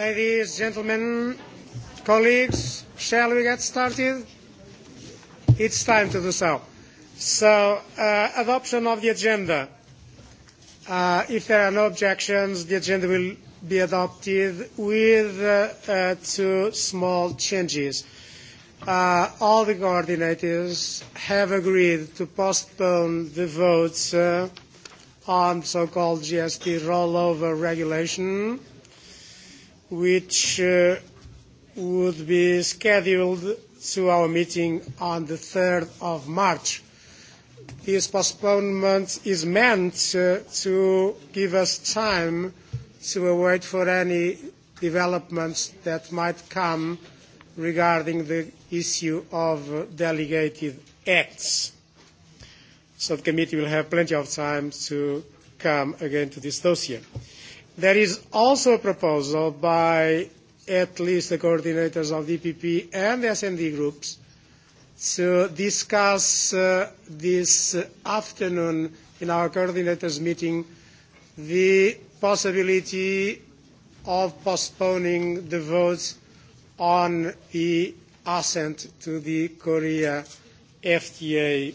Ladies, gentlemen, colleagues, shall we get started? It's time to do so. So, uh, adoption of the agenda. Uh, if there are no objections, the agenda will be adopted with uh, uh, two small changes. Uh, all the coordinators have agreed to postpone the votes uh, on so-called GST rollover regulation which uh, would be scheduled to our meeting on the 3rd of March. This postponement is meant uh, to give us time to await for any developments that might come regarding the issue of delegated acts. So the committee will have plenty of time to come again to this dossier. There is also a proposal by at least the coordinators of the EPP and the SND groups to discuss uh, this afternoon in our coordinators meeting the possibility of postponing the votes on the assent to the Korea FTA,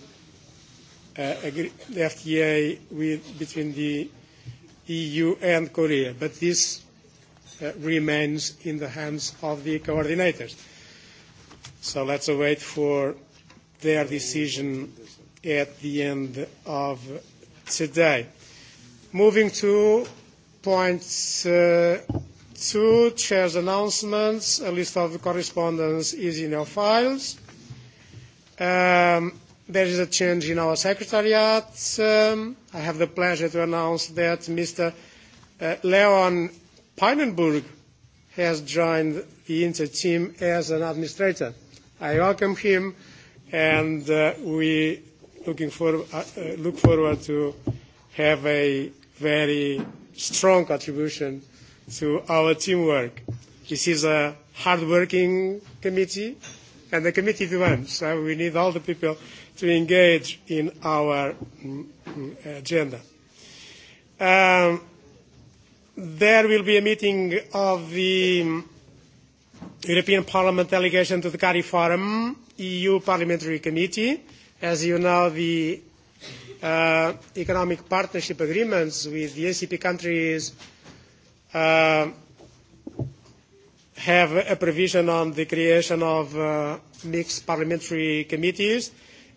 uh, FTA with, between the EU and Korea, but this uh, remains in the hands of the coordinators. So let's wait for their decision at the end of today. Moving to point uh, two, Chair's announcements. A list of correspondence is in your files. Um, There is a change in our secretariat. Um, I have the pleasure to announce that Mr. Uh, Leon Peinenburg has joined the Inter team as an administrator. I welcome him, and uh, we looking for, uh, uh, look forward to have a very strong contribution to our teamwork. This is a hard-working committee and a committee to one, so we need all the people to engage in our mm, mm, uh, agenda. Um, there will be a meeting of the mm, European Parliament delegation to the CARI Forum, EU Parliamentary Committee. As you know, the uh, economic partnership agreements with the ACP countries uh, have a provision on the creation of uh, mixed parliamentary committees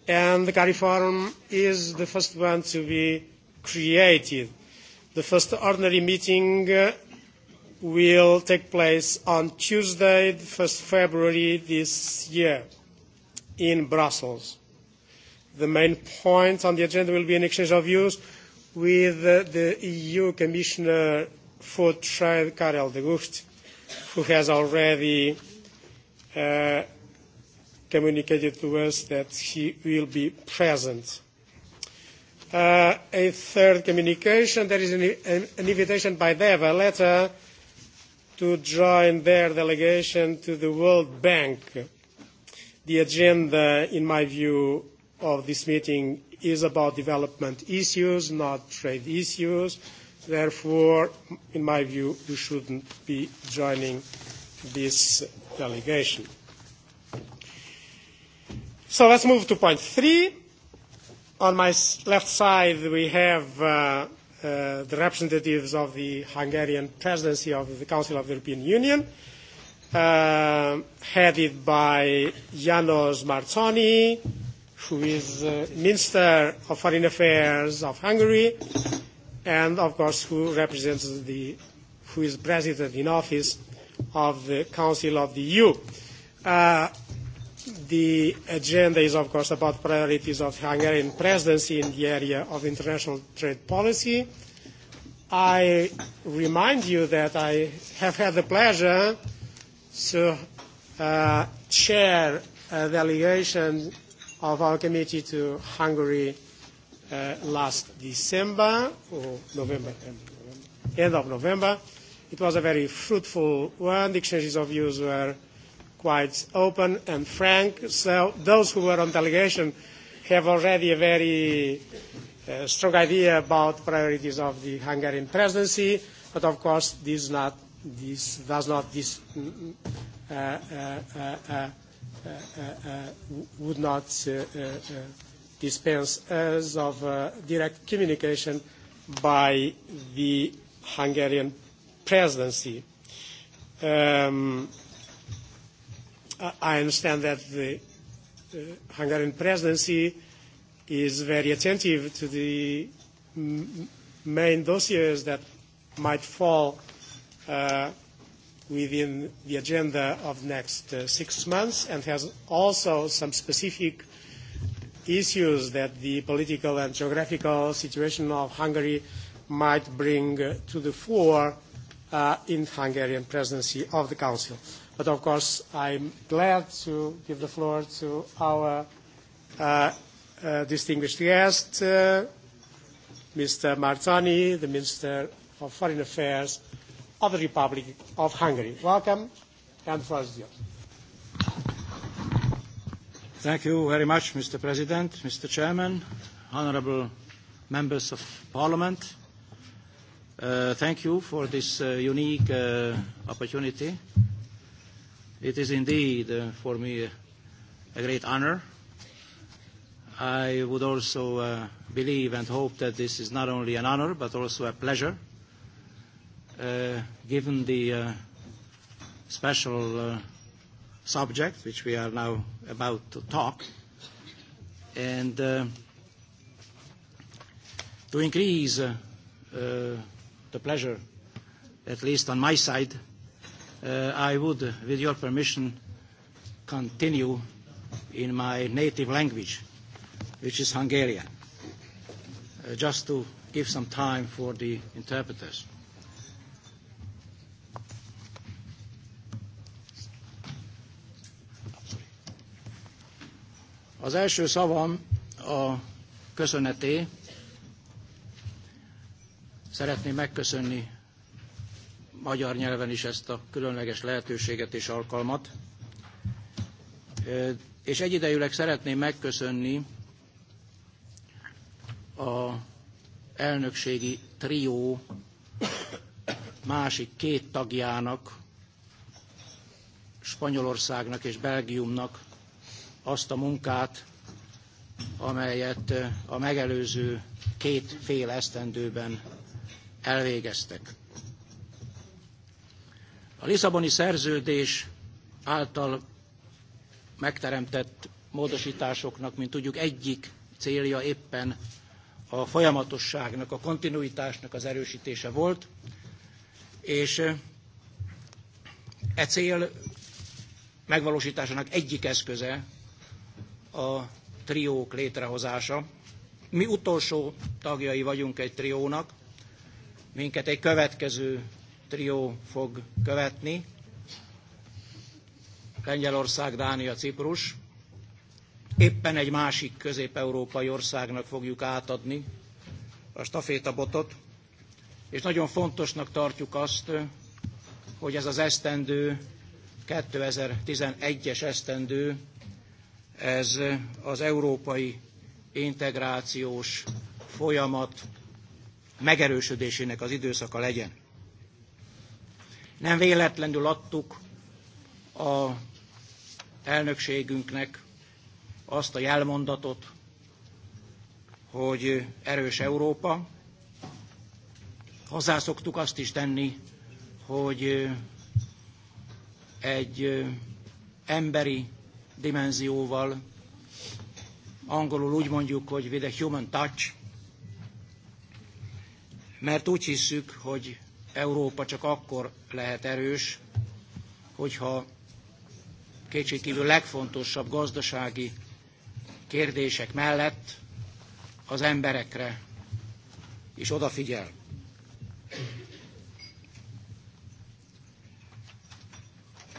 and the Cari Forum is the first one to be created. The first ordinary meeting uh, will take place on Tuesday, 1st February this year in Brussels. The main point on the agenda will be an exchange of views with uh, the EU Commissioner for Trade, Karel de Gucht, who has already uh, communicated to us that he will be present. Uh, a third communication, there is an, invitation by them, a letter to join their delegation to the World Bank. The agenda, in my view, of this meeting is about development issues, not trade issues. Therefore, in my view, you shouldn't be joining this delegation. So let's move to point three. On my left side, we have uh, uh, the representatives of the Hungarian presidency of the Council of the European Union, uh, headed by Janos Martoni, who is uh, Minister of Foreign Affairs of Hungary, and of course who represents the, who is President in office of the Council of the EU. Uh, The agenda is, of course, about priorities of Hungarian presidency in the area of international trade policy. I remind you that I have had the pleasure to uh, chair a delegation of our committee to Hungary uh, last December or November, end of November. It was a very fruitful one. The exchanges of views were quite open and frank. So those who were on delegation have already a very uh, strong idea about priorities of the Hungarian presidency, but of course this, not, this does not this, uh, uh, would not dispense us of direct communication by the Hungarian presidency. Um, i understand that the uh, Hungarian presidency is very attentive to the main dossiers that might fall uh, within the agenda of next uh, six months and has also some specific issues that the political and geographical situation of Hungary might bring uh, to the fore uh, in Hungarian presidency of the Council. But of course, I'm glad to give the floor to our uh, uh, distinguished guest, uh, Mr. Martoni, the Minister of Foreign Affairs of the Republic of Hungary. Welcome, and the floor is yours. Thank you very much, Mr. President, Mr. Chairman, honorable members of parliament. Uh, thank you for this uh, unique uh, opportunity It is indeed uh, for me a, great honor. I would also uh, believe and hope that this is not only an honor but also a pleasure, uh, given the uh, special uh, subject which we are now about to talk, and uh, to increase uh, uh, the pleasure, at least on my side, uh, I would, with your permission, continue in my native language, which is Hungarian, uh, just to give some time for the interpreters. Az első szavam a köszöneté. Szeretném megköszönni magyar nyelven is ezt a különleges lehetőséget és alkalmat. És egyidejűleg szeretném megköszönni a elnökségi trió másik két tagjának, Spanyolországnak és Belgiumnak azt a munkát, amelyet a megelőző két fél esztendőben elvégeztek. A Lisszaboni szerződés által megteremtett módosításoknak, mint tudjuk, egyik célja éppen a folyamatosságnak, a kontinuitásnak az erősítése volt, és e cél megvalósításának egyik eszköze a triók létrehozása. Mi utolsó tagjai vagyunk egy triónak, minket egy következő trió fog követni. Lengyelország, Dánia, Ciprus. Éppen egy másik közép-európai országnak fogjuk átadni a stafétabotot, és nagyon fontosnak tartjuk azt, hogy ez az esztendő, 2011-es esztendő, ez az európai integrációs folyamat megerősödésének az időszaka legyen. Nem véletlenül adtuk a elnökségünknek azt a jelmondatot, hogy erős Európa. Hozzászoktuk azt is tenni, hogy egy emberi dimenzióval, angolul úgy mondjuk, hogy with a human touch, mert úgy hiszük, hogy Európa csak akkor lehet erős, hogyha kétségkívül legfontosabb gazdasági kérdések mellett az emberekre is odafigyel.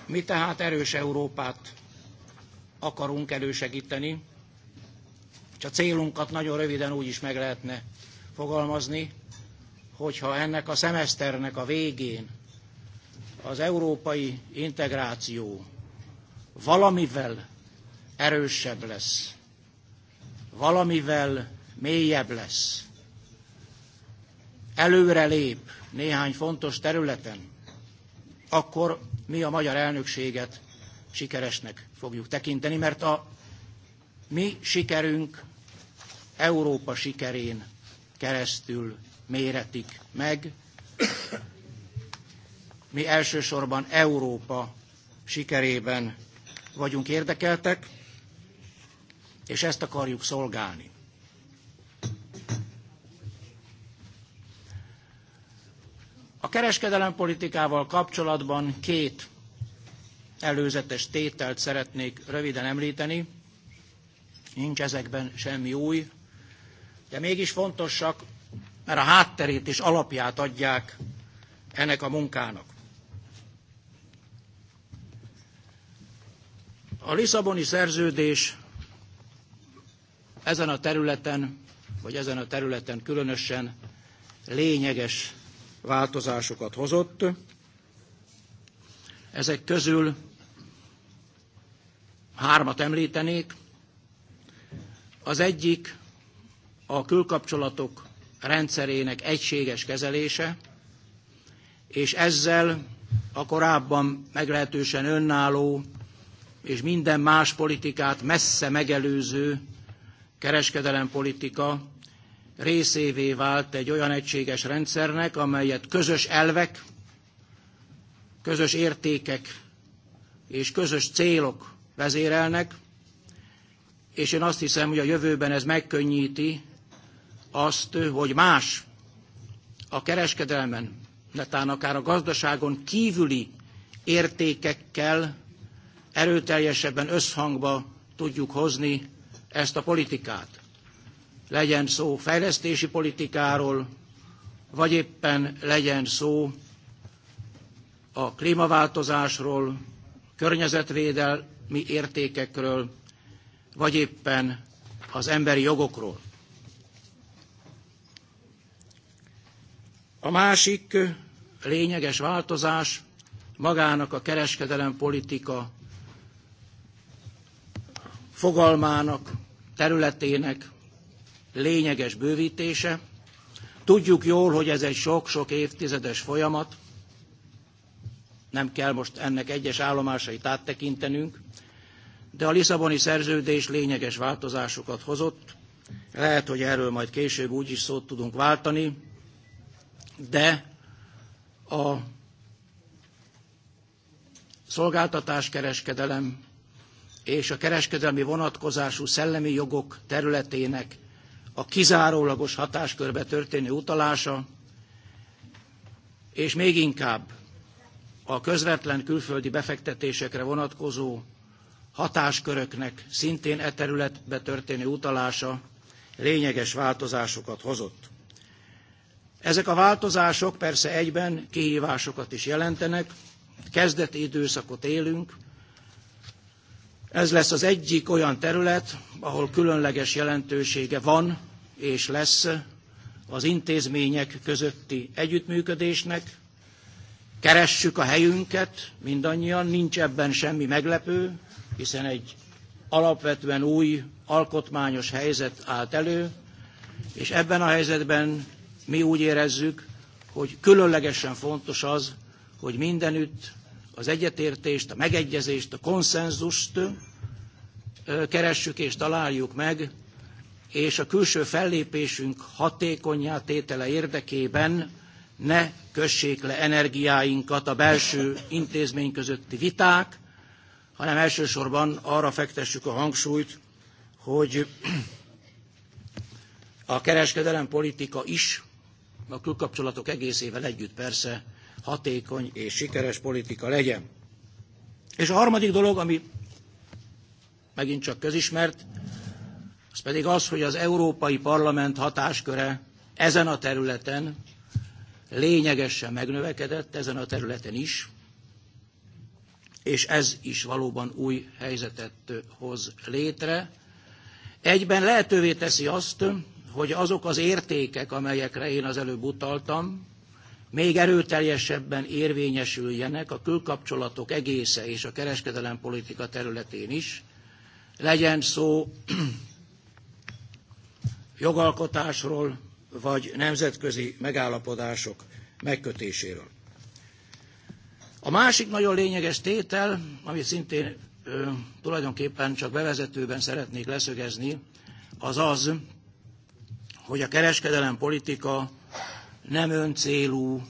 Mi tehát erős Európát akarunk elősegíteni, és a célunkat nagyon röviden úgy is meg lehetne fogalmazni, hogyha ennek a szemeszternek a végén az európai integráció valamivel erősebb lesz, valamivel mélyebb lesz, előre lép néhány fontos területen, akkor mi a magyar elnökséget sikeresnek fogjuk tekinteni, mert a mi sikerünk Európa sikerén keresztül méretik meg. Mi elsősorban Európa sikerében vagyunk érdekeltek, és ezt akarjuk szolgálni. A kereskedelempolitikával kapcsolatban két előzetes tételt szeretnék röviden említeni. Nincs ezekben semmi új, de mégis fontosak mert a hátterét és alapját adják ennek a munkának. A Lisszaboni szerződés ezen a területen, vagy ezen a területen különösen lényeges változásokat hozott. Ezek közül hármat említenék. Az egyik a külkapcsolatok rendszerének egységes kezelése, és ezzel a korábban meglehetősen önálló és minden más politikát messze megelőző kereskedelempolitika részévé vált egy olyan egységes rendszernek, amelyet közös elvek, közös értékek és közös célok vezérelnek, és én azt hiszem, hogy a jövőben ez megkönnyíti azt, hogy más a kereskedelmen, netán akár a gazdaságon kívüli értékekkel erőteljesebben összhangba tudjuk hozni ezt a politikát. Legyen szó fejlesztési politikáról, vagy éppen legyen szó a klímaváltozásról, környezetvédelmi értékekről, vagy éppen az emberi jogokról. A másik lényeges változás magának a kereskedelem politika fogalmának, területének lényeges bővítése. Tudjuk jól, hogy ez egy sok-sok évtizedes folyamat, nem kell most ennek egyes állomásait áttekintenünk, de a Lisszaboni szerződés lényeges változásokat hozott, lehet, hogy erről majd később úgy is szót tudunk váltani, de a szolgáltatáskereskedelem és a kereskedelmi vonatkozású szellemi jogok területének a kizárólagos hatáskörbe történő utalása, és még inkább a közvetlen külföldi befektetésekre vonatkozó hatásköröknek szintén e területbe történő utalása lényeges változásokat hozott. Ezek a változások persze egyben kihívásokat is jelentenek, kezdeti időszakot élünk, ez lesz az egyik olyan terület, ahol különleges jelentősége van és lesz az intézmények közötti együttműködésnek. Keressük a helyünket mindannyian, nincs ebben semmi meglepő, hiszen egy alapvetően új alkotmányos helyzet állt elő, és ebben a helyzetben mi úgy érezzük, hogy különlegesen fontos az, hogy mindenütt az egyetértést, a megegyezést, a konszenzust keressük és találjuk meg, és a külső fellépésünk hatékonyá tétele érdekében ne kössék le energiáinkat a belső intézmény közötti viták, hanem elsősorban arra fektessük a hangsúlyt, hogy a kereskedelem politika is a külkapcsolatok egészével együtt persze hatékony és sikeres politika legyen. És a harmadik dolog, ami megint csak közismert, az pedig az, hogy az Európai Parlament hatásköre ezen a területen lényegesen megnövekedett, ezen a területen is, és ez is valóban új helyzetet hoz létre. Egyben lehetővé teszi azt, hogy azok az értékek, amelyekre én az előbb utaltam, még erőteljesebben érvényesüljenek a külkapcsolatok egésze és a kereskedelempolitika területén is, legyen szó jogalkotásról vagy nemzetközi megállapodások megkötéséről. A másik nagyon lényeges tétel, amit szintén ö, tulajdonképpen csak bevezetőben szeretnék leszögezni, az az, hogy a kereskedelem politika nem öncélú,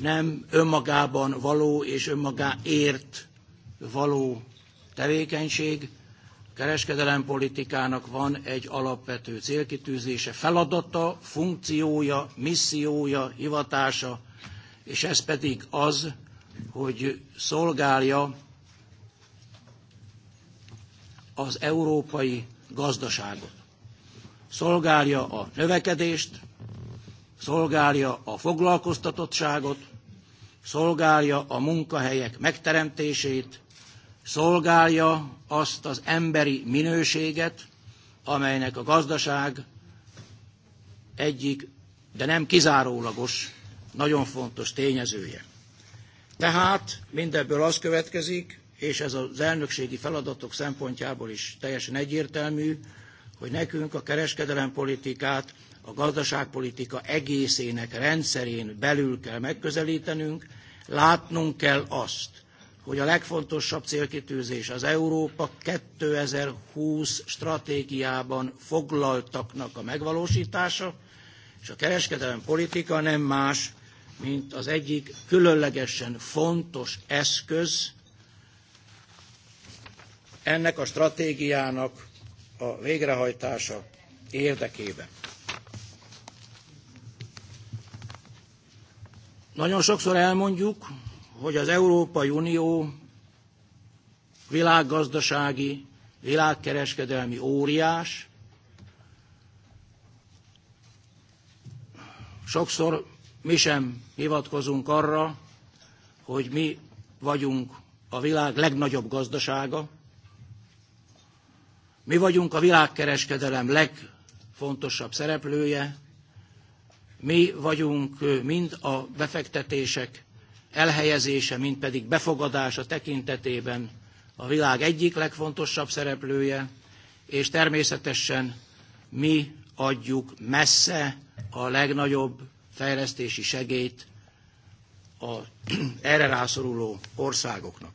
nem önmagában való és önmagáért való tevékenység. A kereskedelem politikának van egy alapvető célkitűzése, feladata, funkciója, missziója, hivatása, és ez pedig az, hogy szolgálja az európai gazdaságot szolgálja a növekedést, szolgálja a foglalkoztatottságot, szolgálja a munkahelyek megteremtését, szolgálja azt az emberi minőséget, amelynek a gazdaság egyik, de nem kizárólagos, nagyon fontos tényezője. Tehát mindebből az következik, és ez az elnökségi feladatok szempontjából is teljesen egyértelmű, hogy nekünk a kereskedelempolitikát a gazdaságpolitika egészének rendszerén belül kell megközelítenünk, látnunk kell azt, hogy a legfontosabb célkitűzés az Európa 2020 stratégiában foglaltaknak a megvalósítása, és a kereskedelem politika nem más, mint az egyik különlegesen fontos eszköz ennek a stratégiának a végrehajtása érdekében. Nagyon sokszor elmondjuk, hogy az Európai Unió világgazdasági, világkereskedelmi óriás, sokszor mi sem hivatkozunk arra, hogy mi vagyunk a világ legnagyobb gazdasága, mi vagyunk a világkereskedelem legfontosabb szereplője, mi vagyunk mind a befektetések elhelyezése, mind pedig befogadása tekintetében a világ egyik legfontosabb szereplője, és természetesen mi adjuk messze a legnagyobb fejlesztési segélyt a erre rászoruló országoknak.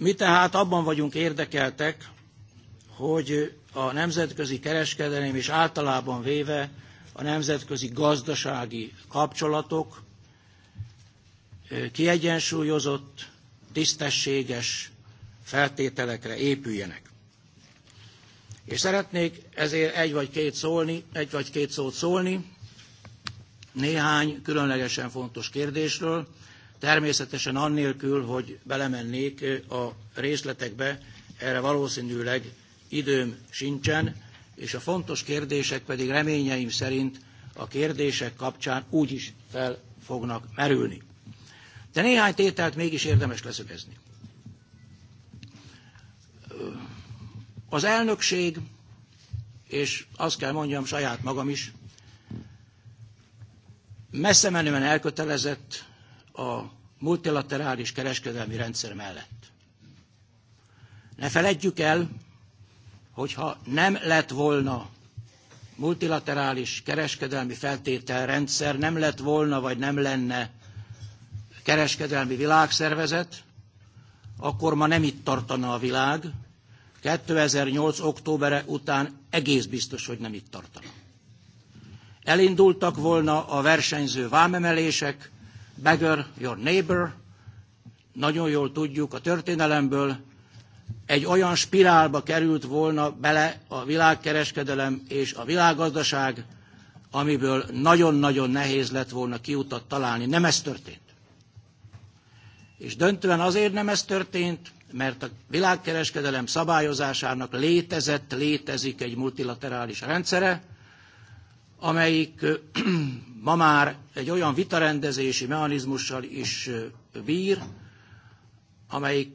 Mi tehát abban vagyunk érdekeltek, hogy a nemzetközi kereskedelem és általában véve a nemzetközi gazdasági kapcsolatok kiegyensúlyozott, tisztességes feltételekre épüljenek. És szeretnék ezért egy vagy két, szólni, egy vagy két szót szólni néhány különlegesen fontos kérdésről, Természetesen annélkül, hogy belemennék a részletekbe, erre valószínűleg időm sincsen, és a fontos kérdések pedig reményeim szerint a kérdések kapcsán úgy is fel fognak merülni. De néhány tételt mégis érdemes leszögezni. Az elnökség, és azt kell mondjam saját magam is, messze menően elkötelezett a multilaterális kereskedelmi rendszer mellett. Ne feledjük el, hogyha nem lett volna multilaterális kereskedelmi feltételrendszer, nem lett volna vagy nem lenne kereskedelmi világszervezet, akkor ma nem itt tartana a világ, 2008. októbere után egész biztos, hogy nem itt tartana. Elindultak volna a versenyző vámemelések, beggar your neighbor, nagyon jól tudjuk a történelemből, egy olyan spirálba került volna bele a világkereskedelem és a világgazdaság, amiből nagyon-nagyon nehéz lett volna kiutat találni. Nem ez történt. És döntően azért nem ez történt, mert a világkereskedelem szabályozásának létezett, létezik egy multilaterális rendszere, amelyik ma már egy olyan vitarendezési mechanizmussal is bír, amelyik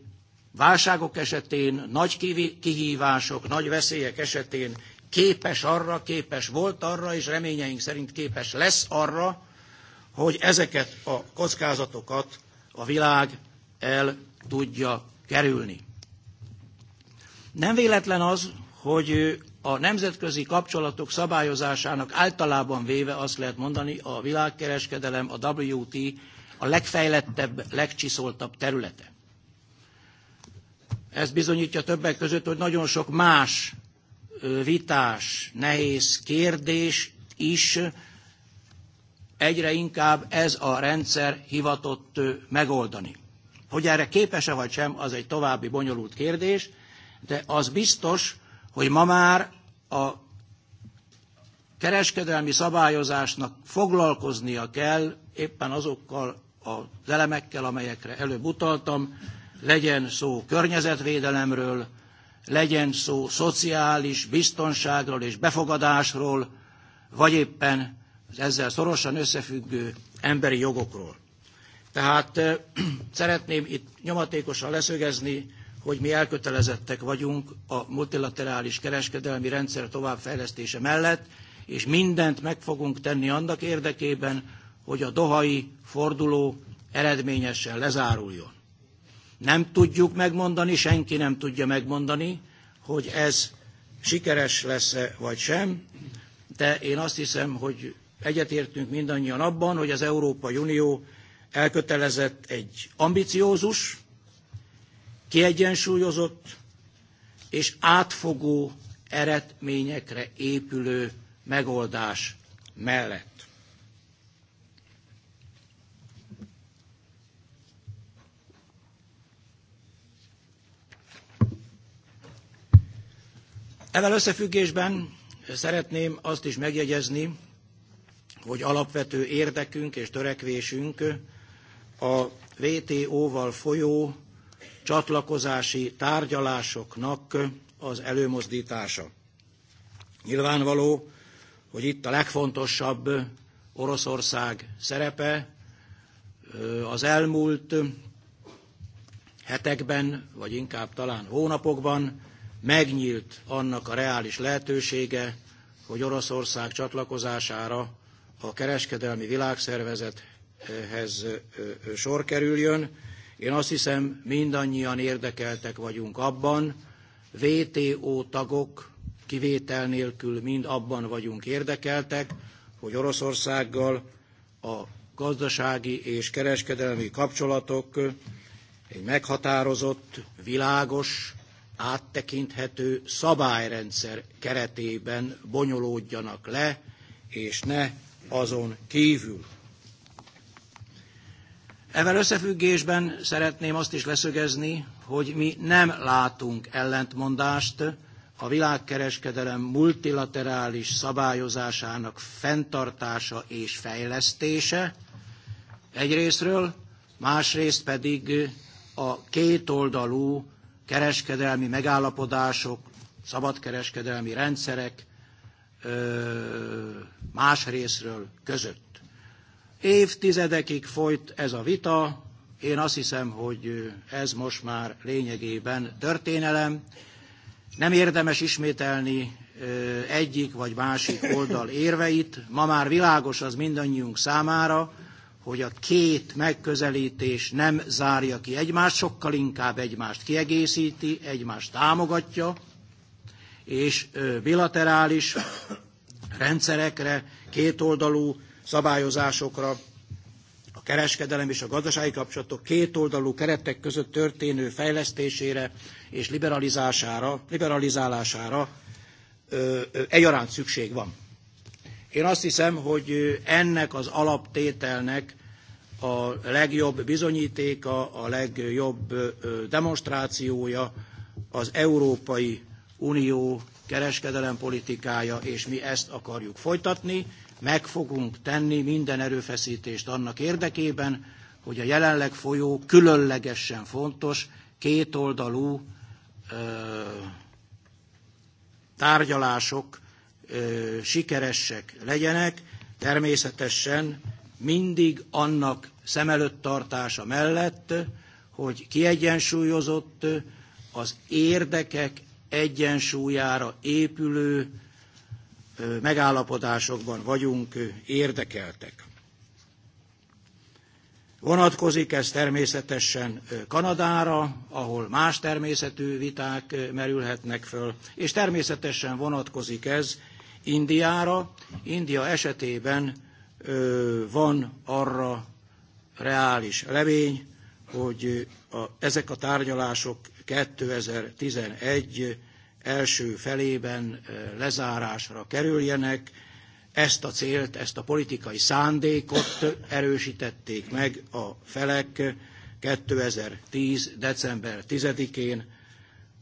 válságok esetén, nagy kihívások, nagy veszélyek esetén képes arra, képes volt arra, és reményeink szerint képes lesz arra, hogy ezeket a kockázatokat a világ el tudja kerülni. Nem véletlen az, hogy a nemzetközi kapcsolatok szabályozásának általában véve azt lehet mondani, a világkereskedelem, a WT a legfejlettebb, legcsiszoltabb területe. Ez bizonyítja többek között, hogy nagyon sok más vitás, nehéz kérdés is egyre inkább ez a rendszer hivatott megoldani. Hogy erre képes-e vagy sem, az egy további bonyolult kérdés, de az biztos, hogy ma már a kereskedelmi szabályozásnak foglalkoznia kell éppen azokkal az elemekkel, amelyekre előbb utaltam, legyen szó környezetvédelemről, legyen szó szociális biztonságról és befogadásról, vagy éppen az ezzel szorosan összefüggő emberi jogokról. Tehát szeretném itt nyomatékosan leszögezni, hogy mi elkötelezettek vagyunk a multilaterális kereskedelmi rendszer továbbfejlesztése mellett, és mindent meg fogunk tenni annak érdekében, hogy a dohai forduló eredményesen lezáruljon. Nem tudjuk megmondani, senki nem tudja megmondani, hogy ez sikeres lesz-e vagy sem, de én azt hiszem, hogy egyetértünk mindannyian abban, hogy az Európai Unió elkötelezett egy ambiciózus, kiegyensúlyozott és átfogó eredményekre épülő megoldás mellett. Evel összefüggésben szeretném azt is megjegyezni, hogy alapvető érdekünk és törekvésünk a WTO-val folyó csatlakozási tárgyalásoknak az előmozdítása. Nyilvánvaló, hogy itt a legfontosabb Oroszország szerepe az elmúlt hetekben, vagy inkább talán hónapokban megnyílt annak a reális lehetősége, hogy Oroszország csatlakozására a kereskedelmi világszervezethez sor kerüljön, Én azt hiszem, mindannyian érdekeltek vagyunk abban, VTO tagok kivétel nélkül mind abban vagyunk érdekeltek, hogy Oroszországgal a gazdasági és kereskedelmi kapcsolatok egy meghatározott, világos, áttekinthető szabályrendszer keretében bonyolódjanak le, és ne azon kívül. Evel összefüggésben szeretném azt is leszögezni, hogy mi nem látunk ellentmondást a világkereskedelem multilaterális szabályozásának fenntartása és fejlesztése egyrésztről, másrészt pedig a kétoldalú kereskedelmi megállapodások, szabadkereskedelmi rendszerek más részről között. Évtizedekig folyt ez a vita, én azt hiszem, hogy ez most már lényegében történelem. Nem érdemes ismételni egyik vagy másik oldal érveit. Ma már világos az mindannyiunk számára, hogy a két megközelítés nem zárja ki egymást, sokkal inkább egymást kiegészíti, egymást támogatja, és bilaterális rendszerekre, kétoldalú szabályozásokra, a kereskedelem és a gazdasági kapcsolatok kétoldalú keretek között történő fejlesztésére és liberalizálására, liberalizálására ö, ö, egyaránt szükség van. Én azt hiszem, hogy ennek az alaptételnek a legjobb bizonyítéka, a legjobb demonstrációja az Európai Unió kereskedelempolitikája, és mi ezt akarjuk folytatni meg fogunk tenni minden erőfeszítést annak érdekében, hogy a jelenleg folyó különlegesen fontos kétoldalú ö, tárgyalások ö, sikeresek legyenek, természetesen mindig annak szem előtt tartása mellett, hogy kiegyensúlyozott, az érdekek egyensúlyára épülő megállapodásokban vagyunk érdekeltek. Vonatkozik ez természetesen Kanadára, ahol más természetű viták merülhetnek föl, és természetesen vonatkozik ez Indiára. India esetében van arra reális remény, hogy a, ezek a tárgyalások 2011 első felében lezárásra kerüljenek. Ezt a célt, ezt a politikai szándékot erősítették meg a felek 2010. december 10-én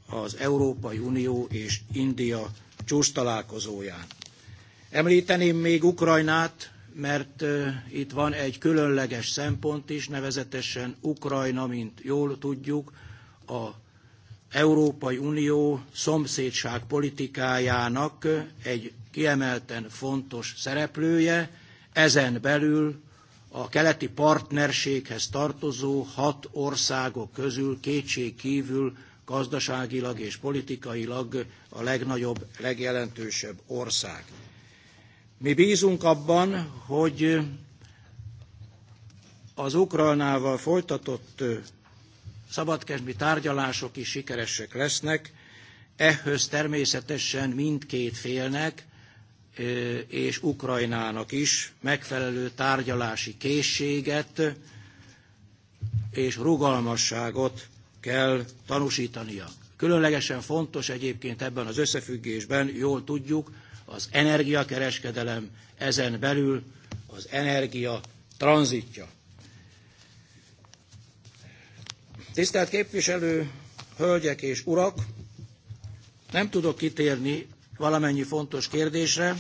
az Európai Unió és India csúcs találkozóján. Említeném még Ukrajnát, mert itt van egy különleges szempont is, nevezetesen Ukrajna, mint jól tudjuk, a Európai Unió szomszédság politikájának egy kiemelten fontos szereplője, ezen belül a keleti partnerséghez tartozó hat országok közül kétség kívül gazdaságilag és politikailag a legnagyobb, legjelentősebb ország. Mi bízunk abban, hogy az Ukrajnával folytatott szabadkesmi tárgyalások is sikeresek lesznek. Ehhez természetesen mindkét félnek és Ukrajnának is megfelelő tárgyalási készséget és rugalmasságot kell tanúsítania. Különlegesen fontos egyébként ebben az összefüggésben, jól tudjuk, az energiakereskedelem ezen belül az energia tranzitja. Tisztelt képviselő, hölgyek és urak! Nem tudok kitérni valamennyi fontos kérdésre.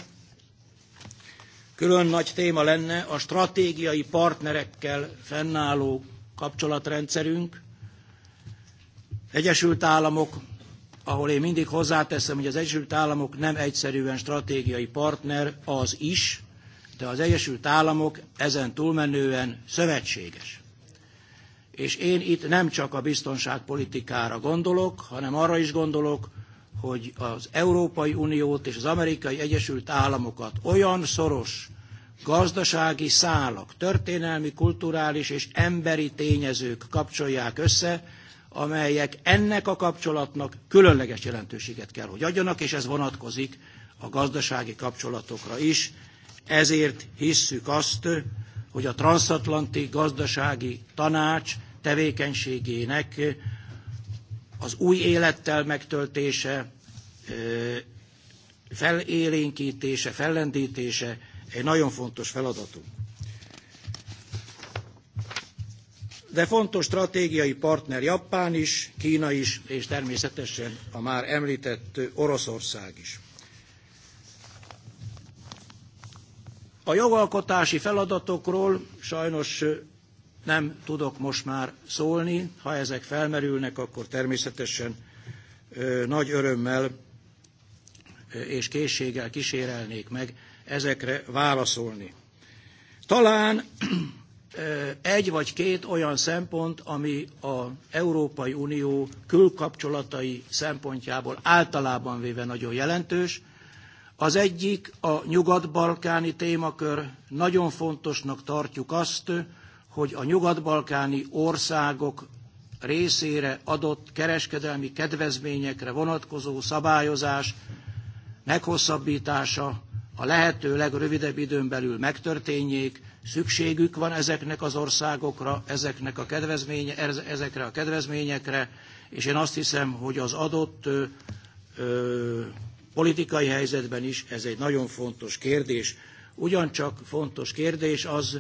Külön nagy téma lenne a stratégiai partnerekkel fennálló kapcsolatrendszerünk. Egyesült Államok, ahol én mindig hozzáteszem, hogy az Egyesült Államok nem egyszerűen stratégiai partner, az is, de az Egyesült Államok ezen túlmenően szövetséges és én itt nem csak a biztonságpolitikára gondolok, hanem arra is gondolok, hogy az Európai Uniót és az Amerikai Egyesült Államokat olyan szoros gazdasági szálak, történelmi, kulturális és emberi tényezők kapcsolják össze, amelyek ennek a kapcsolatnak különleges jelentőséget kell, hogy adjanak, és ez vonatkozik a gazdasági kapcsolatokra is. Ezért hisszük azt, hogy a transatlanti gazdasági tanács tevékenységének az új élettel megtöltése, felélénkítése, fellendítése egy nagyon fontos feladatunk. De fontos stratégiai partner Japán is, Kína is, és természetesen a már említett Oroszország is. A jogalkotási feladatokról sajnos nem tudok most már szólni, ha ezek felmerülnek, akkor természetesen nagy örömmel és készséggel kísérelnék meg ezekre válaszolni. Talán egy vagy két olyan szempont, ami az Európai Unió külkapcsolatai szempontjából általában véve nagyon jelentős, az egyik a nyugat-balkáni témakör. Nagyon fontosnak tartjuk azt, hogy a nyugat-balkáni országok részére adott kereskedelmi kedvezményekre vonatkozó szabályozás meghosszabbítása a lehető legrövidebb időn belül megtörténjék, szükségük van ezeknek az országokra, ezeknek a kedvezménye, ezekre a kedvezményekre, és én azt hiszem, hogy az adott ö, politikai helyzetben is ez egy nagyon fontos kérdés. Ugyancsak fontos kérdés az,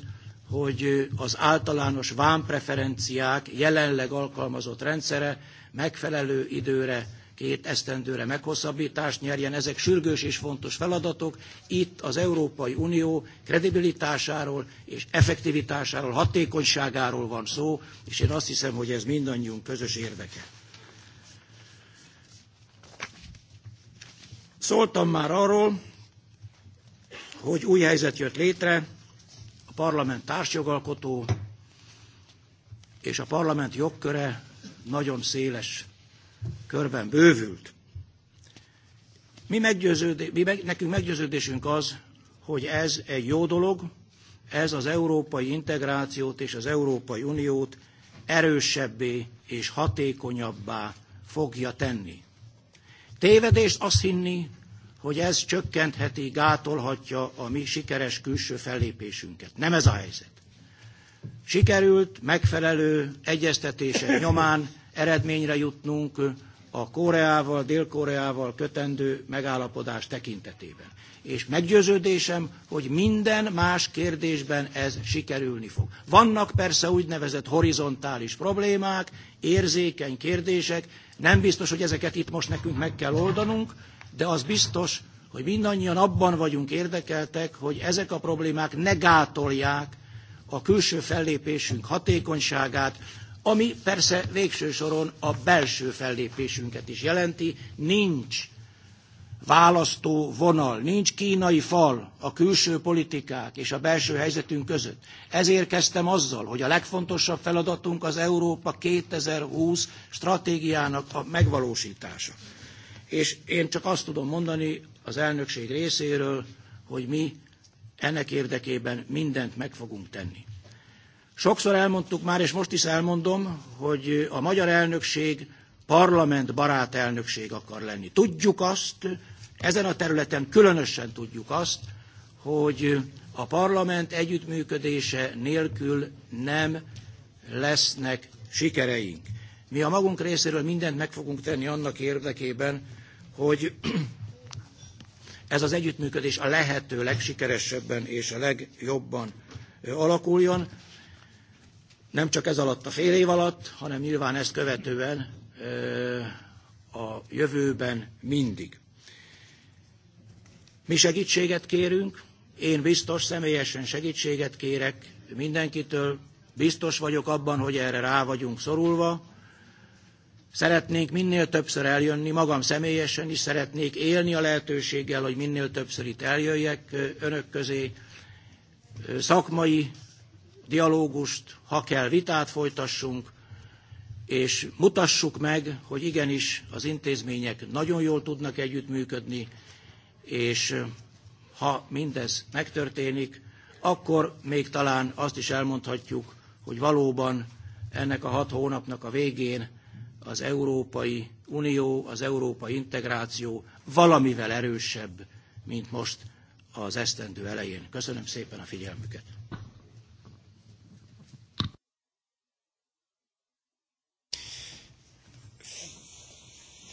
hogy az általános vámpreferenciák jelenleg alkalmazott rendszere megfelelő időre, két esztendőre meghosszabbítást nyerjen. Ezek sürgős és fontos feladatok. Itt az Európai Unió kredibilitásáról és effektivitásáról, hatékonyságáról van szó, és én azt hiszem, hogy ez mindannyiunk közös érdeke. Szóltam már arról, hogy új helyzet jött létre, a parlament társjogalkotó és a parlament jogköre nagyon széles körben bővült. Mi meggyőződé, mi meg, nekünk meggyőződésünk az, hogy ez egy jó dolog, ez az európai integrációt és az Európai Uniót erősebbé és hatékonyabbá fogja tenni. Tévedést azt hinni, hogy ez csökkentheti, gátolhatja a mi sikeres külső fellépésünket. Nem ez a helyzet. Sikerült megfelelő egyeztetések nyomán eredményre jutnunk a Koreával, Dél-Koreával kötendő megállapodás tekintetében. És meggyőződésem, hogy minden más kérdésben ez sikerülni fog. Vannak persze úgynevezett horizontális problémák, érzékeny kérdések, nem biztos, hogy ezeket itt most nekünk meg kell oldanunk, de az biztos, hogy mindannyian abban vagyunk érdekeltek, hogy ezek a problémák ne gátolják a külső fellépésünk hatékonyságát, ami persze végső soron a belső fellépésünket is jelenti, nincs választó vonal, nincs kínai fal a külső politikák és a belső helyzetünk között. Ezért kezdtem azzal, hogy a legfontosabb feladatunk az Európa 2020 stratégiának a megvalósítása. És én csak azt tudom mondani az elnökség részéről, hogy mi ennek érdekében mindent meg fogunk tenni. Sokszor elmondtuk már, és most is elmondom, hogy a magyar elnökség parlament barát elnökség akar lenni. Tudjuk azt, ezen a területen különösen tudjuk azt, hogy a parlament együttműködése nélkül nem lesznek sikereink. Mi a magunk részéről mindent meg fogunk tenni annak érdekében, hogy ez az együttműködés a lehető legsikeresebben és a legjobban alakuljon nem csak ez alatt a fél év alatt, hanem nyilván ezt követően a jövőben mindig. Mi segítséget kérünk, én biztos személyesen segítséget kérek mindenkitől, biztos vagyok abban, hogy erre rá vagyunk szorulva, Szeretnénk minél többször eljönni, magam személyesen is szeretnék élni a lehetőséggel, hogy minél többször itt eljöjjek önök közé. Szakmai dialógust, ha kell vitát folytassunk, és mutassuk meg, hogy igenis az intézmények nagyon jól tudnak együttműködni, és ha mindez megtörténik, akkor még talán azt is elmondhatjuk, hogy valóban ennek a hat hónapnak a végén az Európai Unió, az európai integráció valamivel erősebb, mint most az esztendő elején. Köszönöm szépen a figyelmüket!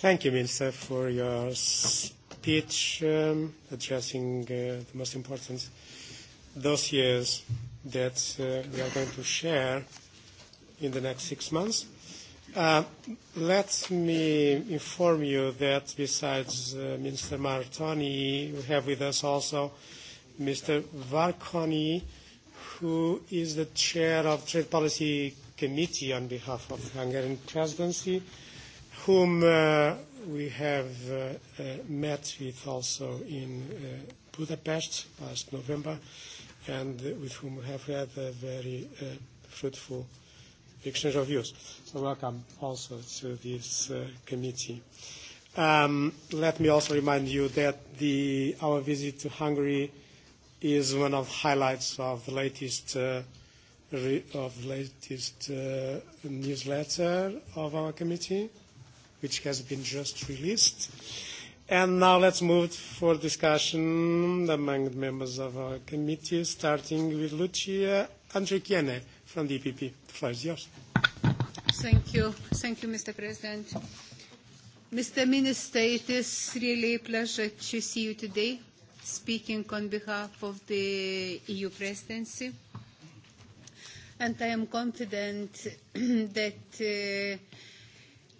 Thank you, Minister, for your speech um, addressing uh, the most important dossiers that uh, we are going to share in the next six months. Uh, let me inform you that besides uh, Minister Martoni, we have with us also Mr. Varconi, who is the chair of Trade Policy Committee on behalf of the Hungarian Presidency whom uh, we have uh, uh, met with also in uh, Budapest last November, and with whom we have had a very uh, fruitful exchange of views. So welcome also to this uh, committee. Um, let me also remind you that the, our visit to Hungary is one of the highlights of the latest, uh, re, of the latest uh, newsletter of our committee which has been just released. And now let's move for discussion among the members of our committee, starting with Lucia Andrikiene from the EPP. The floor is yours. Thank you. Thank you, Mr. President. Mr. Minister, it is really a pleasure to see you today, speaking on behalf of the EU presidency. And I am confident that uh,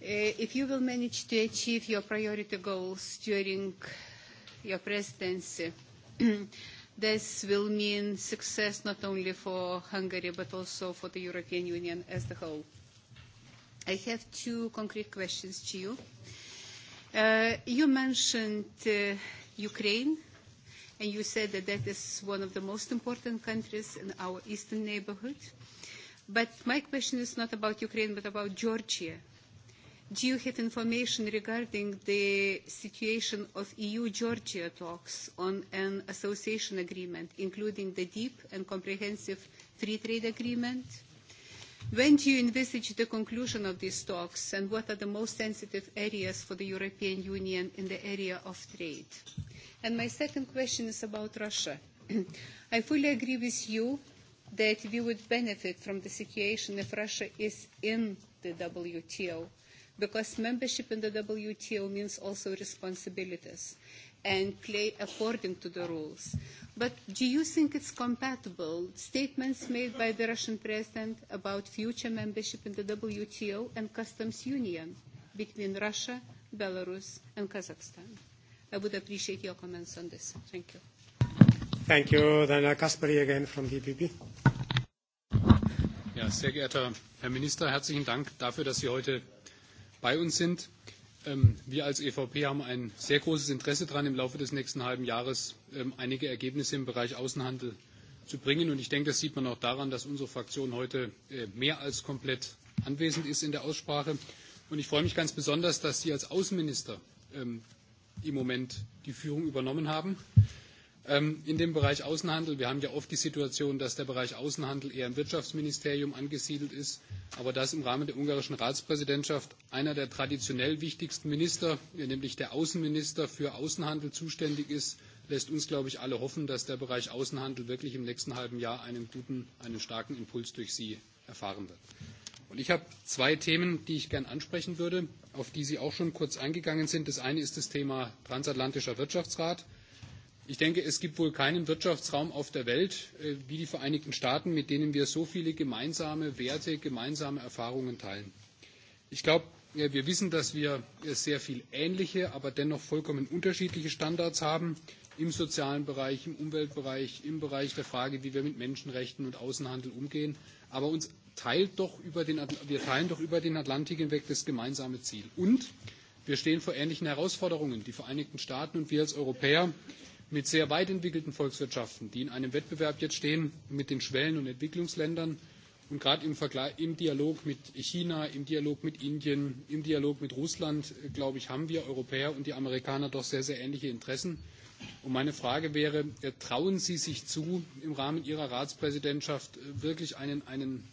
Uh, if you will manage to achieve your priority goals during your presidency, this will mean success not only for Hungary but also for the European Union as a whole. I have two concrete questions to you. Uh, you mentioned uh, Ukraine, and you said that that is one of the most important countries in our eastern neighborhood. But my question is not about Ukraine, but about Georgia you have information regarding the situation of EU-Georgia talks on an association agreement, including the deep and comprehensive free trade agreement? When do you envisage the conclusion of these talks, and what are the most sensitive areas for the European Union in the area of trade? And my second question is about Russia. I fully agree with you that we would benefit from the situation if Russia is in the WTO because membership in the WTO means also responsibilities and play according to the rules. But do you think it's compatible, statements made by the Russian president about future membership in the WTO and customs union between Russia, Belarus, and Kazakhstan? I would appreciate your comments on this. Thank you. Thank you. Daniel uh, Kasperi again from DPP. Ja, sehr geehrter Herr Minister, herzlichen Dank dafür, dass Sie heute bei uns sind. Ähm, wir als EVP haben ein sehr großes Interesse daran, im Laufe des nächsten halben Jahres ähm, einige Ergebnisse im Bereich Außenhandel zu bringen. Und ich denke, das sieht man auch daran, dass unsere Fraktion heute äh, mehr als komplett anwesend ist in der Aussprache. Und ich freue mich ganz besonders, dass Sie als Außenminister ähm, im Moment die Führung übernommen haben. Ähm, in dem Bereich Außenhandel, wir haben ja oft die Situation, dass der Bereich Außenhandel eher im Wirtschaftsministerium angesiedelt ist, aber dass im Rahmen der ungarischen Ratspräsidentschaft einer der traditionell wichtigsten Minister, nämlich der Außenminister für Außenhandel zuständig ist, lässt uns, glaube ich, alle hoffen, dass der Bereich Außenhandel wirklich im nächsten halben Jahr einen guten, einen starken Impuls durch Sie erfahren wird. Und ich habe zwei Themen, die ich gern ansprechen würde, auf die Sie auch schon kurz eingegangen sind. Das eine ist das Thema transatlantischer Wirtschaftsrat. Ich denke, es gibt wohl keinen Wirtschaftsraum auf der Welt äh, wie die Vereinigten Staaten, mit denen wir so viele gemeinsame Werte, gemeinsame Erfahrungen teilen. Ich glaube, ja, wir wissen, dass wir äh, sehr viel ähnliche, aber dennoch vollkommen unterschiedliche Standards haben im sozialen Bereich, im Umweltbereich, im Bereich der Frage, wie wir mit Menschenrechten und Außenhandel umgehen. Aber uns teilt doch über den, wir teilen doch über den Atlantik hinweg das gemeinsame Ziel. Und wir stehen vor ähnlichen Herausforderungen. Die Vereinigten Staaten und wir als Europäer mit sehr weit entwickelten Volkswirtschaften, die in einem Wettbewerb jetzt stehen mit den Schwellen- und Entwicklungsländern und gerade im, im Dialog mit China, im Dialog mit Indien, im Dialog mit Russland, äh, glaube ich, haben wir Europäer und die Amerikaner doch sehr, sehr ähnliche Interessen. Und meine Frage wäre, äh, trauen Sie sich zu, im Rahmen Ihrer Ratspräsidentschaft äh, wirklich einen, einen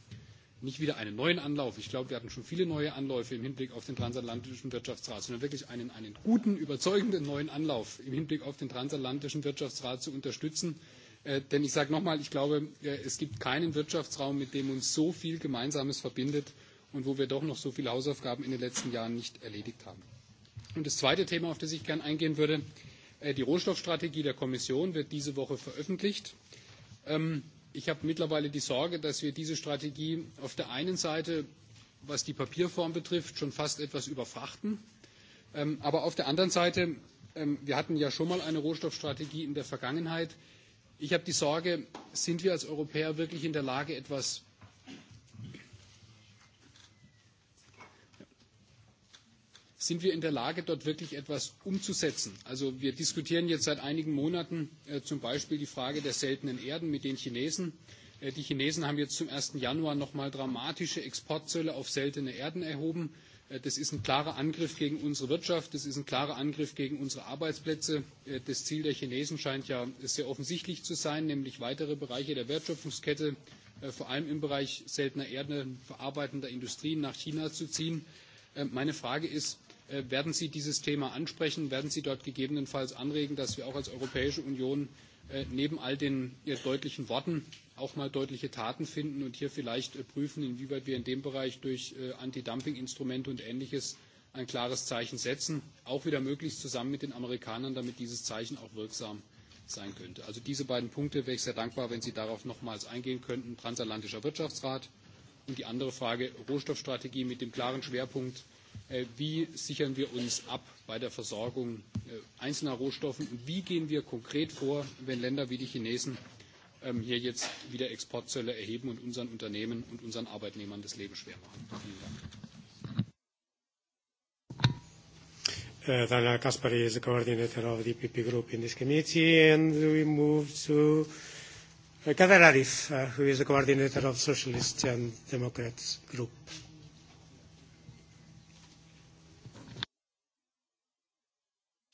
nicht wieder einen neuen Anlauf. Ich glaube, wir hatten schon viele neue Anläufe im Hinblick auf den transatlantischen Wirtschaftsrat, sondern wirklich einen, einen guten, überzeugenden neuen Anlauf im Hinblick auf den transatlantischen Wirtschaftsrat zu unterstützen. Äh, denn ich sage nochmal, ich glaube, äh, es gibt keinen Wirtschaftsraum, mit dem uns so viel Gemeinsames verbindet und wo wir doch noch so viele Hausaufgaben in den letzten Jahren nicht erledigt haben. Und das zweite Thema, auf das ich gern eingehen würde, äh, die Rohstoffstrategie der Kommission wird diese Woche veröffentlicht. Ähm, Ich habe mittlerweile die Sorge, dass wir diese Strategie auf der einen Seite, was die Papierform betrifft, schon fast etwas überfrachten. Ähm, aber auf der anderen Seite, ähm, wir hatten ja schon mal eine Rohstoffstrategie in der Vergangenheit. Ich habe die Sorge, sind wir als Europäer wirklich in der Lage, etwas sind wir in der Lage, dort wirklich etwas umzusetzen. Also wir diskutieren jetzt seit einigen Monaten äh, zum Beispiel die Frage der seltenen Erden mit den Chinesen. Äh, die Chinesen haben jetzt zum 1. Januar nochmal dramatische Exportzölle auf seltene Erden erhoben. Äh, das ist ein klarer Angriff gegen unsere Wirtschaft, das ist ein klarer Angriff gegen unsere Arbeitsplätze. Äh, das Ziel der Chinesen scheint ja sehr offensichtlich zu sein, nämlich weitere Bereiche der Wertschöpfungskette, äh, vor allem im Bereich seltener Erden verarbeitender Industrien nach China zu ziehen. Äh, meine Frage ist, Äh, werden Sie dieses Thema ansprechen? Werden Sie dort gegebenenfalls anregen, dass wir auch als Europäische Union äh, neben all den äh, deutlichen Worten auch mal deutliche Taten finden und hier vielleicht prüfen, inwieweit wir in dem Bereich durch Anti-Dumping-Instrumente und Ähnliches ein klares Zeichen setzen, auch wieder möglichst zusammen mit den Amerikanern, damit dieses Zeichen auch wirksam sein könnte. Also diese beiden Punkte wäre ich sehr dankbar, wenn Sie darauf nochmals eingehen könnten. Transatlantischer Wirtschaftsrat und die andere Frage Rohstoffstrategie mit dem klaren Schwerpunkt Äh, wie sichern wir uns ab bei der Versorgung äh, einzelner Rohstoffen und wie gehen wir konkret vor, wenn Länder wie die Chinesen ähm, hier jetzt wieder Exportzölle erheben und unseren Unternehmen und unseren Arbeitnehmern das Leben schwer machen. Vielen Dank. Uh, Daniel Kaspari is the coordinator of the PP e group in this committee, and we move to Kader uh, Arif, uh, who is the coordinator of Socialists and Democrats group.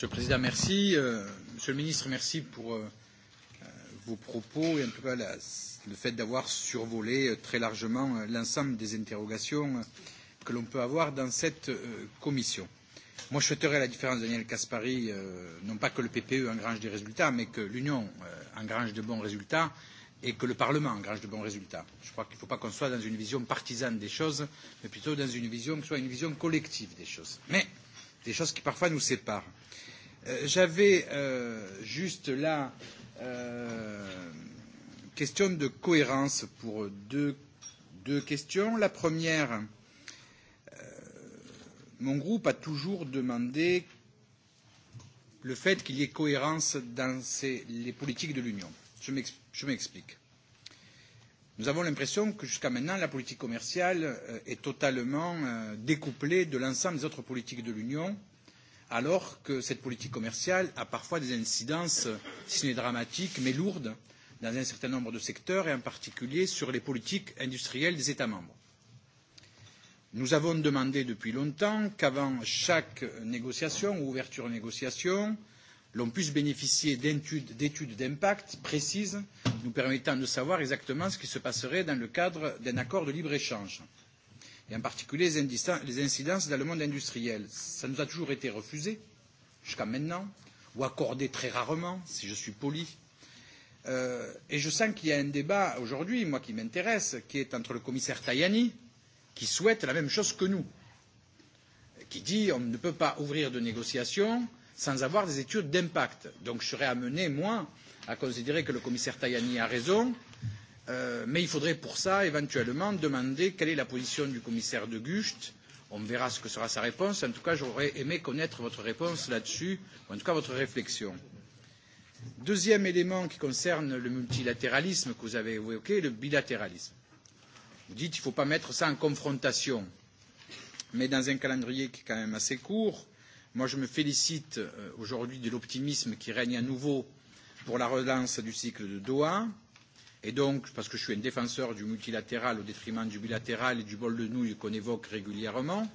Monsieur le Président, merci. Euh, Monsieur le Ministre, merci pour euh, euh, vos propos et en tout cas la, le fait d'avoir survolé très largement l'ensemble des interrogations que l'on peut avoir dans cette commission. Moi, je souhaiterais, à la différence de Daniel Caspari, euh, non pas que le PPE engrange des résultats, mais que l'Union euh, engrange de bons résultats et que le Parlement engrange de bons résultats. Je crois qu'il ne faut pas qu'on soit dans une vision partisane des choses, mais plutôt dans une vision qui soit une vision collective des choses. Mais des choses qui parfois nous séparent. Euh, j'avais euh, juste là euh, question de cohérence pour deux, deux questions. La première, euh, mon groupe a toujours demandé le fait qu'il y ait cohérence dans ces, les politiques de l'Union. Je m'explique. Nous avons l'impression que jusqu'à maintenant, la politique commerciale euh, est totalement euh, découplée de l'ensemble des autres politiques de l'Union, alors que cette politique commerciale a parfois des incidences, si ce n'est dramatiques, mais lourdes, dans un certain nombre de secteurs et en particulier sur les politiques industrielles des États membres. Nous avons demandé depuis longtemps qu'avant chaque négociation ou ouverture de négociation, l'on puisse bénéficier d'études d'impact précises nous permettant de savoir exactement ce qui se passerait dans le cadre d'un accord de libre-échange et en particulier les incidences dans le monde industriel. Ça nous a toujours été refusé jusqu'à maintenant, ou accordé très rarement, si je suis poli. Euh, et je sens qu'il y a un débat aujourd'hui, moi qui m'intéresse, qui est entre le commissaire Tajani, qui souhaite la même chose que nous, qui dit on ne peut pas ouvrir de négociations sans avoir des études d'impact. Donc je serais amené, moi, à considérer que le commissaire Tajani a raison, Euh, mais il faudrait pour ça éventuellement demander quelle est la position du commissaire de Gucht. On verra ce que sera sa réponse. En tout cas, j'aurais aimé connaître votre réponse là-dessus, ou en tout cas votre réflexion. Deuxième élément qui concerne le multilatéralisme que vous avez évoqué, le bilatéralisme. Vous dites qu'il ne faut pas mettre ça en confrontation. Mais dans un calendrier qui est quand même assez court, moi je me félicite euh, aujourd'hui de l'optimisme qui règne à nouveau pour la relance du cycle de Doha. Et donc, parce que je suis un défenseur du multilatéral au détriment du bilatéral et du bol de nouilles qu'on évoque régulièrement,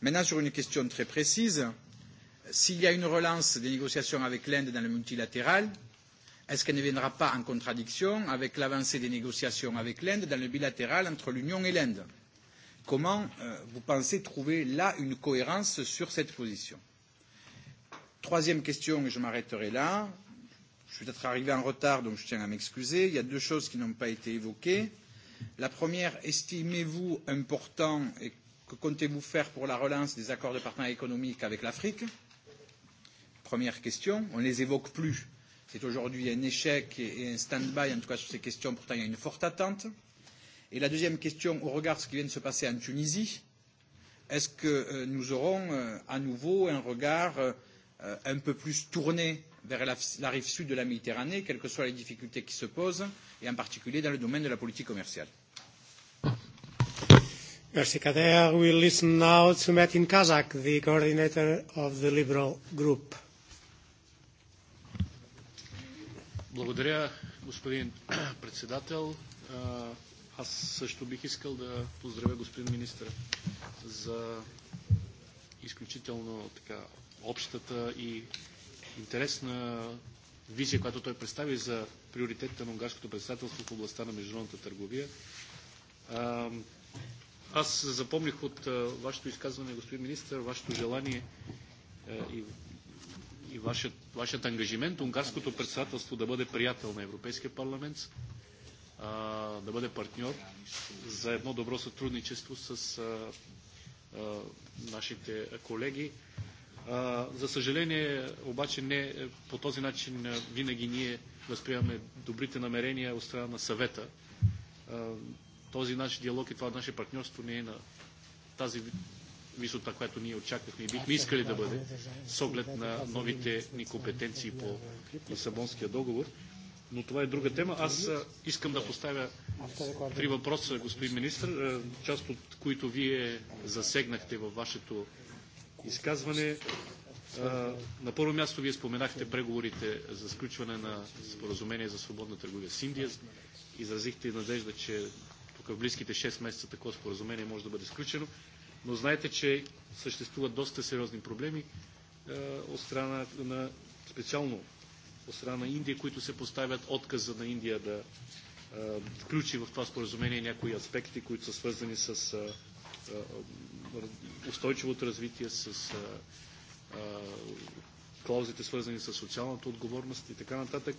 maintenant sur une question très précise, s'il y a une relance des négociations avec l'Inde dans le multilatéral, est-ce qu'elle ne viendra pas en contradiction avec l'avancée des négociations avec l'Inde dans le bilatéral entre l'Union et l'Inde Comment euh, vous pensez trouver là une cohérence sur cette position Troisième question, et je m'arrêterai là, je suis peut-être arrivé en retard, donc je tiens à m'excuser. Il y a deux choses qui n'ont pas été évoquées. La première, estimez-vous important et que comptez-vous faire pour la relance des accords de partenariat économique avec l'Afrique Première question. On ne les évoque plus. C'est aujourd'hui un échec et un stand-by, en tout cas sur ces questions. Pourtant, il y a une forte attente. Et la deuxième question, au regard de ce qui vient de se passer en Tunisie, est-ce que euh, nous aurons euh, à nouveau un regard euh, un peu plus tourné vers la, la rive sud de la Méditerranée, quelles que soient les difficultés qui se posent, et en particulier dans le domaine de la politique commerciale. Merci Kader. We listen now to Metin Kazak, the coordinator of the Liberal Group. Благодаря, господин председател. Аз също бих искал да поздравя господин министър за изключително така общата и интересна визия, която той представи за приоритетите на унгарското председателство в областта на международната търговия. Аз запомних от вашето изказване, господин министр, вашето желание и, и вашият, вашият ангажимент унгарското председателство да бъде приятел на Европейския парламент, да бъде партньор за едно добро сътрудничество с нашите колеги. За съжаление, обаче не по този начин винаги ние възприемаме добрите намерения от страна на съвета. Този наш диалог и това наше партньорство не е на тази висота, която ние очаквахме и бихме искали да бъде, с оглед на новите ни компетенции по Лисабонския договор. Но това е друга тема. Аз искам да поставя три въпроса, господин министр, част от които вие засегнахте във вашето изказване. На първо място вие споменахте преговорите за сключване на споразумение за свободна търговия с Индия. Изразихте надежда, че тук в близките 6 месеца такова споразумение може да бъде сключено. Но знаете, че съществуват доста сериозни проблеми от страна на, специално от страна на Индия, които се поставят отказа на Индия да включи в това споразумение някои аспекти, които са свързани с устойчивото развитие, с клаузите свързани с социалната отговорност и така нататък.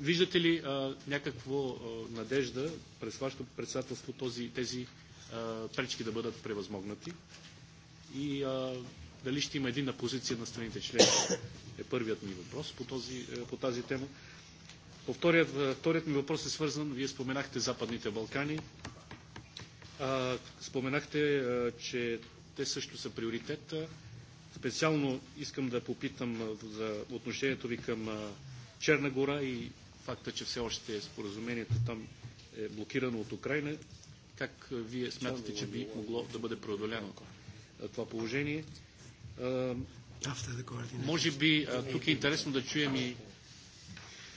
Виждате ли а, някакво а, надежда през вашето председателство този, тези а, пречки да бъдат превъзмогнати? И а, дали ще има единна позиция на страните членки е първият ми въпрос по, този, по тази тема. По вторият, вторият ми въпрос е свързан, вие споменахте Западните Балкани. Споменахте, че те също са приоритет. Специално искам да попитам за отношението ви към Черна гора и факта, че все още споразумението там е блокирано от Украина. Как вие смятате, че би могло да бъде преодоляно това положение? Може би тук е интересно да чуем и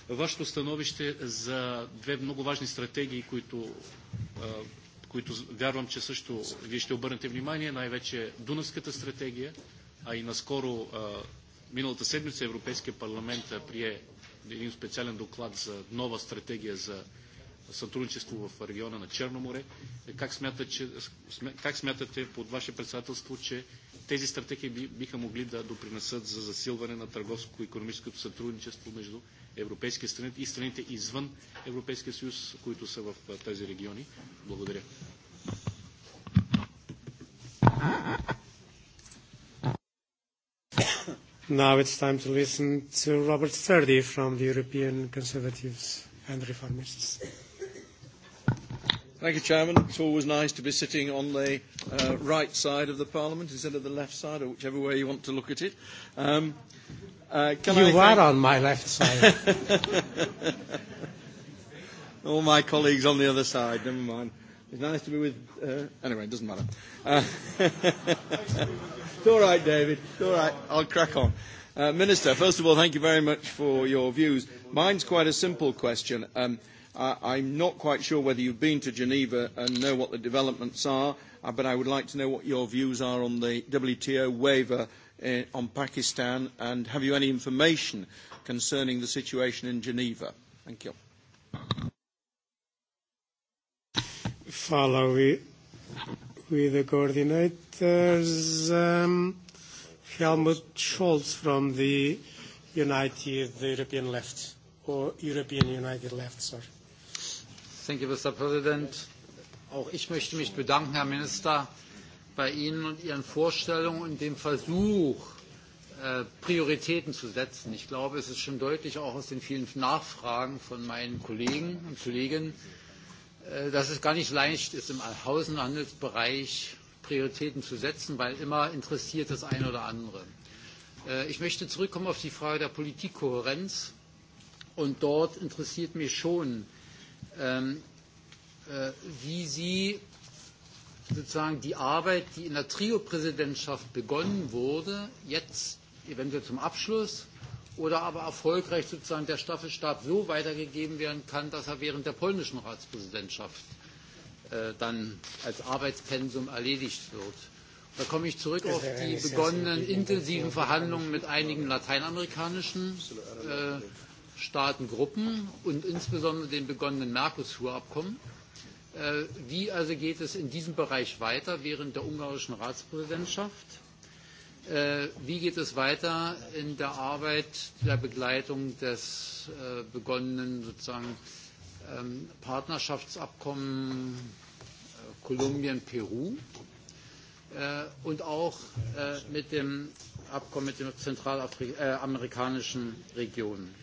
вашето становище за две много важни стратегии, които които вярвам, че също вие ще обърнете внимание, най-вече Дунавската стратегия, а и наскоро миналата седмица Европейския парламент прие един специален доклад за нова стратегия за сътрудничество в региона на Черно море. Как, смята, че, как смятате под ваше председателство, че тези стратегии биха могли да допринесат за засилване на търговско-економическото сътрудничество между европейски страни и страните извън Европейския съюз, които са в тези региони. Благодаря. Now it's time to listen to Robert Sturdy from the European Conservatives and Reformists. Thank you, Chairman. It's always nice to be sitting on the uh, right side of the Parliament instead of the left side, or whichever way you want to look at it. Um, Uh, can you I are thank... on my left side. All my colleagues on the other side, never mind. It's nice to be with. Uh, anyway, it doesn't matter. Uh, it's all right, David. It's all right. I'll crack on. Uh, Minister, first of all, thank you very much for your views. Mine's quite a simple question. Um, I, I'm not quite sure whether you've been to Geneva and know what the developments are, uh, but I would like to know what your views are on the WTO waiver Eh, on Pakistan, and have you any information concerning the situation in Geneva? Thank you. Follow with, with the coordinators. Um, Helmut Scholz from the United the European Left, or European United Left, sorry. Thank you, Mr. President. Auch ich möchte mich bedanken, Herr Minister bei Ihnen und Ihren Vorstellungen und dem Versuch, äh, Prioritäten zu setzen. Ich glaube, es ist schon deutlich auch aus den vielen Nachfragen von meinen Kollegen und Kolleginnen, äh, dass es gar nicht leicht ist, im Haus- Prioritäten zu setzen, weil immer interessiert das eine oder andere. Äh, ich möchte zurückkommen auf die Frage der Politikkohärenz. Und dort interessiert mich schon, ähm, wie Sie sozusagen die Arbeit, die in der Trio-Präsidentschaft begonnen wurde, jetzt eventuell zum Abschluss oder aber erfolgreich sozusagen der Staffelstab so weitergegeben werden kann, dass er während der polnischen Ratspräsidentschaft äh, dann als Arbeitspensum erledigt wird. Da komme ich zurück auf die begonnenen intensiven Verhandlungen mit einigen lateinamerikanischen äh, Staatengruppen und insbesondere dem begonnenen Mercosur-Abkommen. Äh, wie also geht es in diesem Bereich weiter während der ungarischen Ratspräsidentschaft? Äh, wie geht es weiter in der Arbeit der Begleitung des äh, begonnenen sozusagen ähm, Partnerschaftsabkommen Kolumbien-Peru und auch mit dem Abkommen mit den zentralamerikanischen Regionen?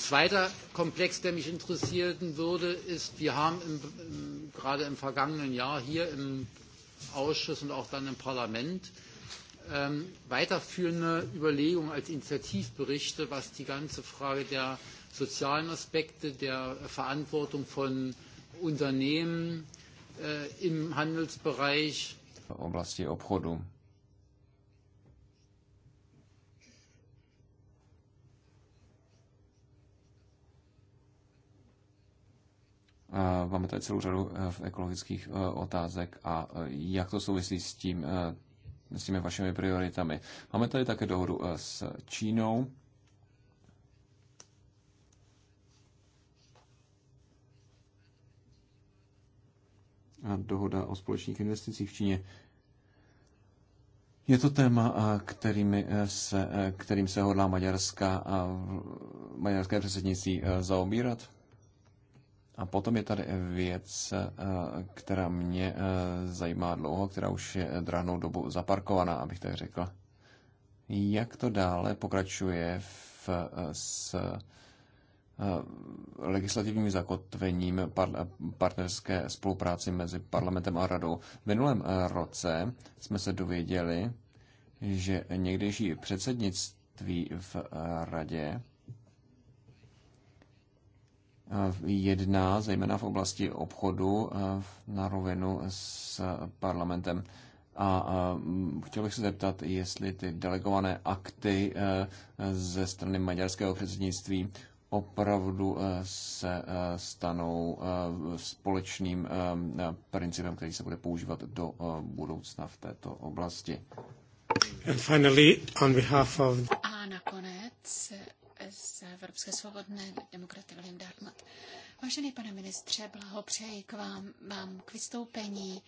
Zweiter Komplex, der mich interessieren würde, ist, wir haben im, im, gerade im vergangenen Jahr hier im Ausschuss und auch dann im Parlament ähm, weiterführende Überlegungen als Initiativberichte, was die ganze Frage der sozialen Aspekte, der Verantwortung von Unternehmen äh, im Handelsbereich oblasti obchodu. Eh, máme tady celou řadu eh, ekologických eh, otázek a jak to souvisí s tím, s těmi vašimi prioritami. Máme tady také dohodu s Čínou. A dohoda o společných investicích v Číně. Je to téma, kterými se, kterým se hodlá maďarská, maďarské předsednictví zaobírat? A potom je tady věc, eh, která mě eh, zajímá dlouho, která už je drahnou dobu zaparkovaná, abych tak řekl. Jak to dále pokračuje v, eh, s legislativním zakotvením par, partnerské spolupráci mezi parlamentem a radou. V minulém roce jsme se dověděli, že někdejší předsednictví v radě jedná, zejména v oblasti obchodu, eh, na rovinu s parlamentem. A eh, chtěl bych se zeptat, jestli ty delegované akty eh, ze strany maďarského předsednictví opravdu se stanou společným principem, který se bude používat do budoucna v této oblasti. And finally, on behalf of... A nakonec za Evropské svobodné demokraty William Dartmouth. Vážený pane ministře, blahopřeji k vám, vám k vystoupení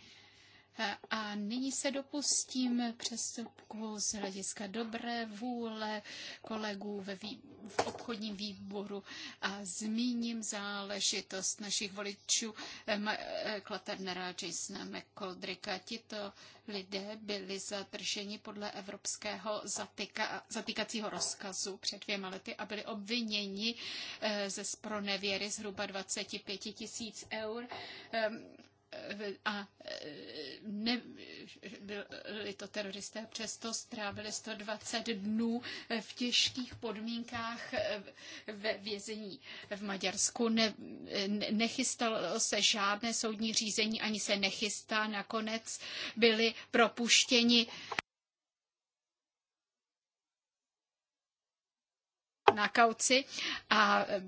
a nyní se dopustím přestupku z hlediska dobré vůle kolegů ve vý, v obchodním výboru a zmíním záležitost našich voličů Klaternera Jasona McColdricka. Tito lidé byli zadrženi podle evropského zatyka, zatýkacího rozkazu před dvěma lety a byli obviněni eh, ze spronevěry zhruba 25 tisíc eur ehm, a e, ne, byli to teroristé přesto strávili 120 dnů v těžkých podmínkách ve vězení v Maďarsku. Ne, nechystalo se žádné soudní řízení, ani se nechystá. Nakonec byli propuštěni. na kauci a e,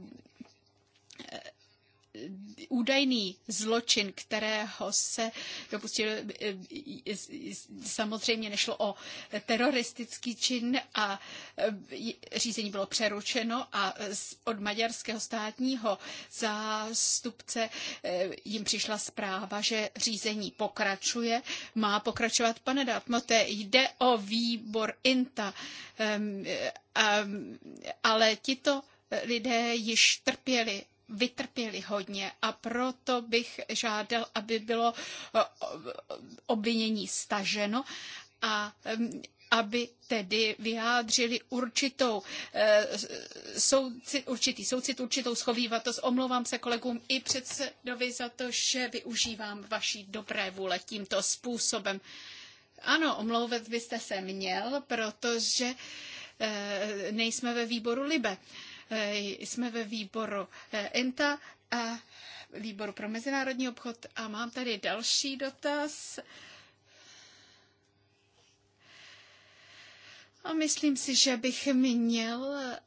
údajný zločin, kterého se dopustil, eh, eh, samozřejmě nešlo o teroristický čin a eh, řízení bylo přeručeno a od maďarského státního zástupce jim přišla zpráva, že řízení pokračuje. Má pokračovat, pane Dátmote, jde o výbor INTA, ehm, ehm, ale tito lidé již trpěli vytrpěli hodně a proto bych žádal, aby bylo eh, obvinění staženo a mm, aby tedy vyjádřili určitou, eh, soucit, určitý soucit, určitou schovývatost. Omlouvám se kolegům i předsedovi za to, že využívám vaší dobré vůle tímto způsobem. Ano, omlouvat byste se měl, protože eh, nejsme ve výboru Libe. Eh, jsme ve výboru eh, INTA a výboru pro mezinárodní obchod a mám tady další dotaz. A myslím si, že bych měl eh,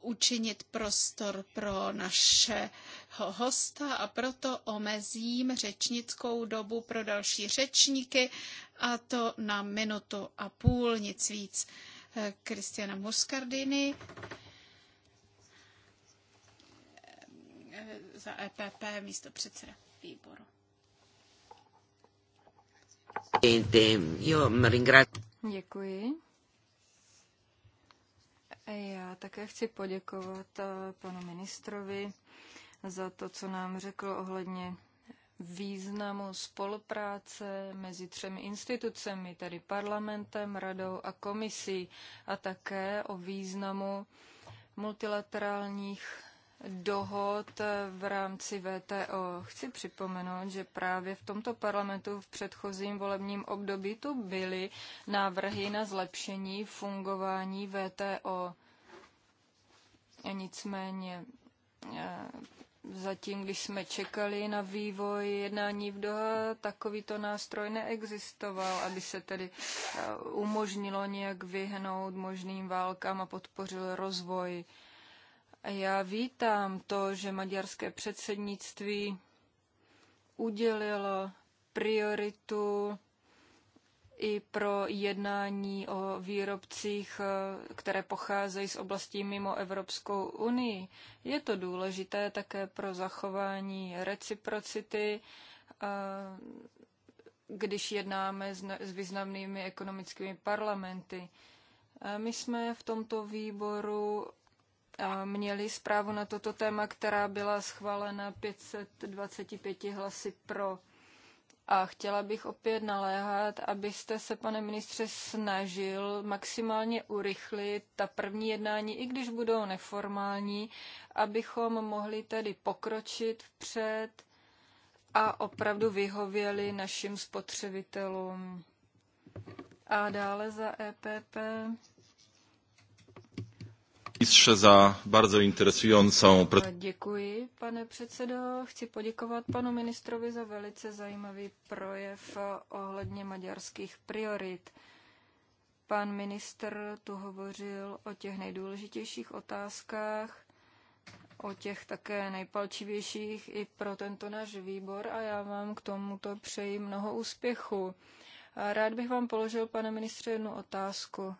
učinit prostor pro naše hosta a proto omezím řečnickou dobu pro další řečníky a to na minutu a půl, nic víc. Kristiana Muscardini za EPP místo předseda výboru. Děkuji. Já také chci poděkovat eh, panu ministrovi za to, co nám řekl ohledně významu spolupráce mezi třemi institucemi, tedy parlamentem, radou a komisí, a také o významu multilaterálních dohod v rámci VTO. Chci připomenout, že právě v tomto parlamentu v předchozím volebním období tu byly návrhy na zlepšení fungování VTO. Nicméně eh, zatím, když jsme čekali na vývoj jednání v Doha, takovýto nástroj neexistoval, aby se tedy eh, umožnilo nějak vyhnout možným válkám a podpořil rozvoj uh, já vítám to, že maďarské předsednictví udělilo prioritu i pro jednání o výrobcích, eh, které pocházejí z oblastí mimo Evropskou unii. Je to důležité také pro zachování reciprocity, eh, když jednáme s významnými ekonomickými parlamenty. Eh, my jsme v tomto výboru měli zprávu na toto téma, která byla schválena 525 hlasy pro. A chtěla bych opět naléhat, abyste se, pane ministře, snažil maximálně urychlit ta první jednání, i když budou neformální, abychom mohli tedy pokročit vpřed a opravdu vyhověli našim spotřebitelům. A dále za EPP Ministře za bardzo Děkuji, pane předsedo. Chci poděkovat panu ministrovi za velice zajímavý projev ohledně maďarských priorit. Pan ministr tu hovořil o těch nejdůležitějších otázkách, o těch také nejpalčivějších i pro tento náš výbor a já vám k tomuto přeji mnoho úspěchu. Rád bych vám položil, pane ministře, jednu otázku.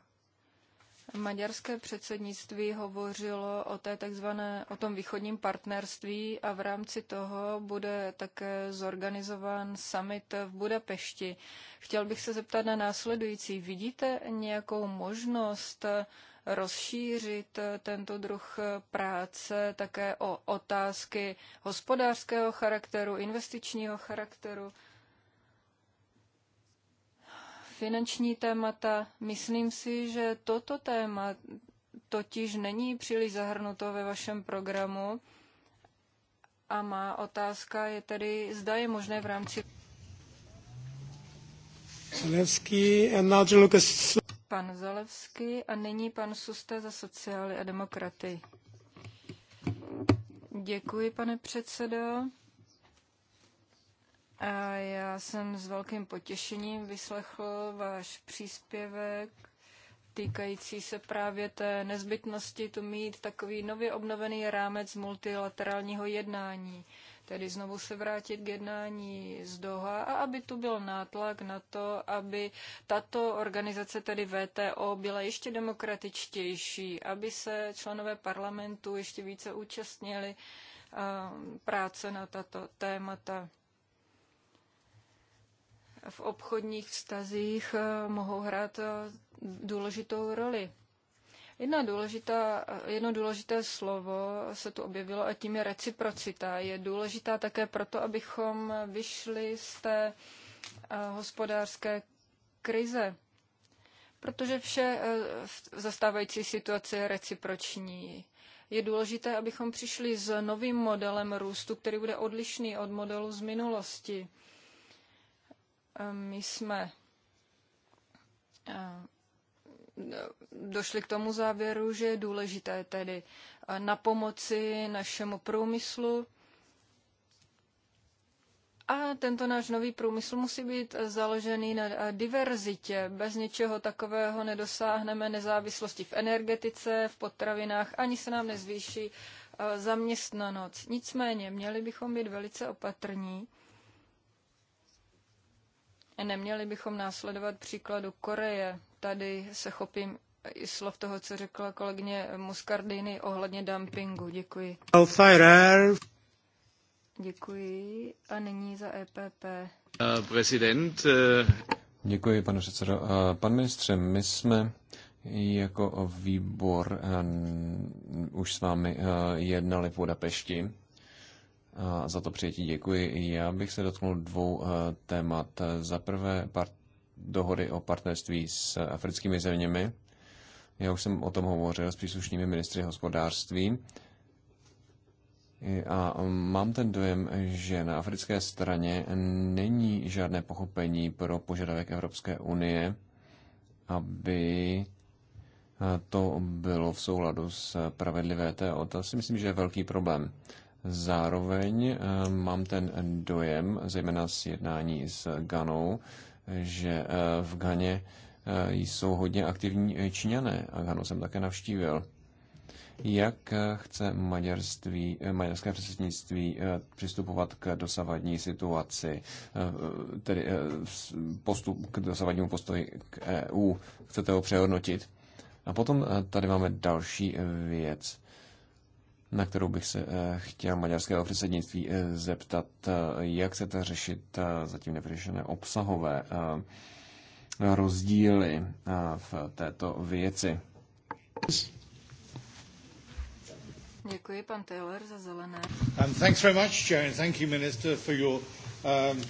Maďarské předsednictví hovořilo o, té takzvané, o tom východním partnerství a v rámci toho bude také zorganizován summit v Budapešti. Chtěl bych se zeptat na následující. Vidíte nějakou možnost rozšířit tento druh práce také o otázky hospodářského charakteru, investičního charakteru? finanční témata. Myslím si, že toto téma totiž není příliš zahrnuto ve vašem programu. A má otázka je tedy, zda je možné v rámci. Zalevský, Lucas. Pan Zalevský a nyní pan Susta za sociály a demokraty. Děkuji, pane předsedo. A já jsem s velkým potěšením vyslechl váš příspěvek týkající se právě té nezbytnosti tu mít takový nově obnovený rámec multilaterálního jednání. Tedy znovu se vrátit k jednání z Doha a aby tu byl nátlak na to, aby tato organizace, tedy VTO, byla ještě demokratičtější, aby se členové parlamentu ještě více účastnili práce na tato témata v obchodních vztazích eh, mohou hrát eh, důležitou roli. Jedna důležitá, eh, jedno důležité slovo se tu objevilo a tím je reciprocita. Je důležitá také proto, abychom vyšli z té hospodářské krize. Protože vše v zastávající situaci je reciproční. Je důležité, abychom přišli s novým modelem růstu, který bude odlišný od modelu z minulosti. My jsme eh, došli k tomu závěru, že je důležité tedy eh, na pomoci našemu průmyslu. A tento náš nový průmysl musí být založený na eh, diverzitě. Bez něčeho takového nedosáhneme nezávislosti v energetice, v potravinách, ani se nám nezvýší zaměstnanost. Nicméně měli bychom být velice opatrní Neměli bychom následovat příkladu Koreje. Tady se chopím i slov toho, co řekla kolegyně Muscardini ohledně dumpingu. Děkuji. Děkuji a nyní za EPP. Eh, prezident. Eh, Děkuji, pane předsedo. Eh, pan ministře, my jsme jako výbor už s vámi jednali v Budapešti a za to přijetí děkuji. Já bych se dotknul dvou eh, témat. Za prvé part- dohody o partnerství s africkými zeměmi. Já už jsem o tom hovořil s příslušnými ministry hospodářství. A mm, mám ten dojem, že na africké straně není žádné pochopení pro požadavek Evropské unie, aby eh, to bylo v souladu s pravedlivé TO. To si myslím, že je velký problém. Zároveň eh, mám ten dojem, zejména z jednání s Ganou, že eh, v Ganě eh, jsou hodně aktivní Číňané a Ganu jsem také navštívil. Jak chce maďarství, maďarské předsednictví přistupovat k dosavadní situaci, tedy postup k dosavadnímu postoji k EU? Chcete ho přehodnotit? A potom tady máme další věc na kterou bych se eh, chtěl maďarského předsednictví eh, zeptat, eh, jak chcete řešit zatím nevyřešené obsahové rozdíly v této věci. Děkuji, pan Taylor, za zelené. Um, thanks very much, Sharon. Thank you, Minister, for your... Um...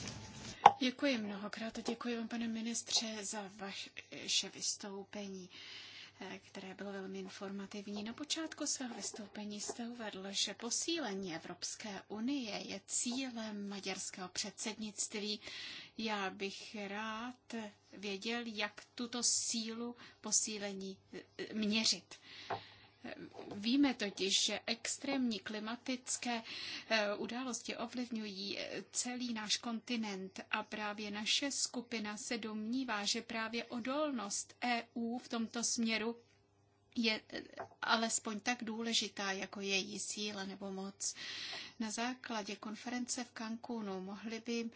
Děkuji mnohokrát a děkuji vám, pane ministře, za vaše vystoupení. Uh, které bylo velmi informativní. Na počátku svého vystoupení jste uvedl, že posílení Evropské unie je cílem maďarského předsednictví. Já bych rád věděl, jak tuto sílu posílení eh, měřit. Víme totiž, že extrémní klimatické eh, události ovlivňují eh, celý náš kontinent a právě naše skupina se domnívá, že právě odolnost EU v tomto směru je eh, alespoň tak důležitá jako její síla nebo moc. Na základě konference v Cancúnu mohli by,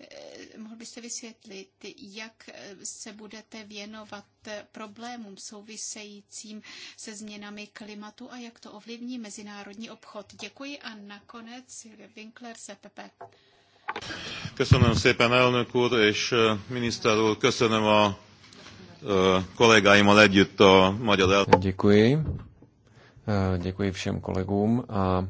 eh, mohli byste vysvětlit, jak eh, se budete věnovat problémům souvisejícím se změnami klimatu a jak to ovlivní mezinárodní obchod. Děkuji a nakonec Silvia Winkler se Pepe. Köszönöm szépen, elnök úr, és miniszter úr, köszönöm a Eh, kollégáimmal együtt a magyar el... Děkuji. Eh, děkuji všem kolegům a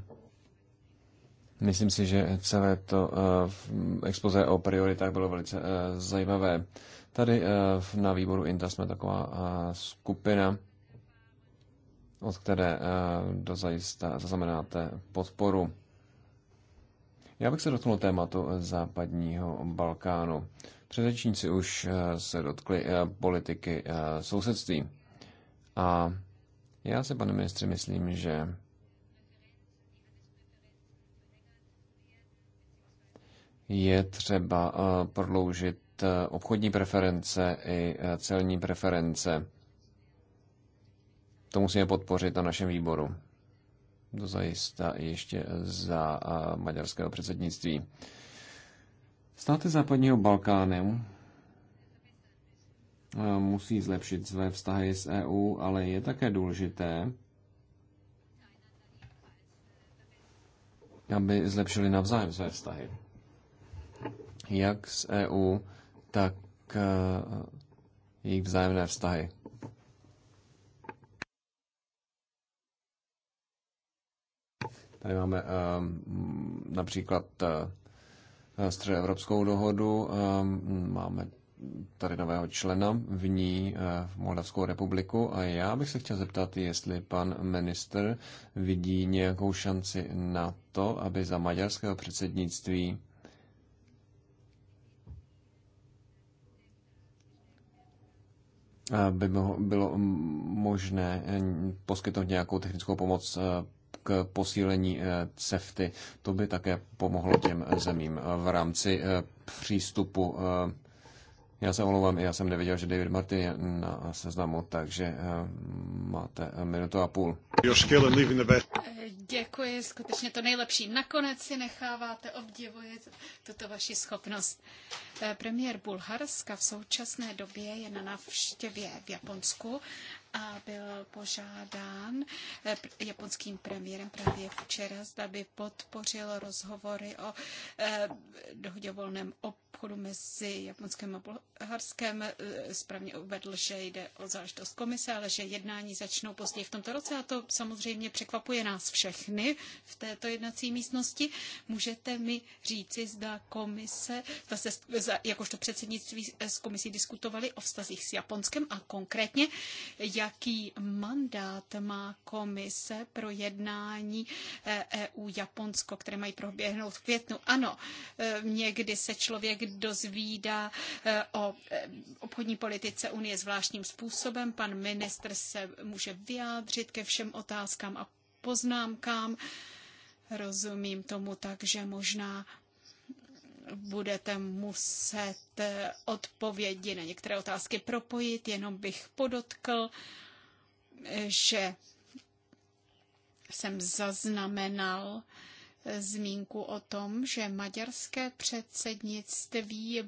myslím si, že celé to eh, expoze o prioritách bylo velice zajímavé. Tady na výboru INTA jsme taková skupina, od které dozajista zaznamenáte podporu. Já bych se dotknul tématu západního Balkánu. Předřečníci už eh, se dotkli eh, politiky eh, sousedství. A já se, pane ministře, myslím, že je třeba prodloužit obchodní preference i celní preference. To musíme podpořit na našem výboru do zajista ještě za maďarského předsednictví. Státy západního Balkánu musí zlepšit své vztahy s EU, ale je také důležité, aby zlepšili navzájem své vztahy. Jak s EU, tak jejich vzájemné vztahy. Tady máme ehm, například eh, středoevropskou dohodu, ehm, máme tady nového člena v ní eh, v Moldavskou republiku a já bych se chtěl zeptat, jestli pan minister vidí nějakou šanci na to, aby za maďarského předsednictví eh, by bylo možné poskytnout nějakou technickou pomoc k posílení eh, CEFTY. To by také pomohlo těm eh, zemím v rámci eh, přístupu. Já se omlouvám, já jsem neviděl, že David Martin je na seznamu, takže máte minutu a půl. Děkuji, skutečně to nejlepší. Nakonec si necháváte, obdivovat tuto vaši schopnost. Premiér Bulharska v současné době je na návštěvě v Japonsku a byl požádán eh, japonským premiérem právě včera, zda by podpořil rozhovory o eh, dohodě volném obchodu obchodu mezi Japonskem a Bulharskem e, správně uvedl, že jde o záležitost komise, ale že jednání začnou později v tomto roce a to samozřejmě překvapuje nás všechny v této jednací místnosti. Můžete mi říci, zda komise, zda se jakožto předsednictví s komisí diskutovali o vztazích s Japonskem a konkrétně, jaký mandát má komise pro jednání EU-Japonsko, e které mají proběhnout v květnu. Ano, e, někdy se člověk dozvídá eh, o eh, obchodní politice Unie zvláštním způsobem. Pan ministr se může vyjádřit ke všem otázkám a poznámkám. Rozumím tomu tak, že možná budete muset eh, odpovědi na některé otázky propojit, jenom bych podotkl, že jsem zaznamenal, zmínku o tom, že maďarské předsednictví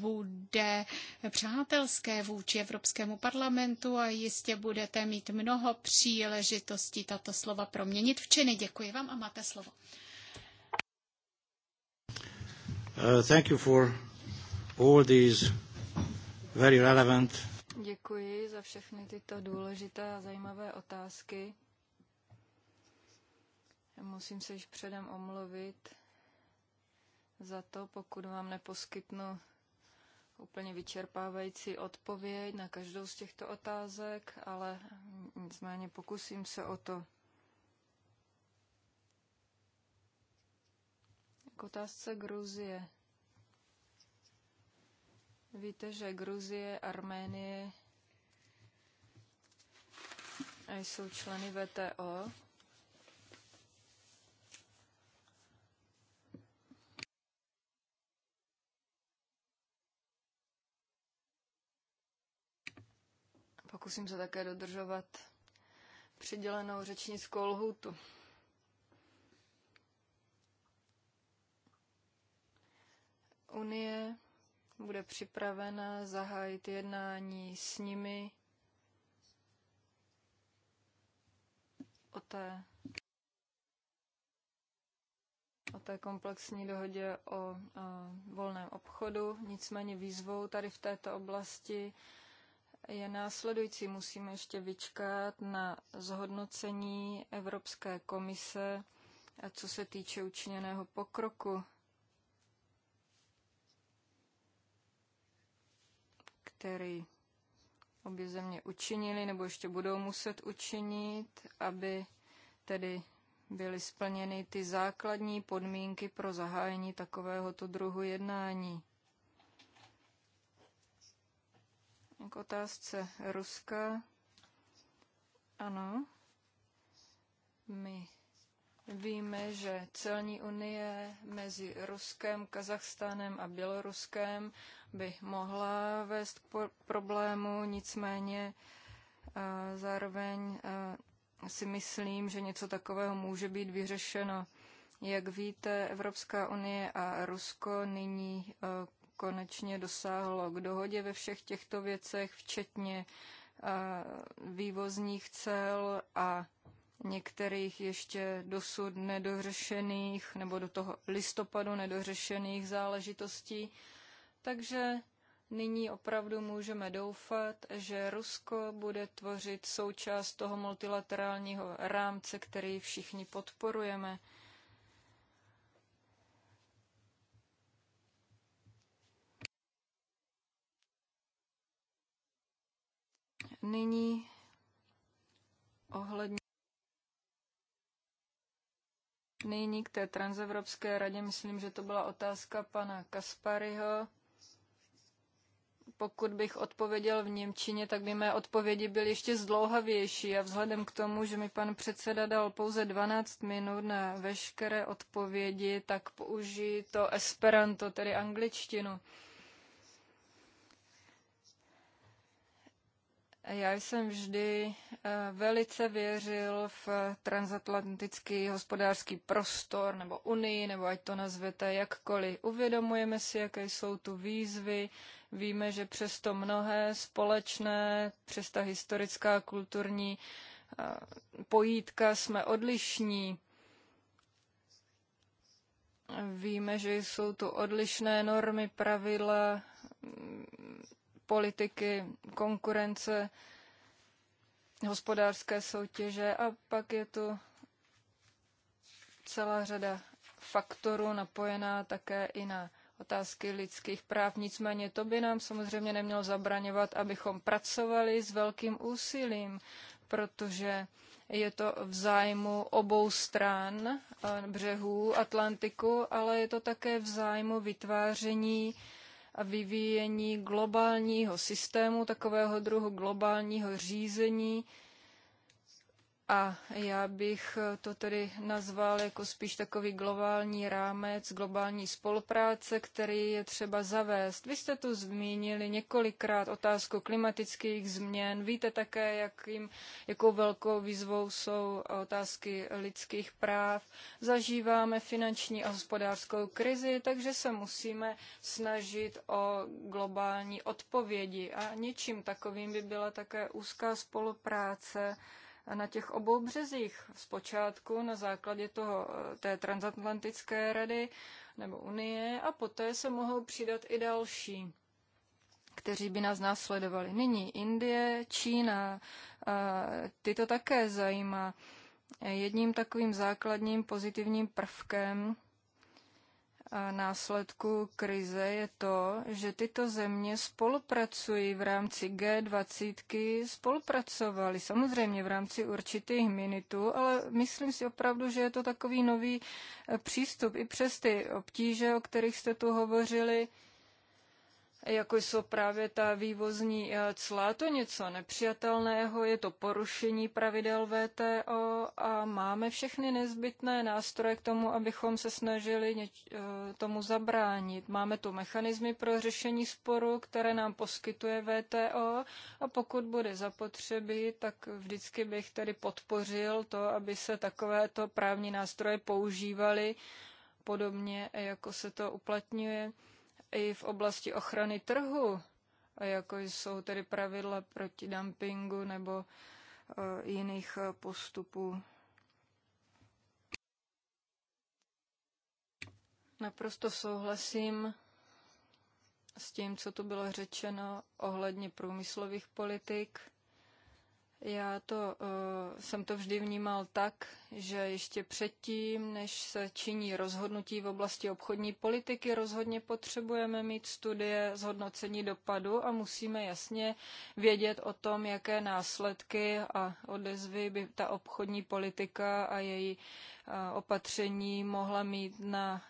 bude přátelské vůči Evropskému parlamentu a jistě budete mít mnoho příležitostí tato slova proměnit v činy. Děkuji vám a máte slovo. Uh, thank you for all these very relevant Děkuji za všechny tyto důležité a zajímavé otázky. Musím se již předem omluvit za to, pokud vám neposkytnu úplně vyčerpávající odpověď na každou z těchto otázek, ale nicméně pokusím se o to. K otázce Gruzie. Víte, že Gruzie, Arménie jsou členy VTO Pokusím se také dodržovat přidělenou řečnickou lhůtu. Unie bude připravena zahájit jednání s nimi o té, o té komplexní dohodě o, o volném obchodu. Nicméně výzvou tady v této oblasti je následující. Musíme ještě vyčkat na zhodnocení Evropské komise, a co se týče učiněného pokroku, který obě země učinili nebo ještě budou muset učinit, aby tedy byly splněny ty základní podmínky pro zahájení takovéhoto druhu jednání. K otázce Ruska. Ano. My víme, že celní unie mezi Ruskem, Kazachstánem a Běloruskem by mohla vést k problému, nicméně eh, zároveň eh, si myslím, že něco takového může být vyřešeno. Jak víte, Evropská unie a Rusko nyní eh, konečně dosáhlo k dohodě ve všech těchto věcech, včetně eh, vývozních cel a některých ještě dosud nedořešených nebo do toho listopadu nedořešených záležitostí. Takže nyní opravdu můžeme doufat, že Rusko bude tvořit součást toho multilaterálního rámce, který všichni podporujeme. Nyní ohledně Nyní k té transevropské radě, myslím, že to byla otázka pana Kaspariho. Pokud bych odpověděl v Němčině, tak by mé odpovědi byly ještě zdlouhavější. A vzhledem k tomu, že mi pan předseda dal pouze 12 minut na veškeré odpovědi, tak použiji to esperanto, tedy angličtinu. Já jsem vždy eh, velice věřil v transatlantický hospodářský prostor nebo unii, nebo ať to nazvete jakkoliv. Uvědomujeme si, jaké jsou tu výzvy. Víme, že přesto mnohé společné, přes ta historická kulturní eh, pojítka jsme odlišní. Víme, že jsou tu odlišné normy, pravidla, politiky, konkurence, hospodářské soutěže a pak je tu celá řada faktorů napojená také i na otázky lidských práv. Nicméně to by nám samozřejmě nemělo zabraňovat, abychom pracovali s velkým úsilím, protože je to v zájmu obou stran eh, břehů Atlantiku, ale je to také v zájmu vytváření a vyvíjení globálního systému, takového druhu globálního řízení, a já bych to tedy nazval jako spíš takový globální rámec, globální spolupráce, který je třeba zavést. Vy jste tu zmínili několikrát otázku klimatických změn. Víte také, jakým, jakou velkou výzvou jsou otázky lidských práv. Zažíváme finanční a hospodářskou krizi, takže se musíme snažit o globální odpovědi. A něčím takovým by byla také úzká spolupráce na těch obou březích. Zpočátku na základě toho, eh, té transatlantické rady nebo unie a poté se mohou přidat i další kteří by nás následovali. Nyní Indie, Čína, eh, ty to také zajímá. Jedním takovým základním pozitivním prvkem následků krize je to, že tyto země spolupracují v rámci G20, spolupracovali samozřejmě v rámci určitých minitů, ale myslím si opravdu, že je to takový nový eh, přístup i přes ty obtíže, o kterých jste tu hovořili jako jsou právě ta vývozní eh, cla, to něco nepřijatelného, je to porušení pravidel VTO a máme všechny nezbytné nástroje k tomu, abychom se snažili něč- eh, tomu zabránit. Máme tu mechanismy pro řešení sporu, které nám poskytuje VTO a pokud bude zapotřebí, tak vždycky bych tedy podpořil to, aby se takovéto právní nástroje používaly podobně, jako se to uplatňuje i v oblasti ochrany trhu, jako jsou tedy pravidla proti dumpingu nebo e, jiných e, postupů. Naprosto souhlasím s tím, co tu bylo řečeno ohledně průmyslových politik. Já to, eh, jsem to vždy vnímal tak, že ještě předtím, než se činí rozhodnutí v oblasti obchodní politiky, rozhodně potřebujeme mít studie zhodnocení dopadu a musíme jasně vědět o tom, jaké následky a odezvy by ta obchodní politika a její eh, opatření mohla mít na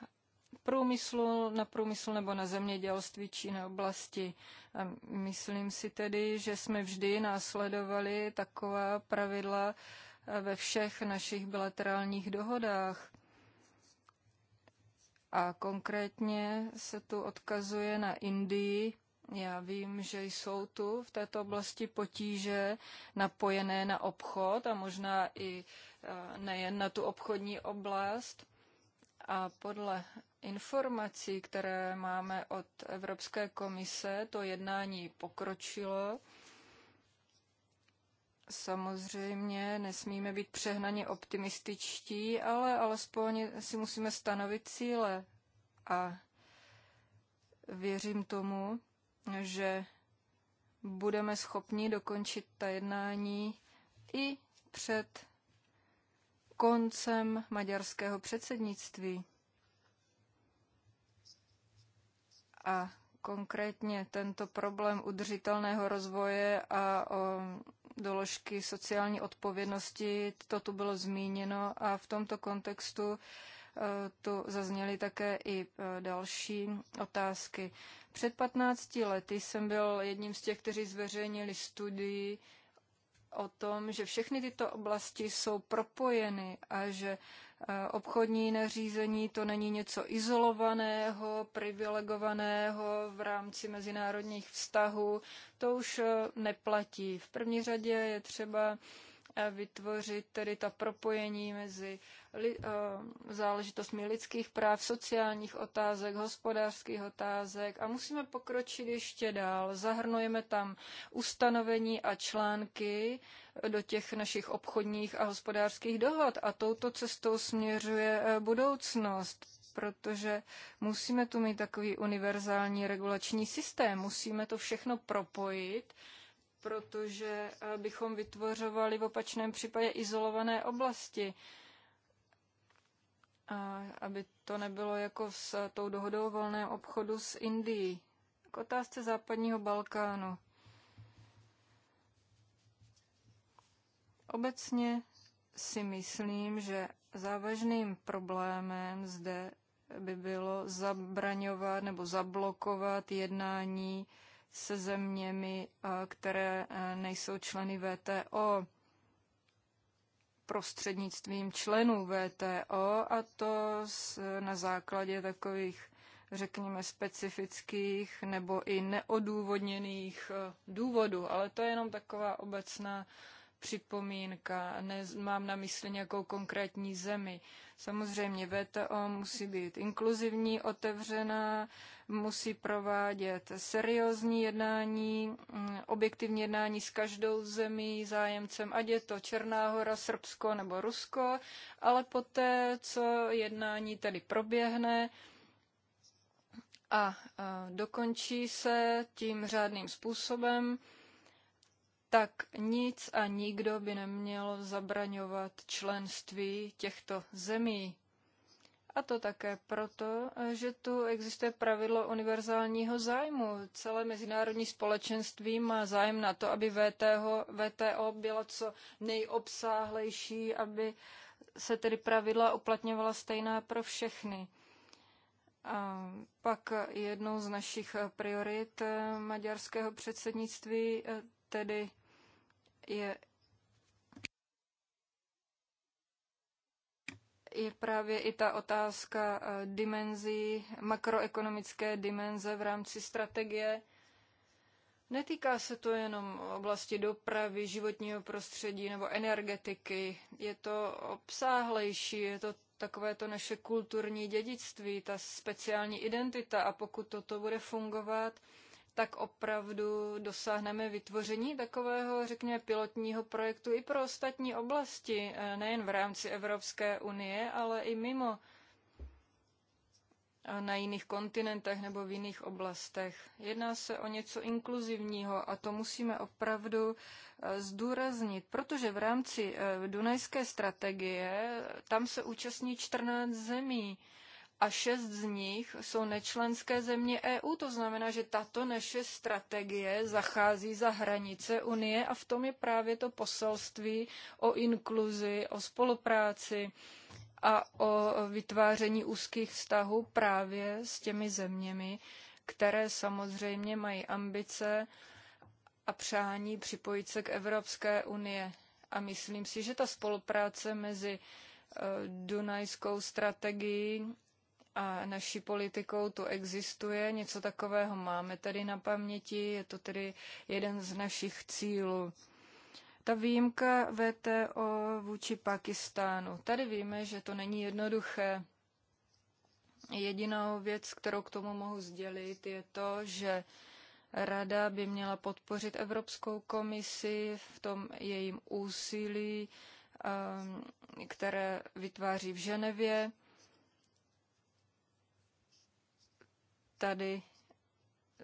průmyslu, na průmysl nebo na zemědělství či na oblasti. A myslím si tedy, že jsme vždy následovali taková pravidla ve všech našich bilaterálních dohodách. A konkrétně se tu odkazuje na Indii. Já vím, že jsou tu v této oblasti potíže napojené na obchod a možná i nejen na tu obchodní oblast. A podle informací, které máme od Evropské komise, to jednání pokročilo. Samozřejmě nesmíme být přehnaně optimističtí, ale alespoň si musíme stanovit cíle. A věřím tomu, že budeme schopni dokončit ta jednání i před koncem maďarského předsednictví. A konkrétně tento problém udržitelného rozvoje a o doložky sociální odpovědnosti, to tu bylo zmíněno a v tomto kontextu e, tu zazněly také i e, další otázky. Před 15 lety jsem byl jedním z těch, kteří zveřejnili studii o tom, že všechny tyto oblasti jsou propojeny a že Obchodní nařízení to není něco izolovaného, privilegovaného v rámci mezinárodních vztahů. To už e, neplatí. V první řadě je třeba e, vytvořit tedy ta propojení mezi li, eh, záležitostmi lidských práv, sociálních otázek, hospodářských otázek a musíme pokročit ještě dál. Zahrnujeme tam ustanovení a články do těch našich obchodních a hospodářských dohod a touto cestou směřuje eh, budoucnost protože musíme tu mít takový univerzální regulační systém, musíme to všechno propojit, protože eh, bychom vytvořovali v opačném případě izolované oblasti. A aby to nebylo jako s tou dohodou volné obchodu s Indií. K otázce západního Balkánu. Obecně si myslím, že závažným problémem zde by bylo zabraňovat nebo zablokovat jednání se zeměmi, které nejsou členy VTO prostřednictvím členů VTO a to s, na základě takových, řekněme, specifických nebo i neodůvodněných eh, důvodů. Ale to je jenom taková obecná připomínka, nemám na mysli nějakou konkrétní zemi. Samozřejmě VTO musí být inkluzivní, otevřená, musí provádět seriózní jednání, mm, objektivní jednání s každou zemí, zájemcem, ať je to Černá hora, Srbsko nebo Rusko, ale poté, co jednání tedy proběhne, a dokončí se tím řádným způsobem, tak nic a nikdo by neměl zabraňovat členství těchto zemí. A to také proto, že tu existuje pravidlo univerzálního zájmu. Celé mezinárodní společenství má zájem na to, aby VTO, VTO byla co nejobsáhlejší, aby se tedy pravidla uplatňovala stejná pro všechny. A pak jednou z našich priorit maďarského předsednictví tedy je, je právě i ta otázka eh, dimenzí, makroekonomické dimenze v rámci strategie. Netýká se to jenom oblasti dopravy, životního prostředí nebo energetiky. Je to obsáhlejší, je to takové to naše kulturní dědictví, ta speciální identita a pokud toto bude fungovat, tak opravdu dosáhneme vytvoření takového, řekněme, pilotního projektu i pro ostatní oblasti, eh, nejen v rámci Evropské unie, ale i mimo na jiných kontinentech nebo v jiných oblastech. Jedná se o něco inkluzivního a to musíme opravdu eh, zdůraznit, protože v rámci eh, Dunajské strategie tam se účastní 14 zemí a šest z nich jsou nečlenské země EU. To znamená, že tato naše strategie zachází za hranice Unie a v tom je právě to poselství o inkluzi, o spolupráci a o vytváření úzkých vztahů právě s těmi zeměmi, které samozřejmě mají ambice a přání připojit se k Evropské unie. A myslím si, že ta spolupráce mezi eh, Dunajskou strategií a naší politikou to existuje. Něco takového máme tady na paměti, je to tedy jeden z našich cílů. Ta výjimka VTO vůči Pakistánu. Tady víme, že to není jednoduché. Jedinou věc, kterou k tomu mohu sdělit, je to, že Rada by měla podpořit Evropskou komisi v tom jejím úsilí, ehm, které vytváří v Ženevě Tady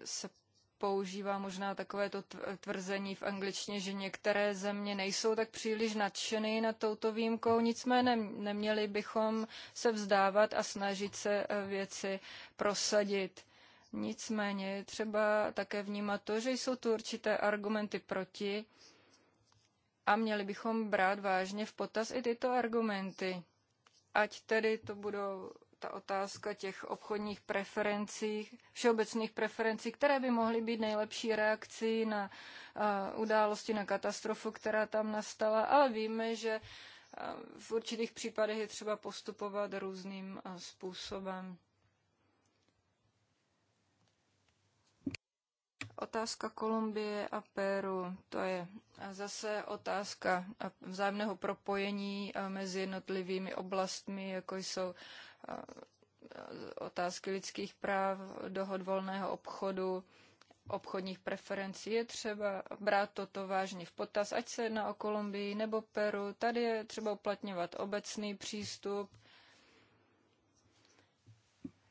se používá možná takové to tvrzení v angličtině, že některé země nejsou tak příliš nadšeny na touto výjimkou, nicméně neměli bychom se vzdávat a snažit se eh, věci prosadit. Nicméně je třeba také vnímat to, že jsou tu určité argumenty proti a měli bychom brát vážně v potaz i tyto argumenty. Ať tedy to budou ta otázka těch obchodních preferencí, všeobecných preferencí, které by mohly být nejlepší reakcí na eh, události, na katastrofu, která tam nastala, ale víme, že eh, v určitých případech je třeba postupovat různým eh, způsobem. Otázka Kolumbie a Peru, to je zase otázka vzájemného propojení mezi jednotlivými oblastmi, jako jsou Eh, otázky lidských práv, dohod volného obchodu, obchodních preferencí. Je třeba brát toto vážně v potaz, ať se jedná o Kolumbii nebo Peru. Tady je třeba uplatňovat obecný přístup,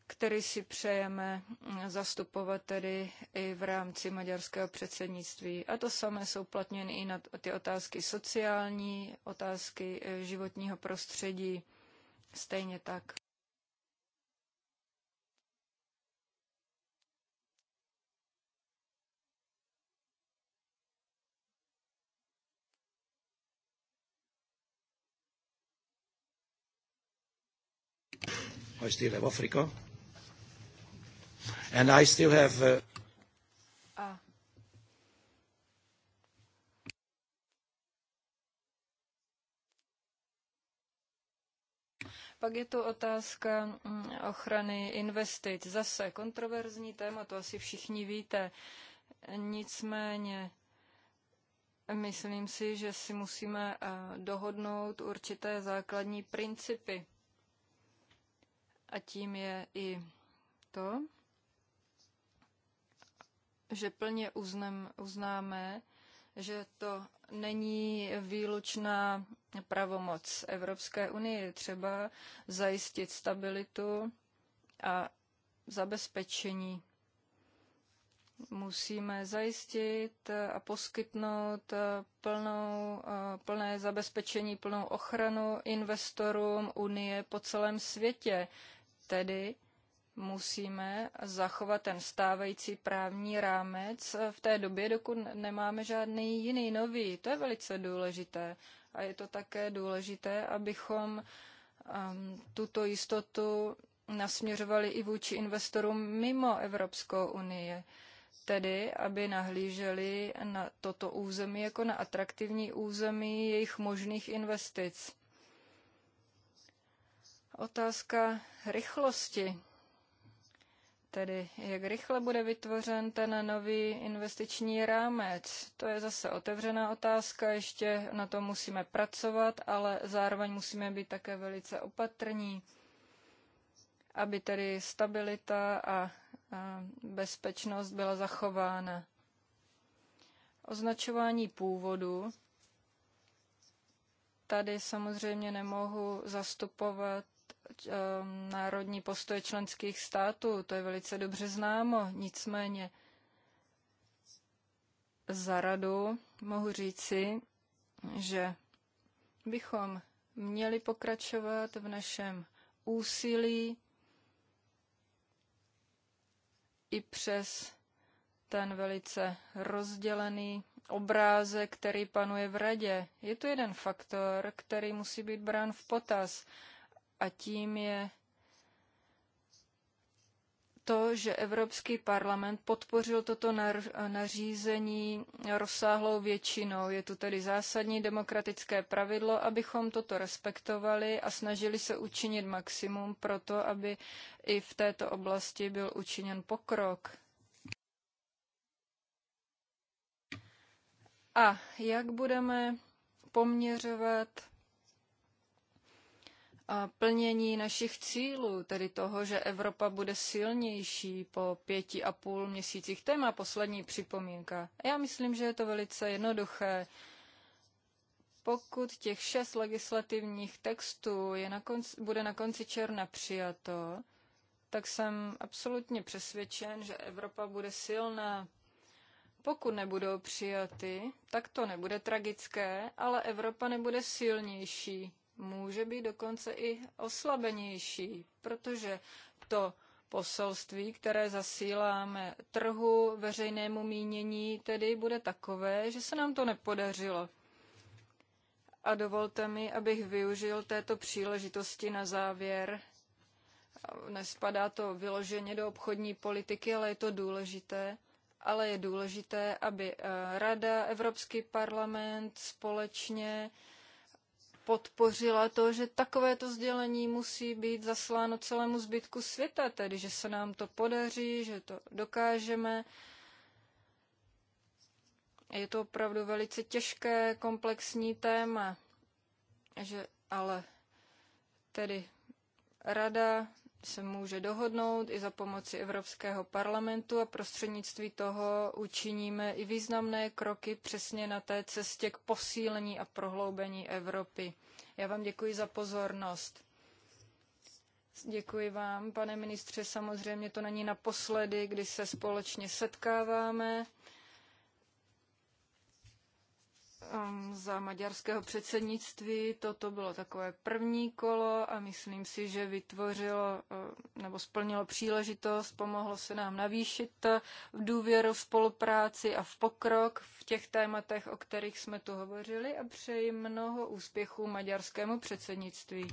který si přejeme zastupovat tedy i v rámci maďarského předsednictví. A to samé jsou uplatněny i na ty otázky sociální, otázky eh, životního prostředí. Stejně tak. I still have Africa. And I still have... Uh, Pak je tu otázka mm, ochrany investic. Zase kontroverzní téma, to asi všichni víte. Nicméně myslím si, že si musíme eh, dohodnout určité základní principy. A tím je i to, že plně uznem, uznáme, že to není výlučná pravomoc Evropské unie. Třeba zajistit stabilitu a zabezpečení. Musíme zajistit a poskytnout plnou, plné zabezpečení, plnou ochranu investorům Unie po celém světě tedy musíme zachovat ten stávající právní rámec v té době, dokud nemáme žádný jiný nový. To je velice důležité. A je to také důležité, abychom um, tuto jistotu nasměřovali i vůči investorům mimo Evropskou unii. Tedy, aby nahlíželi na toto území jako na atraktivní území jejich možných investic. Otázka rychlosti, tedy jak rychle bude vytvořen ten nový investiční rámec, to je zase otevřená otázka, ještě na to musíme pracovat, ale zároveň musíme být také velice opatrní, aby tedy stabilita a, a bezpečnost byla zachována. Označování původu tady samozřejmě nemohu zastupovat Um, národní postoje členských států, to je velice dobře známo, nicméně za radu mohu říci, že bychom měli pokračovat v našem úsilí i přes ten velice rozdělený obrázek, který panuje v radě. Je to jeden faktor, který musí být brán v potaz a tím je to, že Evropský parlament podpořil toto nařízení rozsáhlou většinou. Je tu tedy zásadní demokratické pravidlo, abychom toto respektovali a snažili se učinit maximum pro to, aby i v této oblasti byl učiněn pokrok. A jak budeme poměřovat plnění našich cílů, tedy toho, že Evropa bude silnější po pěti a půl měsících. To je má poslední připomínka. Já myslím, že je to velice jednoduché. Pokud těch šest legislativních textů je na konci, bude na konci června přijato, tak jsem absolutně přesvědčen, že Evropa bude silná. Pokud nebudou přijaty, tak to nebude tragické, ale Evropa nebude silnější může být dokonce i oslabenější, protože to poselství, které zasíláme trhu, veřejnému mínění, tedy bude takové, že se nám to nepodařilo. A dovolte mi, abych využil této příležitosti na závěr. Nespadá to vyloženě do obchodní politiky, ale je to důležité. Ale je důležité, aby eh, Rada, Evropský parlament společně podpořila to, že takovéto sdělení musí být zasláno celému zbytku světa, tedy že se nám to podaří, že to dokážeme. Je to opravdu velice těžké, komplexní téma, že ale tedy rada se může dohodnout i za pomoci Evropského parlamentu a prostřednictví toho učiníme i významné kroky přesně na té cestě k posílení a prohloubení Evropy. Já vám děkuji za pozornost. Děkuji vám, pane ministře. Samozřejmě to není naposledy, kdy se společně setkáváme. Um, za maďarského předsednictví. Toto bylo takové první kolo a myslím si, že vytvořilo uh, nebo splnilo příležitost, pomohlo se nám navýšit uh, v důvěru, v spolupráci a v pokrok v těch tématech, o kterých jsme tu hovořili a přeji mnoho úspěchů maďarskému předsednictví.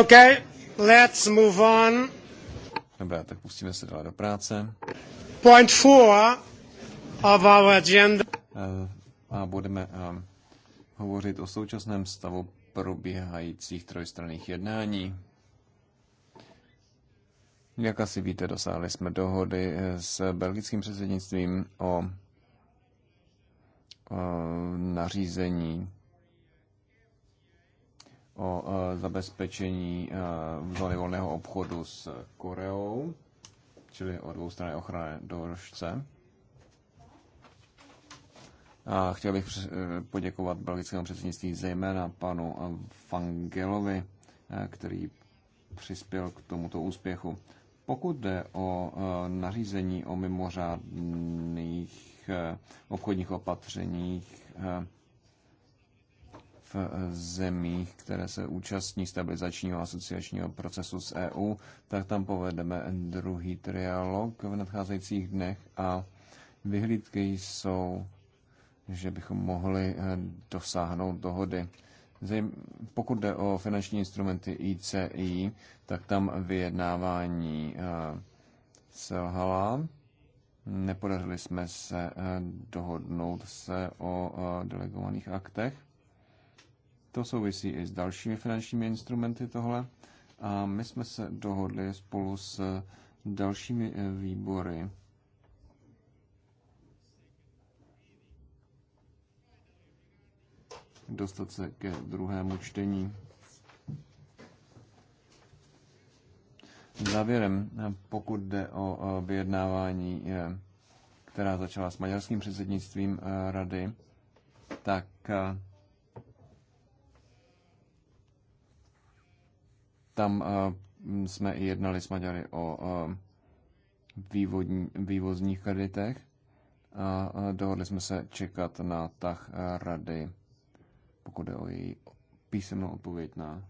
Okay, let's move on. Dobrá, tak pustíme se dál do práce. Point four of our agenda. Eh, a budeme eh, hovořit o současném stavu probíhajících trojstranných jednání. Jak asi víte, dosáhli jsme dohody eh, s belgickým předsednictvím o nařízení o e, zabezpečení e, zóny volného obchodu s Koreou, čili o dvoustranné ochrany doložce. A chtěl bych e, poděkovat belgickému předsednictví zejména panu Vangelovi, který přispěl k tomuto úspěchu. Pokud jde o nařízení o mimořádných obchodních opatřeních, zemích, které se účastní stabilizačního asociačního procesu s EU, tak tam povedeme druhý trialog v nadcházejících dnech a vyhlídky jsou, že bychom mohli eh, dosáhnout dohody. Pokud jde o finanční instrumenty ICI, tak tam vyjednávání eh, selhala. Nepodařili jsme se eh, dohodnout se o delegovaných aktech. To souvisí i s dalšími finančními instrumenty tohle. A my jsme se dohodli spolu s dalšími eh, výbory, dostat se ke druhému čtení. Závěrem, eh, pokud jde o eh, vyjednávání, která začala s maďarským předsednictvím rady, tak Tam eh, jsme i jednali s Maďary o eh, vývodní, vývozních kreditech a dohodli jsme se čekat na tah eh, rady, pokud je o její písemnou odpověď na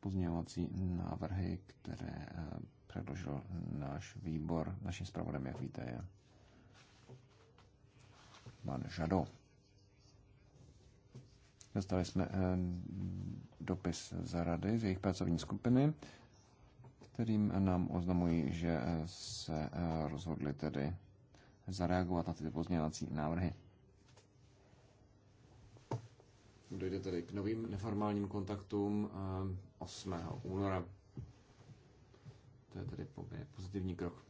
pozměňovací návrhy, které předložil náš výbor. Naším zpravodem, jak víte, je pan Žado. Dostali jsme eh, dopis z rady, z jejich pracovní skupiny, kterým nám oznamují, že eh, se eh, rozhodli tedy zareagovat na tyto pozměňovací návrhy. Dojde tedy k novým neformálním kontaktům 8. února. To je tedy pozitivní krok.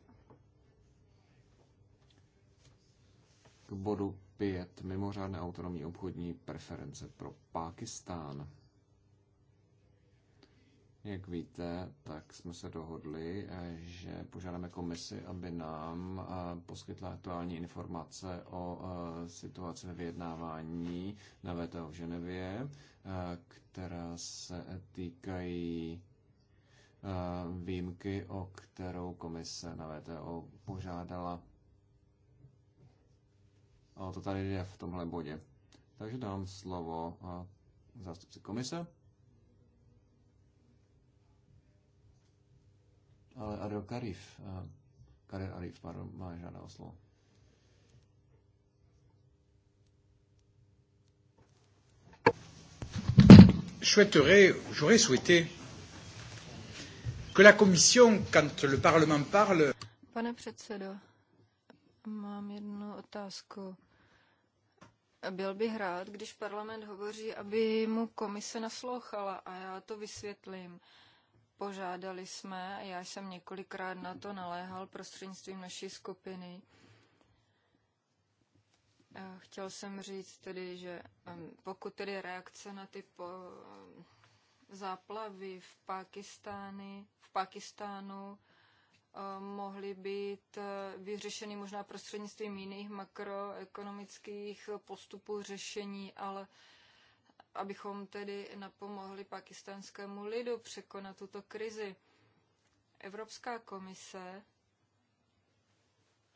K bodu 5 mimořádné autonomní obchodní preference pro Pákistán. Jak víte, tak jsme se dohodli, eh, že požádáme komisi, aby nám eh, poskytla aktuální informace o eh, situaci ve vyjednávání na VTO v Ženevě, která se týkají výjimky, o kterou komise na VTO požádala O to tady je v tomhle bodě. Takže dám slovo zástupci komise. Ale Adel Karif, Karir Arif, pardon, má žádá o slovo. J'aurais souhaité que la Commission, quand le Parlement parle... Pane předsedo, mám jednu otázku. Byl bych rád, když parlament hovoří, aby mu komise naslouchala a já to vysvětlím. Požádali jsme, já jsem několikrát na to naléhal prostřednictvím naší skupiny. Eh, chtěl jsem říct tedy, že pokud tedy reakce na ty po, záplavy v Pakistány, v Eh, mohly být eh, vyřešeny možná prostřednictvím jiných makroekonomických postupů řešení, ale abychom tedy napomohli pakistánskému lidu překonat tuto krizi. Evropská komise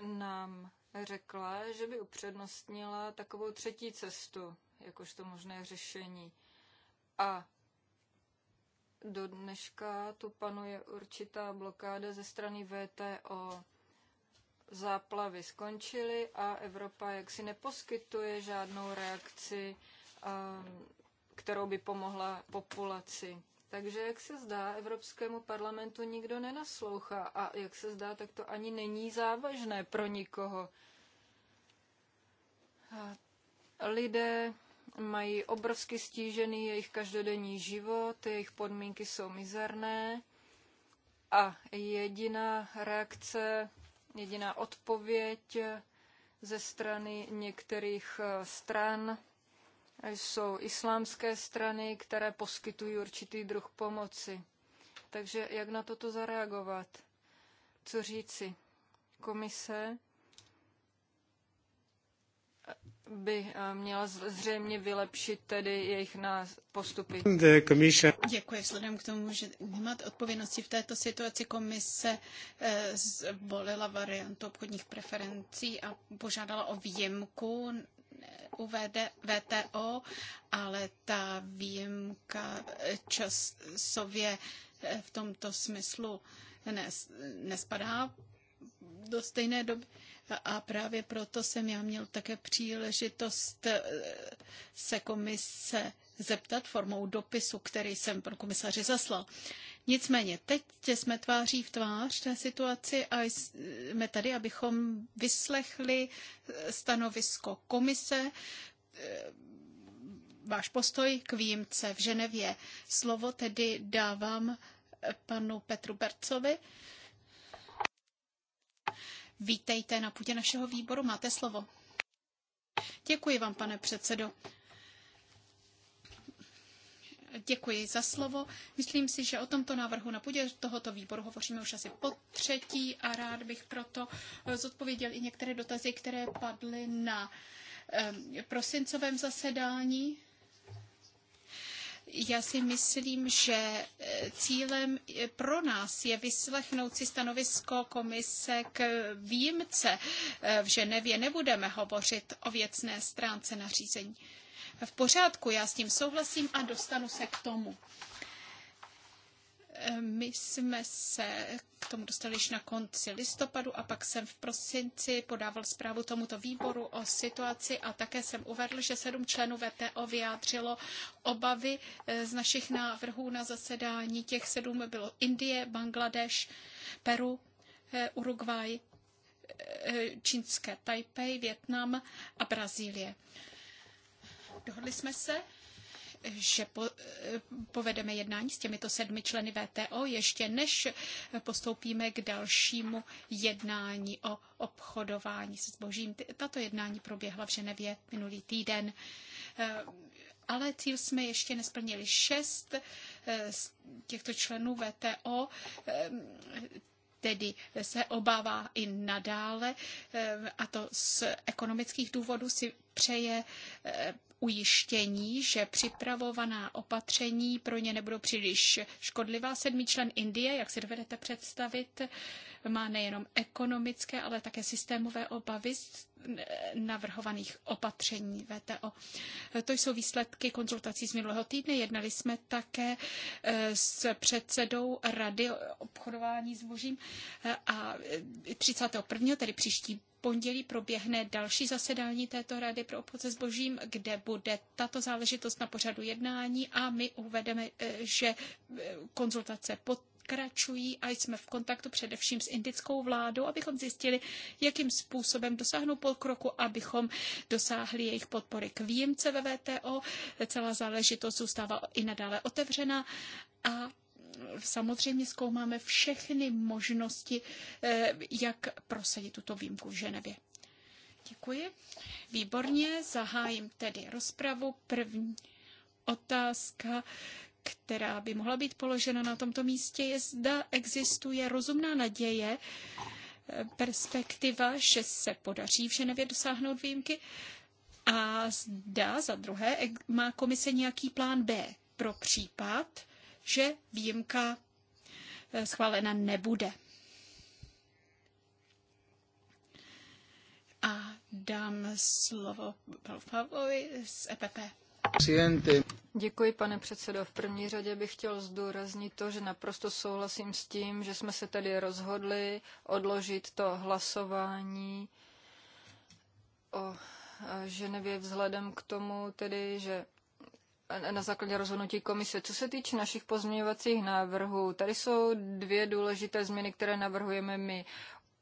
nám řekla, že by upřednostnila takovou třetí cestu, jakožto možné řešení. A do dneška tu panuje určitá blokáda ze strany VTO. Záplavy skončily a Evropa jaksi neposkytuje žádnou reakci, ehm, kterou by pomohla populaci. Takže jak se zdá, Evropskému parlamentu nikdo nenaslouchá a jak se zdá, tak to ani není závažné pro nikoho. lidé mají obrovsky stížený jejich každodenní život, jejich podmínky jsou mizerné a jediná reakce, jediná odpověď ze strany některých eh, stran jsou islámské strany, které poskytují určitý druh pomoci. Takže jak na toto zareagovat? Co říci? Komise by eh, měla zřejmě vylepšit tedy jejich postupy. Děkuji. Vzhledem k tomu, že nemáte odpovědnosti v této situaci, komise eh, zvolila variantu obchodních preferencí a požádala o výjimku eh, u VD, VTO, ale ta výjimka časově v tomto smyslu nespadá do stejné doby. A právě proto jsem já měl také příležitost eh, se komise zeptat formou dopisu, který jsem pro komisaři zaslal. Nicméně, teď jsme tváří v tvář té situaci a jsme tady, abychom vyslechli eh, stanovisko komise, eh, váš postoj k výjimce v Ženevě. Slovo tedy dávám panu Petru Bercovi. Vítejte na půdě našeho výboru, máte slovo. Děkuji vám, pane předsedo. Děkuji za slovo. Myslím si, že o tomto návrhu na půdě tohoto výboru hovoříme už asi po třetí a rád bych proto eh, zodpověděl i některé dotazy, které padly na eh, prosincovém zasedání já si myslím, že eh, cílem eh, pro nás je vyslechnout si stanovisko komise k výjimce. Eh, v Ženevě nebudeme hovořit o věcné stránce nařízení. V pořádku, já s tím souhlasím a dostanu se k tomu. My jsme se k tomu dostali již na konci listopadu a pak jsem v prosinci podával zprávu tomuto výboru o situaci a také jsem uvedl, že sedm členů VTO vyjádřilo obavy eh, z našich návrhů na zasedání. Těch sedm bylo Indie, Bangladeš, Peru, eh, Uruguay, eh, čínské Taipei, Větnam a Brazílie. Dohodli jsme se, že po, eh, povedeme jednání s těmito sedmi členy VTO, ještě než postoupíme k dalšímu jednání o obchodování se zbožím. Tato jednání proběhla v Ženevě minulý týden eh, ale cíl jsme ještě nesplnili. Šest eh, z těchto členů VTO tedy se obává i nadále, a to z ekonomických důvodů si přeje ujištění, že připravovaná opatření pro ně nebudou příliš škodlivá. Sedmý člen Indie, jak si dovedete představit, má nejenom ekonomické, ale také systémové obavy z navrhovaných opatření VTO. To jsou výsledky konzultací z minulého týdne. Jednali jsme také e, s předsedou Rady obchodování zbožím e, a 31. tedy příští pondělí proběhne další zasedání této rady pro obchod se zbožím, kde bude tato záležitost na pořadu jednání a my uvedeme, e, že konzultace pod pokračují a jsme v kontaktu především s indickou vládou, abychom zjistili, jakým způsobem dosáhnou pokroku, abychom dosáhli jejich podpory k výjimce ve VTO. Celá záležitost zůstává i nadále otevřena a samozřejmě zkoumáme všechny možnosti, eh, jak prosadit tuto výjimku v Ženevě. Děkuji. Výborně, zahájím tedy rozpravu. První otázka která by mohla být položena na tomto místě, je, zda existuje rozumná naděje, eh, perspektiva, že se podaří v Ženevě dosáhnout výjimky a zda za druhé eh, má komise nějaký plán B pro případ, že výjimka eh, schválena nebude. A dám slovo Balfavovi z EPP. Presidente. Děkuji, pane předsedo. V první řadě bych chtěl zdůraznit to, že naprosto souhlasím s tím, že jsme se tedy rozhodli odložit to hlasování o eh, Ženevě vzhledem k tomu tedy, že na základě rozhodnutí komise. Co se týče našich pozměňovacích návrhů, tady jsou dvě důležité změny, které navrhujeme my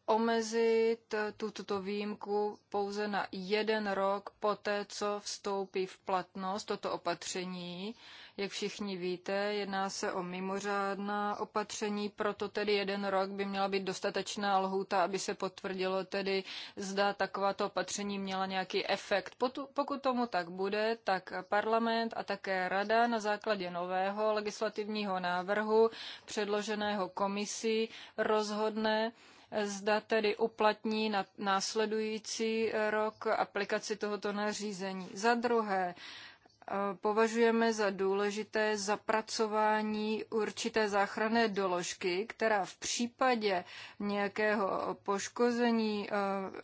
omezit eh, tuto výjimku pouze na jeden rok poté, co vstoupí v platnost toto opatření. Jak všichni víte, jedná se o mimořádná opatření, proto tedy jeden rok by měla být dostatečná lhůta, aby se potvrdilo tedy, zda takováto opatření měla nějaký efekt. Pokud tomu tak bude, tak parlament a také rada na základě nového legislativního návrhu předloženého komisí rozhodne, zda tedy uplatní na následující rok aplikaci tohoto nařízení. Za druhé, e, považujeme za důležité zapracování určité záchranné doložky, která v případě nějakého poškození e,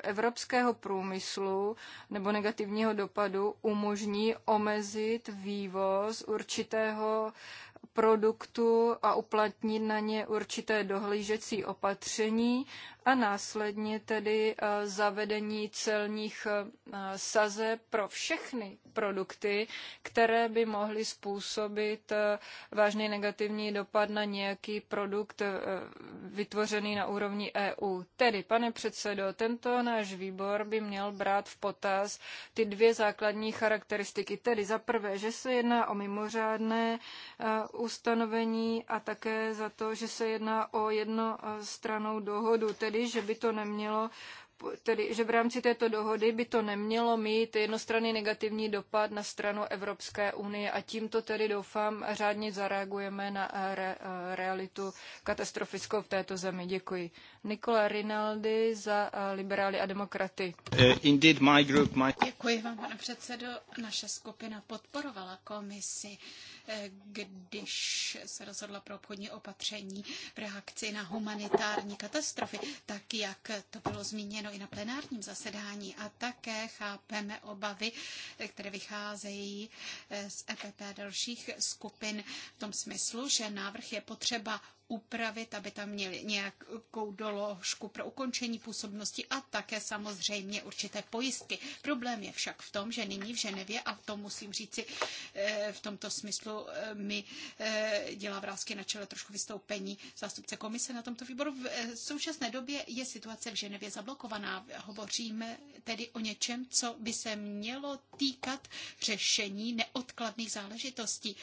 evropského průmyslu nebo negativního dopadu umožní omezit vývoz určitého produktu a uplatnit na ně určité dohlížecí opatření a následně tedy eh, zavedení celních eh, saze pro všechny produkty, které by mohly způsobit eh, vážný negativní dopad na nějaký produkt vytvořený na úrovni EU. Tedy, pane předsedo, tento náš výbor by měl brát v potaz ty dvě základní charakteristiky. Tedy za prvé, že se jedná o mimořádné ustanovení a také za to, že se jedná o jednostranou dohodu, tedy že by to nemělo tedy, že v rámci této dohody by to nemělo mít jednostranný negativní dopad na stranu Evropské unie a tímto tedy doufám řádně zareagujeme na eh, re, eh, realitu katastrofickou v této zemi. Děkuji. Nikola Rinaldi za eh, liberály a demokraty. indeed, my group, my... Děkuji vám, pane předsedo. Naše skupina podporovala komisi když se rozhodla pro obchodní opatření v reakci na humanitární katastrofy, tak jak to bylo zmíněno i na plenárním zasedání. A také chápeme obavy, které vycházejí eh, z EPP a dalších skupin v tom smyslu, že návrh je potřeba upravit, aby tam měli nějakou doložku pro ukončení působnosti a také samozřejmě určité pojistky. Problém je však v tom, že nyní v Ženevě, a to musím říci eh, v tomto smyslu, eh, mi eh, dělá vrázky na čele trošku vystoupení zástupce komise na tomto výboru. V současné době je situace v Ženevě zablokovaná. Hovoříme tedy o něčem, co by se mělo týkat řešení neodkladných záležitostí.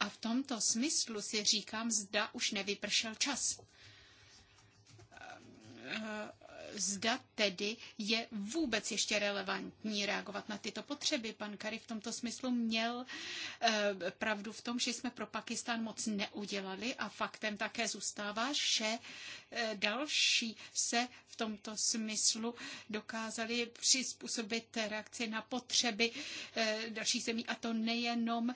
A v tomto smyslu si říkám, zda už nevypr- vypršel čas. Zda tedy je vůbec ještě relevantní reagovat na tyto potřeby. Pan Kary v tomto smyslu měl eh, pravdu v tom, že jsme pro Pakistán moc neudělali a faktem také zůstává, že eh, další se v tomto smyslu dokázali přizpůsobit reakci na potřeby eh, dalších zemí, a to nejenom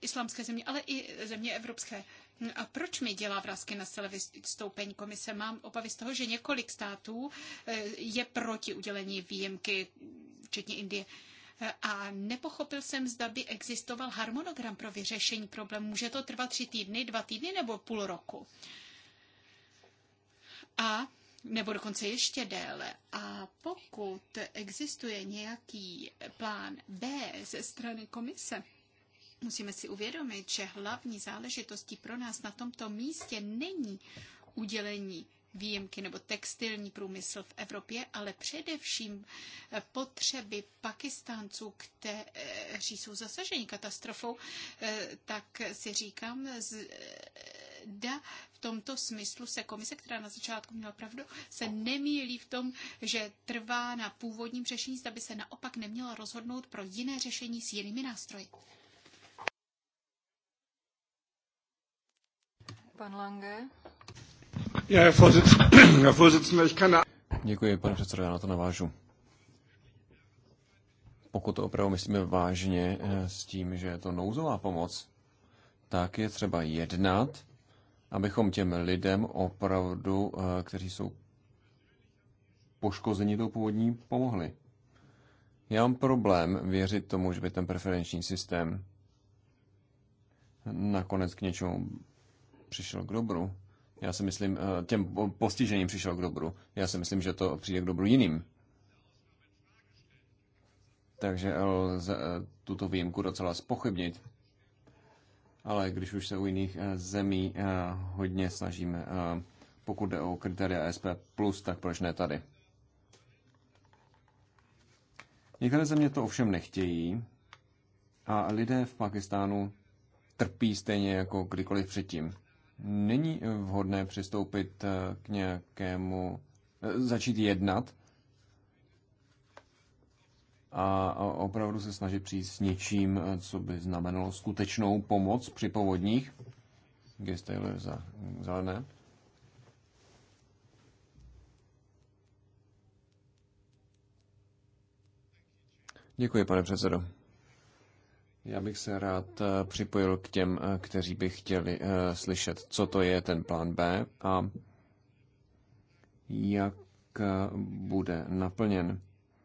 islámské země, ale i země Evropské Hm, a proč mi dělá vrázky na sile vystoupení komise? Mám obavy z toho, že několik států eh, je proti udělení výjimky, včetně Indie. Eh, a nepochopil jsem, zda by existoval harmonogram pro vyřešení problému. Může to trvat tři týdny, dva týdny nebo půl roku? A nebo dokonce ještě déle. A pokud existuje nějaký plán B ze strany komise, Musíme si uvědomit, že hlavní záležitostí pro nás na tomto místě není udělení výjimky nebo textilní průmysl v Evropě, ale především potřeby Pakistánců, kteří jsou zasaženi katastrofou, eh, tak si říkám, zda v tomto smyslu se komise, která na začátku měla pravdu, se nemýlí v tom, že trvá na původním řešení, zda by se naopak neměla rozhodnout pro jiné řešení s jinými nástroji. Děkuji, pane předsedo, já na to navážu. Pokud to opravdu myslíme vážně eh, s tím, že je to nouzová pomoc, tak je třeba jednat, abychom těm lidem opravdu, eh, kteří jsou poškozeni tou původní, pomohli. Já mám problém věřit tomu, že by ten preferenční systém nakonec k něčemu přišel k dobru. Já si myslím, eh, těm postižením přišel k dobru. Já si myslím, že to přijde k dobru jiným. Takže lze eh, tuto výjimku docela spochybnit. Ale když už se u jiných eh, zemí hodně snažíme, pokud jde o kritéria SP+, tak proč ne tady? Některé země to ovšem nechtějí a lidé v Pakistánu trpí stejně jako kdykoliv předtím není eh, vhodné přistoupit eh, k nějakému, eh, začít jednat a opravdu se snažit přijít s něčím, co by znamenalo skutečnou pomoc při povodních. Gestaler za zelené. Děkuji, pane předsedo. Já bych se rád eh, připojil k těm, eh, kteří by chtěli eh, slyšet, co to je ten plán B a jak bude naplněn.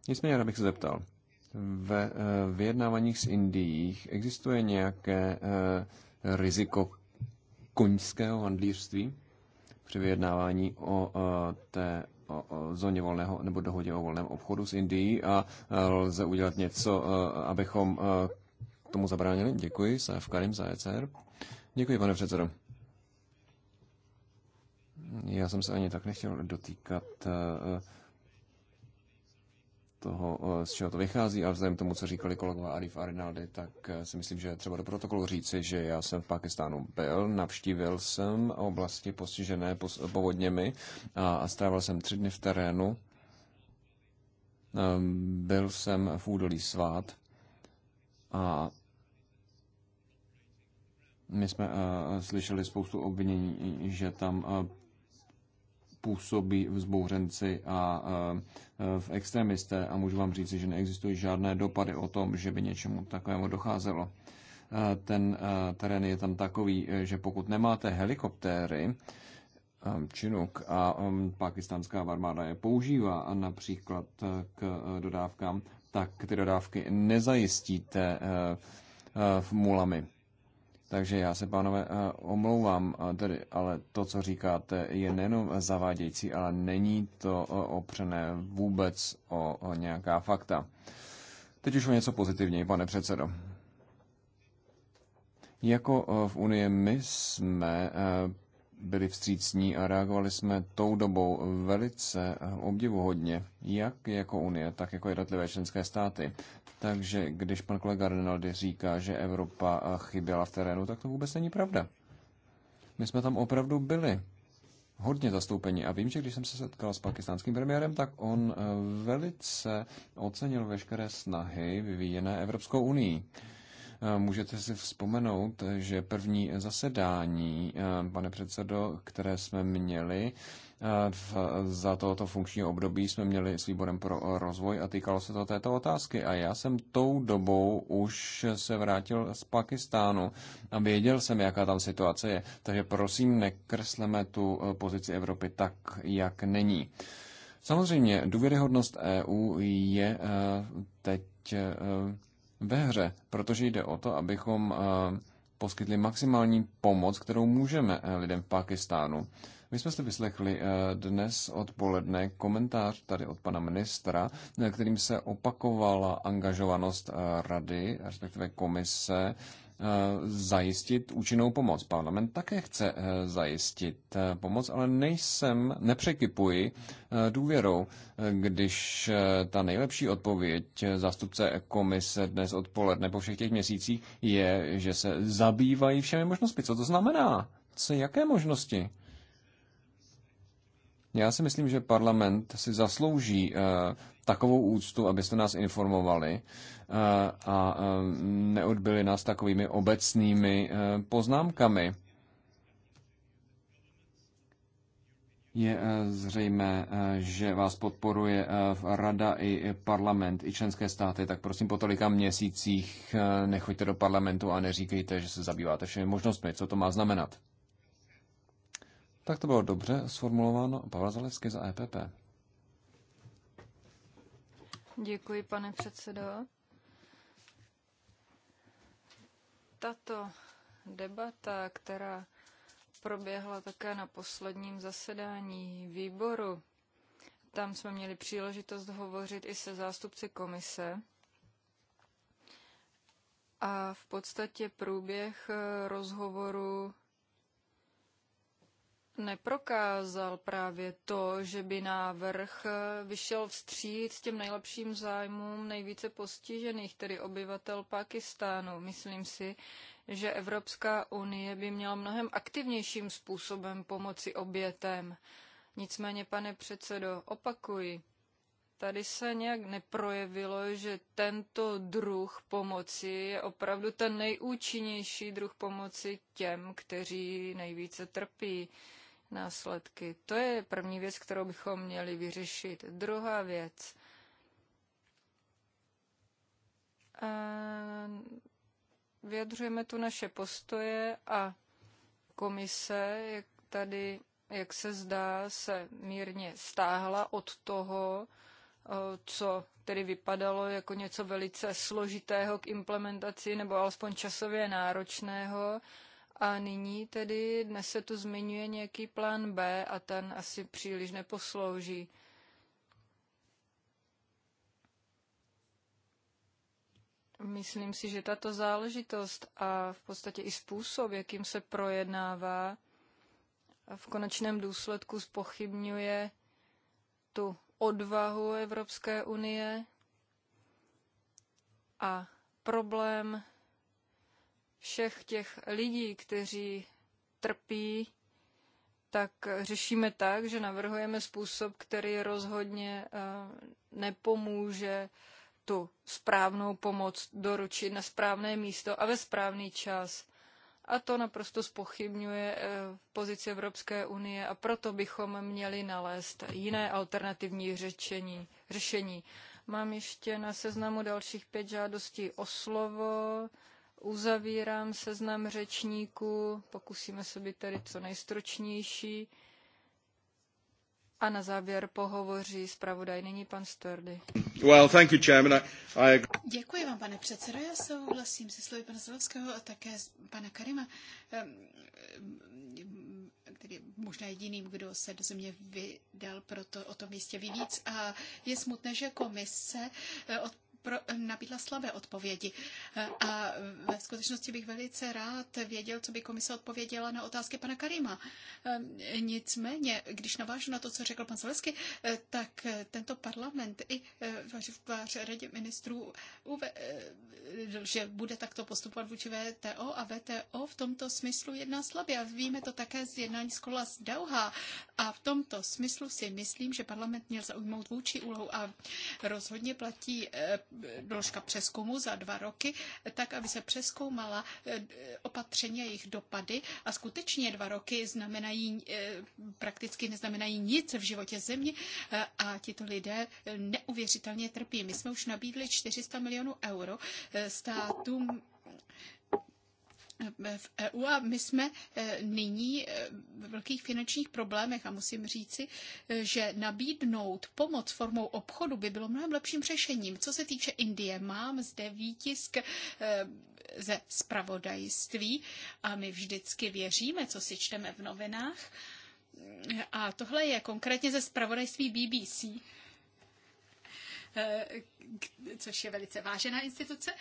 Nicméně rád bych se zeptal. Ve vyjednávaních s Indií existuje nějaké riziko koňského handlířství při vyjednávání o té o, o zóně volného nebo dohodě o volném obchodu s Indií a lze udělat něco, abychom tomu zabránili. Děkuji, Saif Karim za ECR. Děkuji, pane předsedo. Já jsem se ani tak nechtěl dotýkat eh, toho, eh, z čeho to vychází a vzhledem k tomu, co říkali kolegové Arif Arinaldi, tak eh, si myslím, že třeba do protokolu říci, že já jsem v Pakistánu byl, navštívil jsem oblasti postižené povodněmi a strávil jsem tři dny v terénu. Ehm, byl jsem v údolí svát a my jsme eh, slyšeli spoustu obvinění, že tam eh, působí vzbouřenci a eh, v extremisté a můžu vám říct, že neexistují žádné dopady o tom, že by něčemu takovému docházelo. Ten terén je tam takový, že pokud nemáte helikoptéry, Činuk a pakistánská armáda je používá například k dodávkám, tak ty dodávky nezajistíte v mulami. Takže já se, pánové, eh, omlouvám, eh, tedy, ale to, co říkáte, je nejenom zavádějící, ale není to eh, opřené vůbec o nějaká fakta. Teď už o něco pozitivněji, pane předsedo. Jako v Unii my jsme byli vstřícní a reagovali jsme tou dobou velice obdivuhodně, jak jako Unie, tak jako jednotlivé členské státy. Takže když pan kolega Rinaldi říká, že Evropa eh, chyběla v terénu, tak to vůbec není pravda. My jsme tam opravdu byli hodně zastoupení a vím, že když jsem se setkal s pakistánským premiérem, tak on eh, velice ocenil veškeré snahy vyvíjené Evropskou unii. Eh, můžete si vzpomenout, že první zasedání, pane předsedo, které jsme měli, za tohoto funkčního období jsme měli s výborem pro rozvoj a týkalo se to této otázky. A já jsem tou dobou už se vrátil z Pakistánu a věděl jsem, jaká tam situace je. Takže prosím, nekresleme tu eh, pozici Evropy tak, jak není. Samozřejmě, důvěryhodnost EU je eh, teď eh, ve hře, protože jde o to, abychom poskytli maximální pomoc, kterou můžeme lidem v Pakistánu my jsme se vyslechli eh, dnes odpoledne komentář tady od pana ministra, eh, kterým se opakovala angažovanost eh, rady, respektive komise, zajistit účinnou pomoc. Parlament také chce zajistit pomoc, ale nejsem, nepřekypuji důvěrou, když ta nejlepší odpověď zástupce komise dnes odpoledne po všech těch měsících je, že se zabývají všemi možnostmi. Co to znamená? Co, jaké možnosti? Já si myslím, že parlament si zaslouží eh, takovou úctu, abyste nás informovali eh, a eh, neodbyli nás takovými obecnými poznámkami. Je zřejmé, že vás podporuje rada i parlament, i členské státy, tak prosím po tolika měsících nechoďte do parlamentu a neříkejte, že se zabýváte všemi možnostmi. Co to má znamenat? Tak to bylo dobře sformulováno. Pavel Zalevský za EPP. Děkuji, pane předsedo. Tato debata, která proběhla také na posledním zasedání výboru, tam jsme měli příležitost hovořit i se zástupci komise. A v podstatě průběh eh, rozhovoru neprokázal právě to, že by návrh vyšel vstříc těm nejlepším zájmům nejvíce postižených, tedy obyvatel Pakistánu. Myslím si, že Evropská unie by měla mnohem aktivnějším způsobem pomoci obětem. Nicméně, pane předsedo, opakuji, tady se nějak neprojevilo, že tento druh pomoci je opravdu ten nejúčinnější druh pomoci těm, kteří nejvíce trpí následky. To je první věc, kterou bychom měli vyřešit. Druhá věc. Vyjadřujeme tu naše postoje a komise, jak tady, jak se zdá, se mírně stáhla od toho, co tedy vypadalo jako něco velice složitého k implementaci nebo alespoň časově náročného a nyní tedy dnes se tu zmiňuje nějaký plán B a ten asi příliš neposlouží. Myslím si, že tato záležitost a v podstatě i způsob, jakým se projednává, v konečném důsledku spochybňuje tu odvahu Evropské unie a problém všech těch lidí, kteří trpí, tak řešíme tak, že navrhujeme způsob, který rozhodně eh, nepomůže tu správnou pomoc doručit na správné místo a ve správný čas. A to naprosto spochybňuje eh, pozici Evropské unie a proto bychom měli nalézt jiné alternativní řečení, řešení. Mám ještě na seznamu dalších pět žádostí o slovo. Uzavírám seznam řečníků, pokusíme se být tedy co nejstročnější. A na závěr pohovoří zpravodaj, nyní pan Sturdy. Well, thank you, Chairman. I, I... Děkuji vám, pane předsedo. Já souhlasím se slovy pana Zelovského a také pana Karima, ehm, který je možná jediným, kdo se do země vydal, proto o tom jistě ví víc. A je smutné, že komise eh, od pro, nabídla slabé odpovědi. A ve skutečnosti bych velice rád věděl, co by komise odpověděla na otázky pana Karima. Ehm, nicméně, když navážu na to, co řekl pan Zalesky, eh, tak eh, tento parlament i eh, v radě ministrů že bude takto postupovat vůči VTO a VTO v tomto smyslu jedná slabě. A víme to také z jednání z kola z Dauha. A v tomto smyslu si myslím, že parlament měl zaujmout vůči úlohu a rozhodně platí doložka přeskumu za dva roky, tak aby se přeskoumala eh, opatření a jejich dopady. A skutečně dva roky znamenají, eh, prakticky neznamenají nic v životě země eh, a tito lidé neuvěřitelně trpí. My jsme už nabídli 400 milionů euro státům v EU a my jsme eh, nyní eh, v velkých finančních problémech a musím říci, eh, že nabídnout pomoc formou obchodu by bylo mnohem lepším řešením. Co se týče Indie, mám zde výtisk ze spravodajství a my vždycky věříme, co si čteme v novinách. A tohle je konkrétně ze spravodajství BBC Eh, což je velice vážená instituce,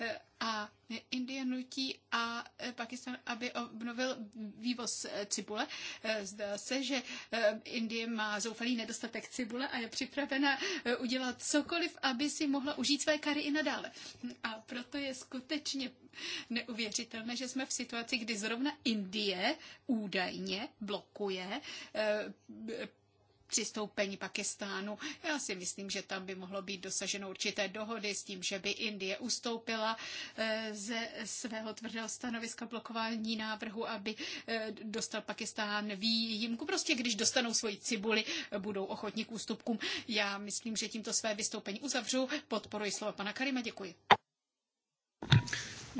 eh, a Indie nutí a eh, Pakistan, aby obnovil vývoz cibule. Zdá se, že Indie má zoufalý nedostatek cibule a je připravena udělat cokoliv, aby si mohla užít své kary i nadále. A proto je skutečně neuvěřitelné, že jsme v situaci, kdy zrovna Indie údajně blokuje přistoupení Pakistánu. Já si myslím, že tam by mohlo být dosaženo určité dohody s tím, že by Indie ustoupila eh, ze svého tvrdého stanoviska blokování návrhu, aby eh, dostal Pakistán výjimku. Prostě když dostanou svoji cibuli, budou ochotní k ústupkům. Já myslím, že tímto své vystoupení uzavřu. Podporuji slova pana Karima. Děkuji.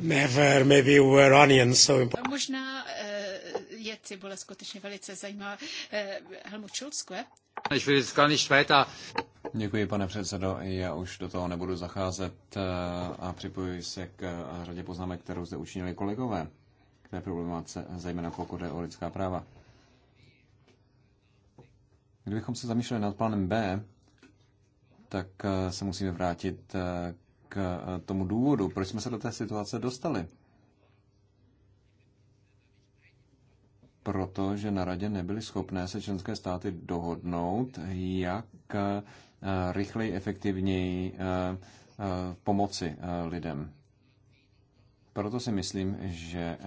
Never, maybe we're onions, so important. Možná eh, je Cibule skutečně velice zajímavá. Eh, Helmut Schulzke. Ich Děkuji, pane předsedo. Já už do toho nebudu zacházet eh, a připojuji se k eh, řadě poznámek, kterou zde učinili kolegové k té problematice, zejména pokud je o lidská práva. Kdybychom se zamýšleli nad plánem B, tak se musíme vrátit k tomu důvodu, proč jsme se do té situace dostali. protože na radě nebyly schopné se členské státy dohodnout, jak eh, rychleji, efektivněji eh, eh, pomoci lidem. Proto si myslím, že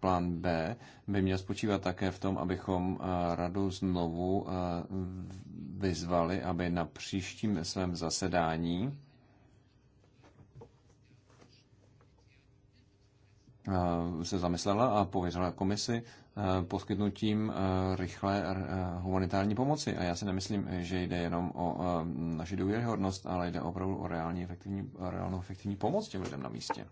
plán B by měl spočívat také v tom, abychom radu znovu vyzvali, aby na příštím svém zasedání Eh, se zamyslela a pověřila komisi eh, poskytnutím eh, rychlé humanitární pomoci. A já si nemyslím, že jde jenom o naši důvěryhodnost, ale jde opravdu o reální efektivní, reálnou efektivní pomoc těm lidem na místě.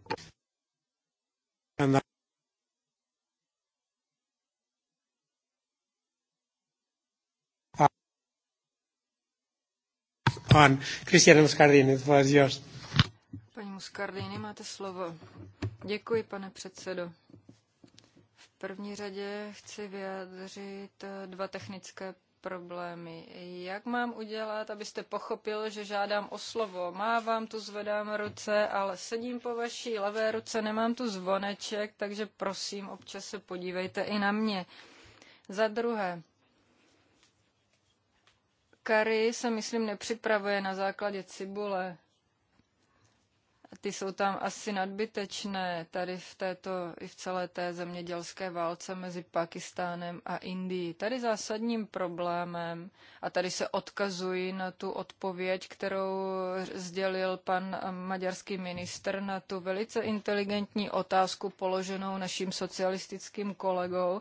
On Christian Muscardini, it was yours. Paní Muscardini, máte slovo. Děkuji, pane předsedo. V první řadě chci vyjádřit eh, dva technické problémy. Jak mám udělat, abyste pochopil, že žádám o slovo? Mávám tu, zvedám ruce, ale sedím po vaší levé ruce, nemám tu zvoneček, takže prosím, občas se podívejte i na mě. Za druhé, Kary se, myslím, nepřipravuje na základě cibule ty jsou tam asi nadbytečné tady v této i v celé té zemědělské válce mezi Pakistánem a Indií. Tady zásadním problémem, a tady se odkazuji na tu odpověď, kterou sdělil pan maďarský minister na tu velice inteligentní otázku položenou naším socialistickým kolegou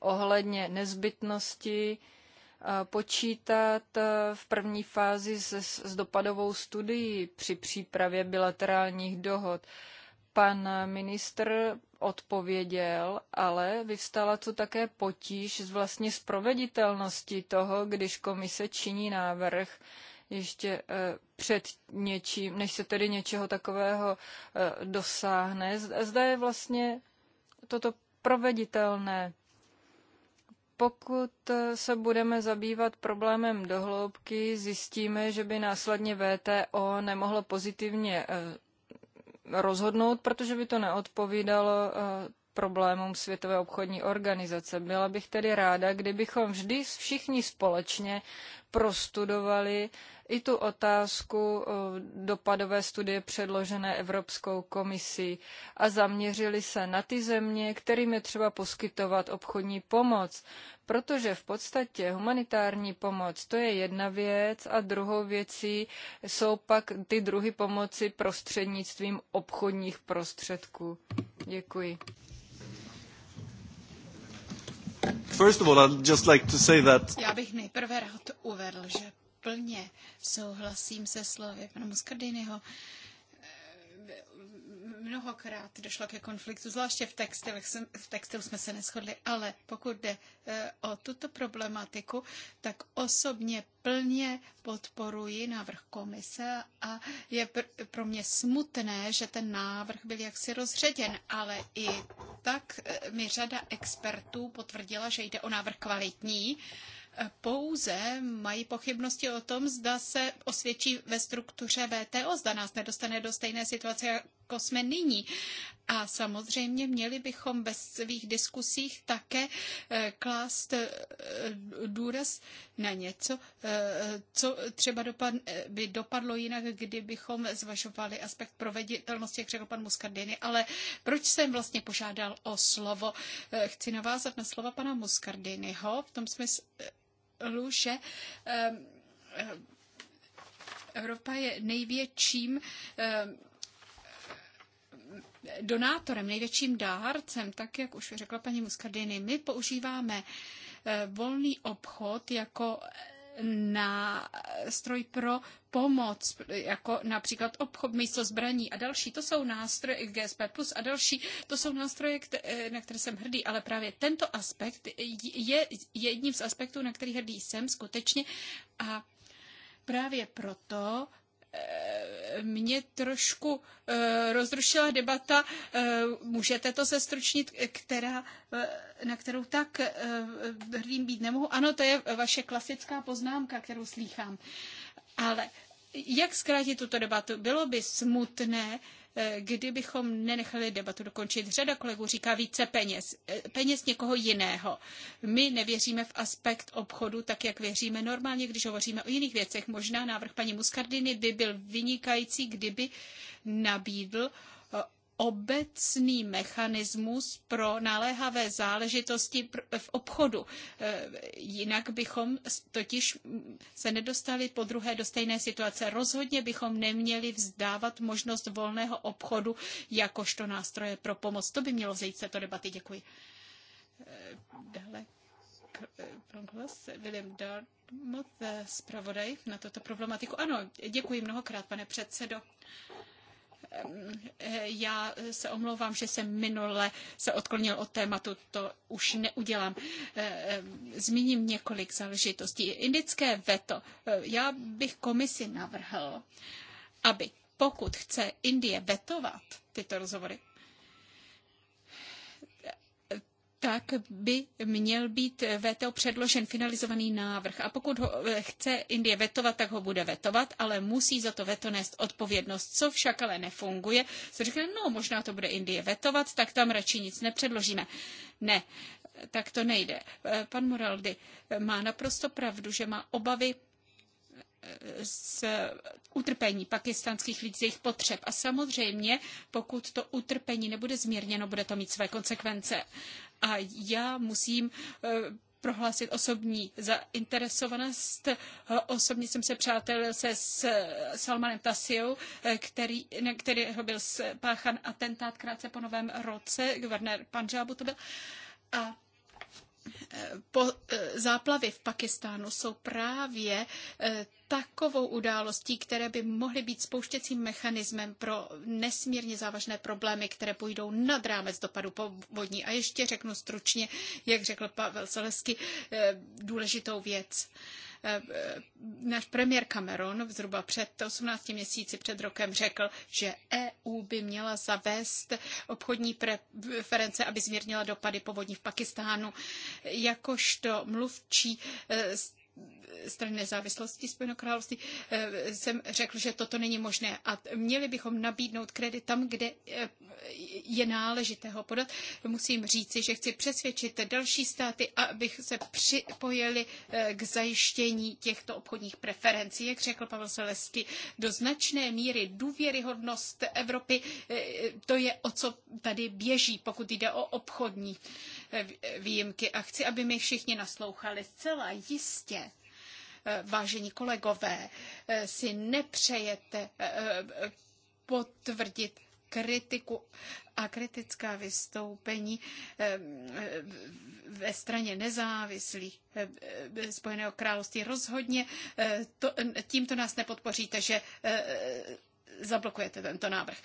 ohledně nezbytnosti Eh, počítat eh, v první fázi s, s dopadovou studií při přípravě bilaterálních dohod. Pan ministr odpověděl, ale vyvstala tu také potíž z vlastně s proveditelností toho, když komise činí návrh ještě eh, před něčím, než se tedy něčeho takového dosáhne. Zda je vlastně toto proveditelné. Pokud eh, se budeme zabývat problémem dohloubky, zjistíme, že by následně VTO nemohlo pozitivně eh, rozhodnout, protože by to neodpovídalo eh, problémům Světové obchodní organizace. Byla bych tedy ráda, kdybychom vždy všichni společně prostudovali i tu otázku eh, dopadové studie předložené Evropskou komisí a zaměřili se na ty země, kterým je třeba poskytovat obchodní pomoc, protože v podstatě humanitární pomoc to je jedna věc a druhou věcí jsou pak ty druhy pomoci prostřednictvím obchodních prostředků. Děkuji. First of all, I'd just like to say that... Já bych nejprve rád uvedl, že plně souhlasím se slovy pana Muscardiniho. Mnohokrát došlo ke konfliktu, zvláště v textilech, v textilu jsme se neschodli, ale pokud jde e, o tuto problematiku, tak osobně plně podporuji návrh komise a je pro mě smutné, že ten návrh byl jaksi rozředěn, ale i tak eh, mi řada expertů potvrdila, že jde o návrh kvalitní. Eh, pouze mají pochybnosti o tom, zda se osvědčí ve struktuře VTO, zda nás nedostane do stejné situace jako jsme nyní. A samozřejmě měli bychom ve svých diskusích také eh, klást eh, důraz na něco, eh, co třeba by dopadlo jinak, kdybychom zvažovali aspekt proveditelnosti, jak řekl pan Muscardini. Ale proč jsem vlastně požádal o slovo? Chci navázat na slova pana Muscardiniho v tom smyslu, že Evropa je největším donátorem, největším dárcem, tak jak už řekla paní Muscardini. My používáme eh, volný obchod jako eh, na stroj pro pomoc, jako například obchod místo zbraní a další. To jsou nástroje GSP plus a další, to jsou nástroje, eh, na které jsem hrdý, ale právě tento aspekt je jedním z aspektů, na který hrdý jsem skutečně a právě proto Eh, mě trošku eh, rozrušila debata, eh, můžete to zestručnit, která, na kterou tak hrdým být nemohu. Ano, to je vaše klasická poznámka, kterou slýchám. Ale jak zkrátit tuto debatu? Bylo by smutné, Eh, kdybychom nenechali debatu dokončit. Řada kolegů říká více peněz, eh, peněz někoho jiného. My nevěříme v aspekt obchodu tak, jak věříme normálně, když hovoříme o jiných věcech. Možná návrh paní Muscardiny by byl vynikající, kdyby nabídl obecný mechanismus pro naléhavé záležitosti v obchodu. E, jinak bychom totiž se nedostali po druhé do stejné situace. Rozhodně bychom neměli vzdávat možnost volného obchodu jakožto nástroje pro pomoc. To by mělo zejít se to debaty. Děkuji. E, dále. E, William Dartmouth, zpravodaj na toto problematiku. Ano, děkuji mnohokrát, pane předsedo. Já se omlouvám, že jsem minule se odklonil od tématu, to už neudělám. Zmíním několik záležitostí. Indické veto. Já bych komisi navrhl, aby pokud chce Indie vetovat tyto rozhovory, tak by měl být veto předložen finalizovaný návrh. A pokud ho eh, chce Indie vetovat, tak ho bude vetovat, ale musí za to veto nést odpovědnost. Co však ale nefunguje, se řekne, no možná to bude Indie vetovat, tak tam radši nic nepředložíme. Ne, tak to nejde. Eh, pan Moraldi eh, má naprosto pravdu, že má obavy z utrpení pakistánských lidí, z jejich potřeb. A samozřejmě, pokud to utrpení nebude zmírněno, bude to mít své konsekvence. A já musím eh, prohlásit osobní zainteresovanost. Osobně jsem se přátelil se s Salmanem Tasiou, eh, který, ne, který byl spáchan atentát krátce po novém roce, guvernér Panžábu to byl. A po, eh, záplavy v Pakistánu jsou právě eh, takovou událostí, které by mohly být spouštěcím mechanismem pro nesmírně závažné problémy, které půjdou nad rámec dopadu povodní. A ještě řeknu stručně, jak řekl Pavel Selesky, eh, důležitou věc. Eh, náš premiér Cameron zhruba před 18 měsíci, před rokem řekl, že EU by měla zavést obchodní preference, aby zmírnila dopady povodní v Pakistánu. Jakožto mluvčí eh, strany nezávislosti Spojeného království eh, jsem řekl, že toto není možné a měli bychom nabídnout kredit tam, kde eh, je náležité ho podat. Musím říci, že chci přesvědčit další státy, abych se připojili eh, k zajištění těchto obchodních preferencí. Jak řekl Pavel Selesky, do značné míry důvěryhodnost Evropy, to je o co tady běží, pokud jde o obchodní výjimky a chci, aby mi všichni naslouchali zcela jistě eh, vážení kolegové, eh, si nepřejete eh, potvrdit kritiku a kritická vystoupení ve straně nezávislých Spojeného království. Rozhodně to, tímto nás nepodpoříte, že zablokujete tento návrh.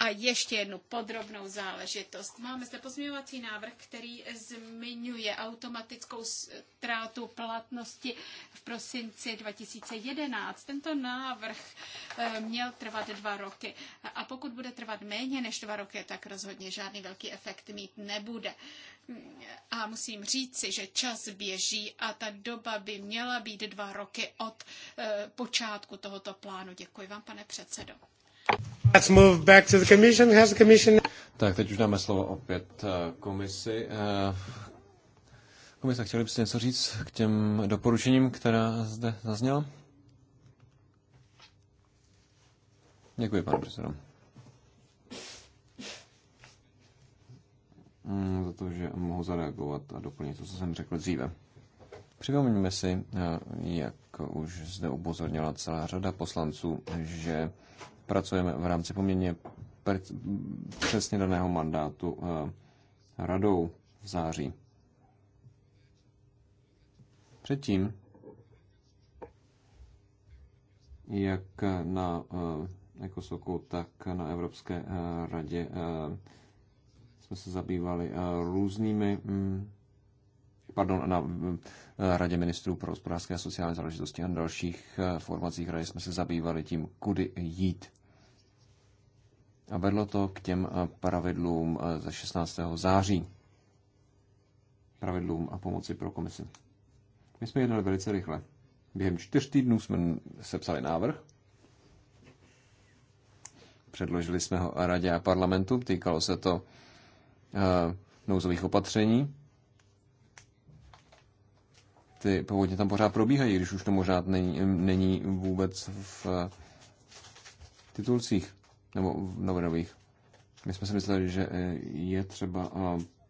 A ještě jednu podrobnou záležitost. Máme zde pozměňovací návrh, který zmiňuje automatickou ztrátu platnosti v prosinci 2011. Tento návrh eh, měl trvat dva roky. A pokud bude trvat méně než dva roky, tak rozhodně žádný velký efekt mít nebude. A musím říci, že čas běží a ta doba by měla být dva roky od eh, počátku tohoto plánu. Děkuji vám, pane předsedo. Let's move back to the commission. Has the commission... Tak, teď už dáme slovo opět eh, komisi. Eh, komise, chtěli byste něco říct k těm doporučením, která zde zazněla? Děkuji, pane předsedo. mohu zareagovat a doplnit to, co jsem řekl dříve. Připomeňme si, eh, jak už zde upozornila celá řada poslanců, že pracujeme v rámci poměrně přesně daného mandátu eh, radou v září. Předtím, jak na Ekosoku, eh, jako tak na Evropské radě jsme se zabývali eh, různými mm, pardon, na mm, eh, Radě ministrů pro hospodářské a sociální záležitosti a na dalších eh, formacích rady jsme se zabývali tím, kudy jít. A vedlo to k těm pravidlům ze 16. září. Pravidlům a pomoci pro komisi. My jsme jednali velice rychle. Během čtyř týdnů jsme sepsali návrh, předložili jsme ho radě a parlamentu, týkalo se to Eh, nouzových opatření. Ty původně tam pořád probíhají, když už to možná není, není vůbec v eh, titulcích nebo v novinových. My jsme si mysleli, že eh, je třeba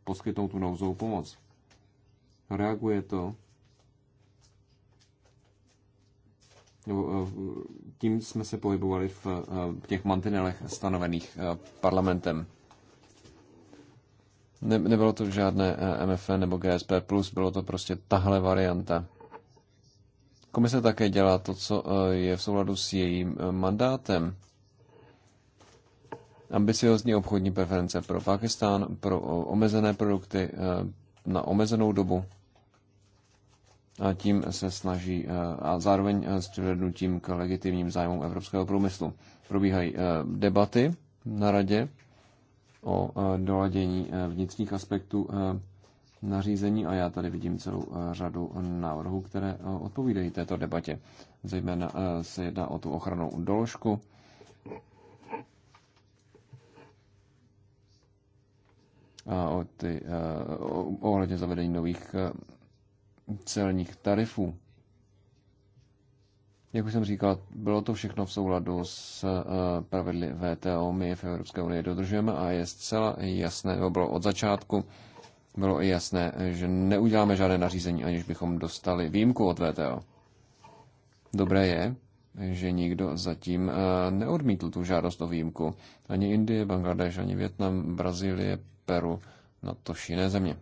poskytnout tu nouzovou pomoc. Reaguje to tím jsme se pohybovali v těch mantinelech stanovených parlamentem. Ne, nebylo to žádné eh, MFE nebo GSP+, bylo to prostě tahle varianta. Komise také dělá to, co eh, je v souladu s jejím eh, mandátem. Ambiciozní obchodní preference pro Pakistán, pro omezené produkty na omezenou dobu a tím se snaží a zároveň s přihlednutím k legitimním zájmům evropského průmyslu. Probíhají debaty na radě o e, doladění e, vnitřních aspektů e, nařízení a já tady vidím celou řadu návrhů, které odpovídají této debatě. Zejména se jedná o tu ochranou doložku. A o ty, ohledně zavedení nových celních tarifů. Jak už jsem říkal, bylo to všechno v souladu s eh, pravidly VTO. My v Evropské unii dodržujeme a je zcela jasné, nebo bylo od začátku, bylo i jasné, že neuděláme žádné nařízení, aniž bychom dostali výjimku od VTO. Dobré je, že nikdo zatím eh, neodmítl tu žádost o výjimku. Ani Indie, Bangladeš, ani Větnam, Brazílie, Peru, na to jiné země.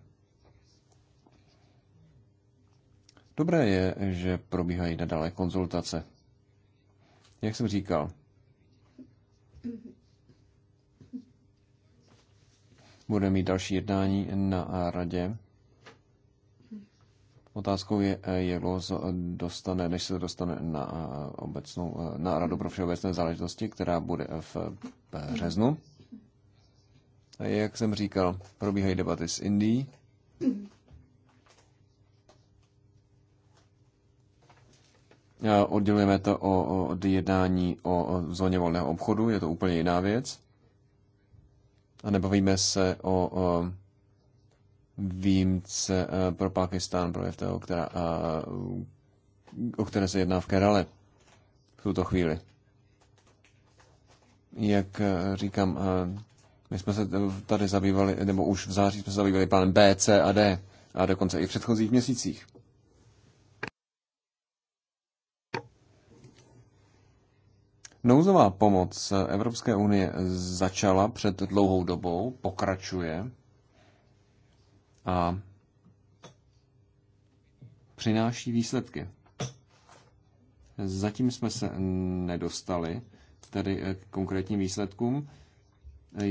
Dobré je, že probíhají nadále konzultace. Jak jsem říkal, budeme mít další jednání na radě. Otázkou je, jak dlouho se dostane, než se to dostane na, eh, obecnou, eh, na Radu pro všeobecné záležitosti, která bude v březnu. A jak jsem říkal, probíhají debaty s Indií. Oddělujeme to od jednání o zóně volného obchodu, je to úplně jiná věc. A nebavíme se o výjimce e, pro Pakistán, pro FTO, která, e, o které se jedná v Kerale v tuto chvíli. Jak e, říkám, my jsme se tady zabývali, nebo už v září jsme se zabývali plánem B, C a D, a dokonce i v předchozích měsících. Nouzová pomoc Evropské unie začala před dlouhou dobou, pokračuje a přináší výsledky. Zatím jsme se nedostali tedy k konkrétním výsledkům.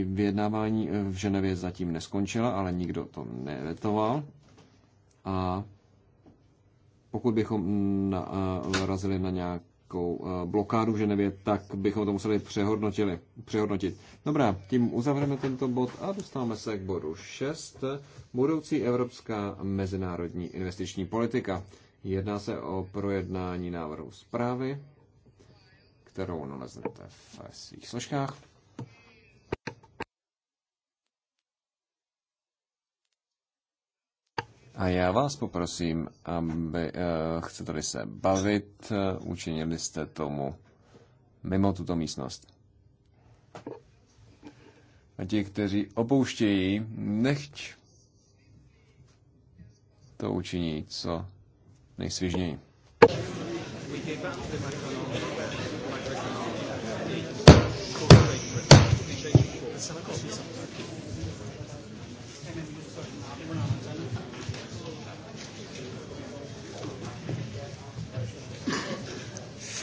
Vyjednávání v Ženevě zatím neskončila, ale nikdo to nevetoval. A pokud bychom narazili na nějak politickou eh, blokádu v Ženevě, tak bychom to museli přehodnotit. Dobrá, tím uzavřeme tento bod a dostáváme se k bodu 6. Budoucí evropská mezinárodní investiční politika. Jedná se o projednání návrhu zprávy, kterou naleznete v svých složkách. A já vás poprosím, aby uh, eh, chcete tady se bavit, uh, učinili jste tomu mimo tuto místnost. A ti, kteří opouštějí, nechť to učiní co nejsvěžněji. Thank you.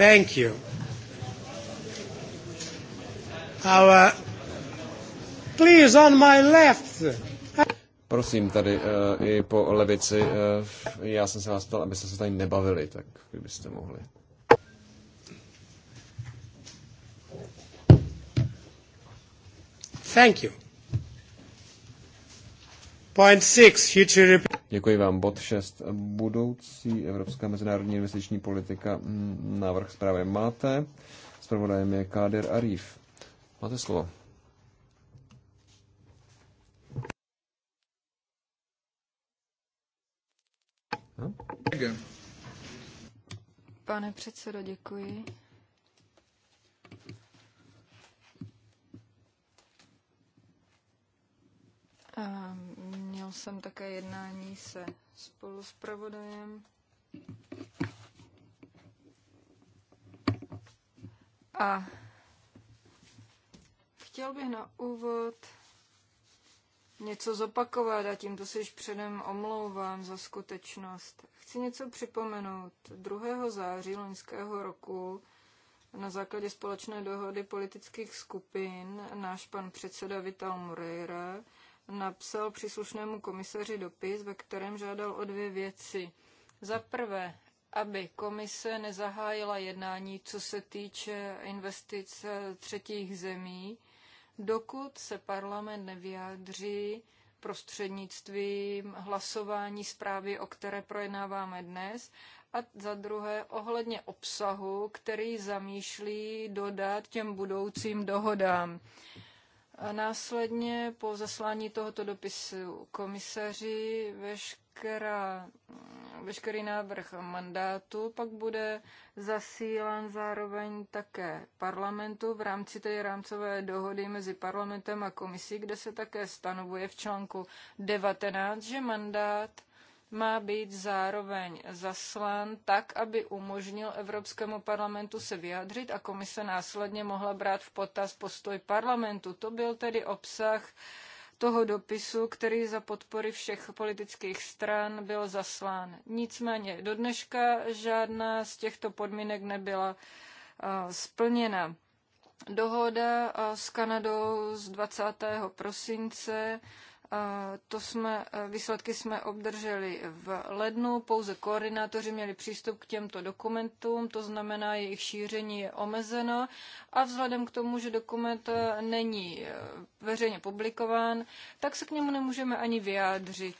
Thank you. Our... Uh, please, on my left. Prosím, tady uh, i po levici, uh, já jsem se vás ptal, abyste se tady nebavili, tak vy byste mohli. Thank you. Děkuji vám. Bod 6. Budoucí evropská mezinárodní investiční politika. Hmm, návrh zprávy máte. Zpravodajem je Káder Arif. Máte slovo. Pane předsedo, děkuji. A měl jsem také jednání se spolu s pravodajem. A chtěl bych na úvod něco zopakovat a tímto se již předem omlouvám za skutečnost. Chci něco připomenout. 2. září loňského roku na základě společné dohody politických skupin náš pan předseda Vital Moreira napsal příslušnému komisaři dopis, ve kterém žádal o dvě věci. Za prvé, aby komise nezahájila jednání, co se týče investic třetích zemí, dokud se parlament nevyjádří prostřednictvím hlasování zprávy, o které projednáváme dnes, a za druhé ohledně obsahu, který zamýšlí dodat těm budoucím dohodám. Následně po zaslání tohoto dopisu komisaři veškerá, veškerý návrh mandátu pak bude zasílán zároveň také parlamentu v rámci té rámcové dohody mezi parlamentem a komisí, kde se také stanovuje v článku 19, že mandát má být zároveň zaslán tak, aby umožnil Evropskému parlamentu se vyjádřit a komise následně mohla brát v potaz postoj parlamentu. To byl tedy obsah toho dopisu, který za podpory všech politických stran byl zaslán. Nicméně do dneška žádná z těchto podmínek nebyla eh, splněna. Dohoda eh, s Kanadou z 20. prosince to jsme, e, výsledky jsme obdrželi v lednu, pouze koordinátoři měli přístup k těmto dokumentům, to znamená, jejich šíření je omezeno a vzhledem k tomu, že dokument e, není e, veřejně publikován, tak se k němu nemůžeme ani vyjádřit.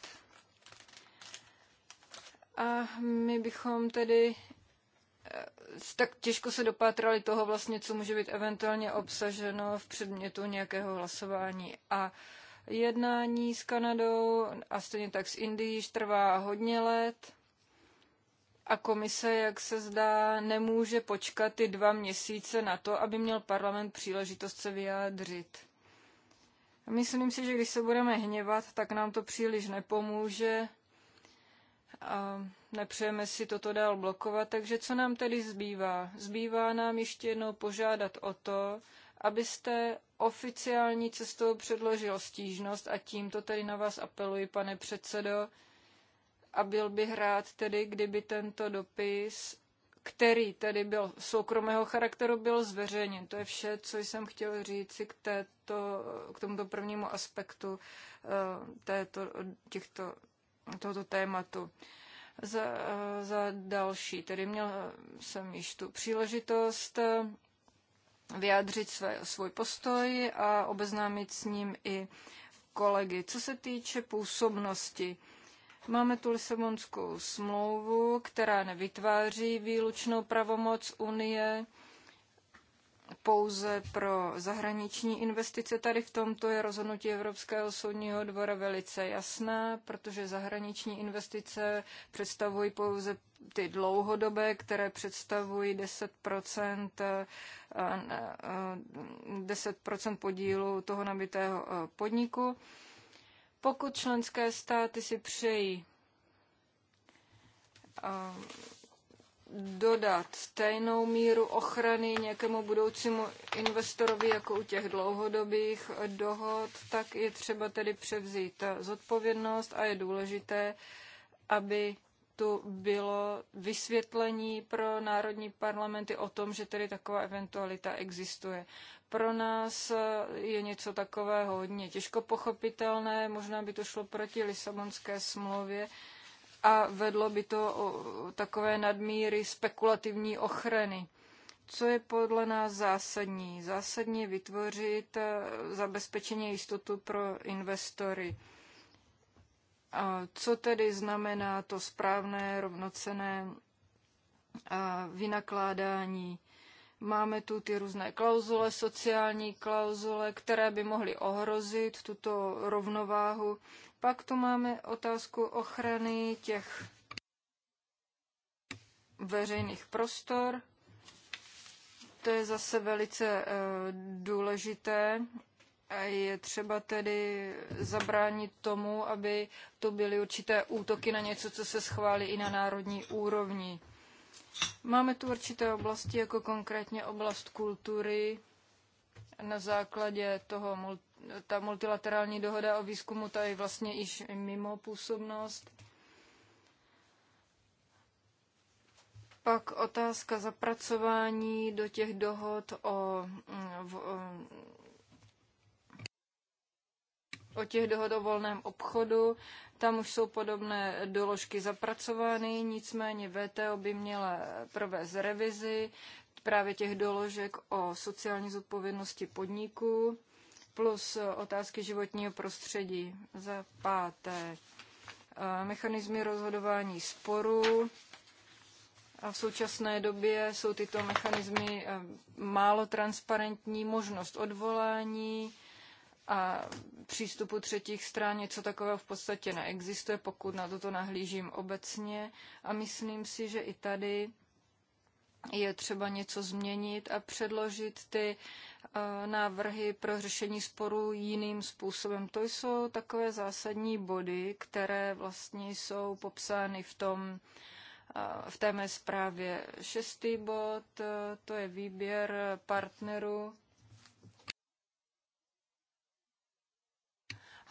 A my bychom tedy tak těžko se dopátrali toho vlastně, co může být eventuálně obsaženo v předmětu nějakého hlasování. A uh, jednání s Kanadou a stejně tak s Indií již trvá hodně let. A komise, jak se zdá, nemůže počkat ty dva měsíce na to, aby měl parlament příležitost se vyjádřit. Myslím si, že když se budeme hněvat, tak nám to příliš nepomůže a nepřejeme si toto dál blokovat. Takže co nám tedy zbývá? Zbývá nám ještě jednou požádat o to, abyste oficiální cestou předložil stížnost a tímto tedy na vás apeluji, pane předsedo, a byl bych rád tedy, kdyby tento dopis, který tedy byl soukromého charakteru, byl zveřejněn. To je vše, co jsem chtěl říci k, této, k tomuto prvnímu aspektu eh, této, těchto, tohoto tématu. Za, eh, za další, tedy měl jsem již tu příležitost vyjádřit své, svůj postoj a obeznámit s ním i kolegy. Co se týče působnosti, Máme tu Lisabonskou smlouvu, která nevytváří výlučnou pravomoc Unie pouze pro zahraniční investice. Tady v tomto je rozhodnutí Evropského soudního dvora velice jasné, protože zahraniční investice představují pouze ty dlouhodobé, které představují 10 10 eh, eh, podílu toho nabitého eh, podniku. Pokud členské státy si přejí dodat stejnou míru ochrany nějakému budoucímu investorovi jako u těch dlouhodobých dohod, tak je třeba tedy převzít zodpovědnost a je důležité, aby tu bylo vysvětlení pro národní parlamenty o tom, že tedy taková eventualita existuje. Pro nás je něco takového hodně těžko pochopitelné, možná by to šlo proti Lisabonské smlouvě, a vedlo by to o takové nadmíry spekulativní ochrany. Co je podle nás zásadní? Zásadně vytvořit eh, zabezpečení jistotu pro investory. A co tedy znamená to správné, rovnocené eh, vynakládání? Máme tu ty různé klauzule, sociální klauzule, které by mohly ohrozit tuto rovnováhu pak tu máme otázku ochrany těch veřejných prostor. To je zase velice eh, důležité. A je třeba tedy zabránit tomu, aby to byly určité útoky na něco, co se schválí i na národní úrovni. Máme tu určité oblasti, jako konkrétně oblast kultury, na základě toho multi ta multilaterální dohoda o výzkumu, ta je vlastně již mimo působnost. Pak otázka zapracování do těch dohod o, mm, o, o těch dohod o volném obchodu. Tam už jsou podobné doložky zapracovány, nicméně VTO by měla provést revizi právě těch doložek o sociální zodpovědnosti podniků plus otázky životního prostředí. Za páté, eh, mechanizmy rozhodování sporů. A v současné době jsou tyto mechanismy eh, málo transparentní, možnost odvolání a přístupu třetích stran něco takového v podstatě neexistuje, pokud na toto nahlížím obecně. A myslím si, že i tady je třeba něco změnit a předložit ty návrhy pro řešení sporů jiným způsobem. To jsou takové zásadní body, které vlastně jsou popsány v tom, v té mé zprávě. Šestý bod, e, to je výběr partnerů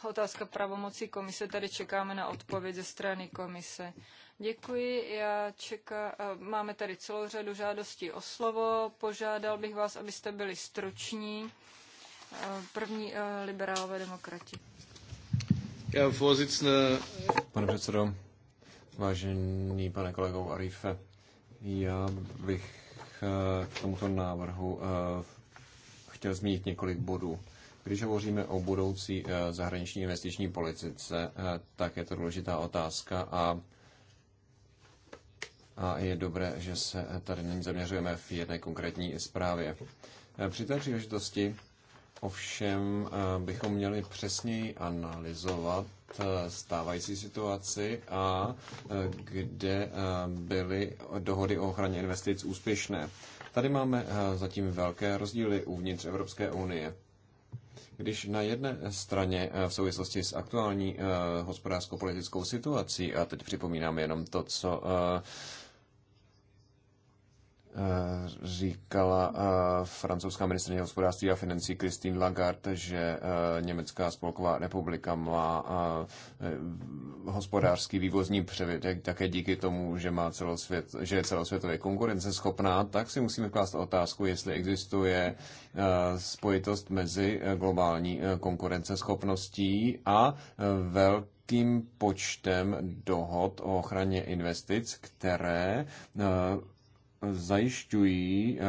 Otázka pravomocí komise, tady čekáme na odpověď ze strany komise. Děkuji, já čeká, máme tady celou řadu žádostí o slovo. Požádal bych vás, abyste byli struční. První liberálové demokrati. Pane předsedo, vážený pane kolego Arife, já bych e, k tomuto návrhu e, chtěl zmínit několik bodů. Když hovoříme o budoucí eh, zahraniční investiční politice, eh, tak je to důležitá otázka a a je dobré, že se tady nyní zaměřujeme v jedné konkrétní zprávě. Eh, při té příležitosti ovšem bychom měli přesněji analyzovat stávající situaci a kde byly dohody o ochraně investic úspěšné. Tady máme zatím velké rozdíly uvnitř Evropské unie. Když na jedné straně eh, v souvislosti s aktuální eh, hospodářsko-politickou situací, a teď připomínám jenom to, co eh, Eh, říkala eh, francouzská ministrině hospodářství a financí Christine Lagarde, že eh, Německá spolková republika má hospodářský vývozní přebytek také díky tomu, že, má celosvět, že je celosvětově konkurenceschopná, tak si musíme klást otázku, jestli existuje spojitost mezi globální konkurenceschopností a velkou velkým počtem dohod o ochraně investic, které zajišťují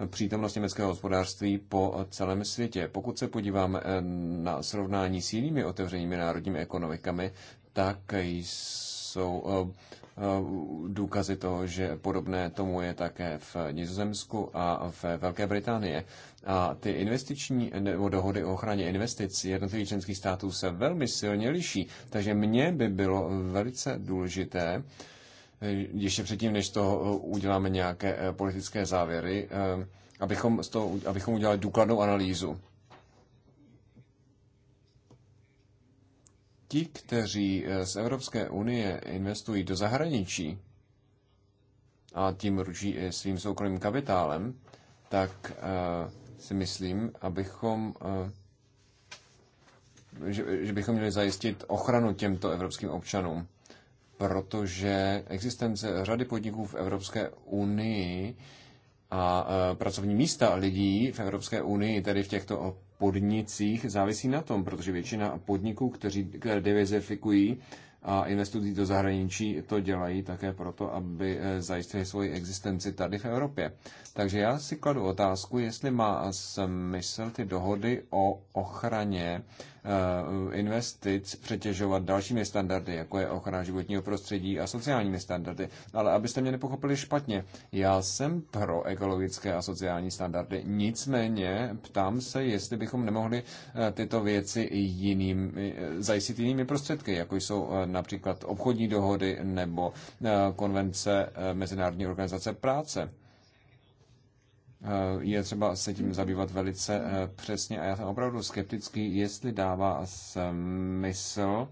eh, přítomnost německého hospodářství po celém světě. Pokud se podíváme eh, na srovnání s jinými otevřenými národními ekonomikami, tak jsou eh, důkazy toho, že podobné tomu je také v Nizozemsku a v Velké Británii. A ty investiční nebo dohody o ochraně investic jednotlivých členských států se velmi silně liší. Takže mně by bylo velice důležité, Eh, ještě předtím, než to eh, uděláme nějaké eh, politické závěry, abychom, z toho, abychom udělali důkladnou analýzu. Ti, kteří z Evropské unie investují do zahraničí a tím ručí i svým soukromým kapitálem, tak si myslím, abychom že, že bychom měli zajistit ochranu těmto evropským občanům protože existence řady podniků v Evropské unii a e, pracovní místa lidí v Evropské unii, tedy v těchto podnicích, závisí na tom, protože většina podniků, kteří, které diverzifikují a investují do zahraničí, to dělají také proto, aby e, zajistili svoji existenci tady v Evropě. Takže já si kladu otázku, jestli má smysl ty dohody o ochraně Eh, investic přetěžovat dalšími standardy, jako je ochrana životního prostředí a sociálními standardy. Ale abyste mě nepochopili špatně, já jsem pro ekologické a sociální standardy. Nicméně ptám se, jestli bychom nemohli eh, tyto věci jiným, eh, zajistit jinými prostředky, jako jsou například obchodní dohody nebo konvence Mezinárodní organizace práce. Eh, je třeba se tím zabývat velice eh, přesně a já jsem opravdu skeptický, jestli dává smysl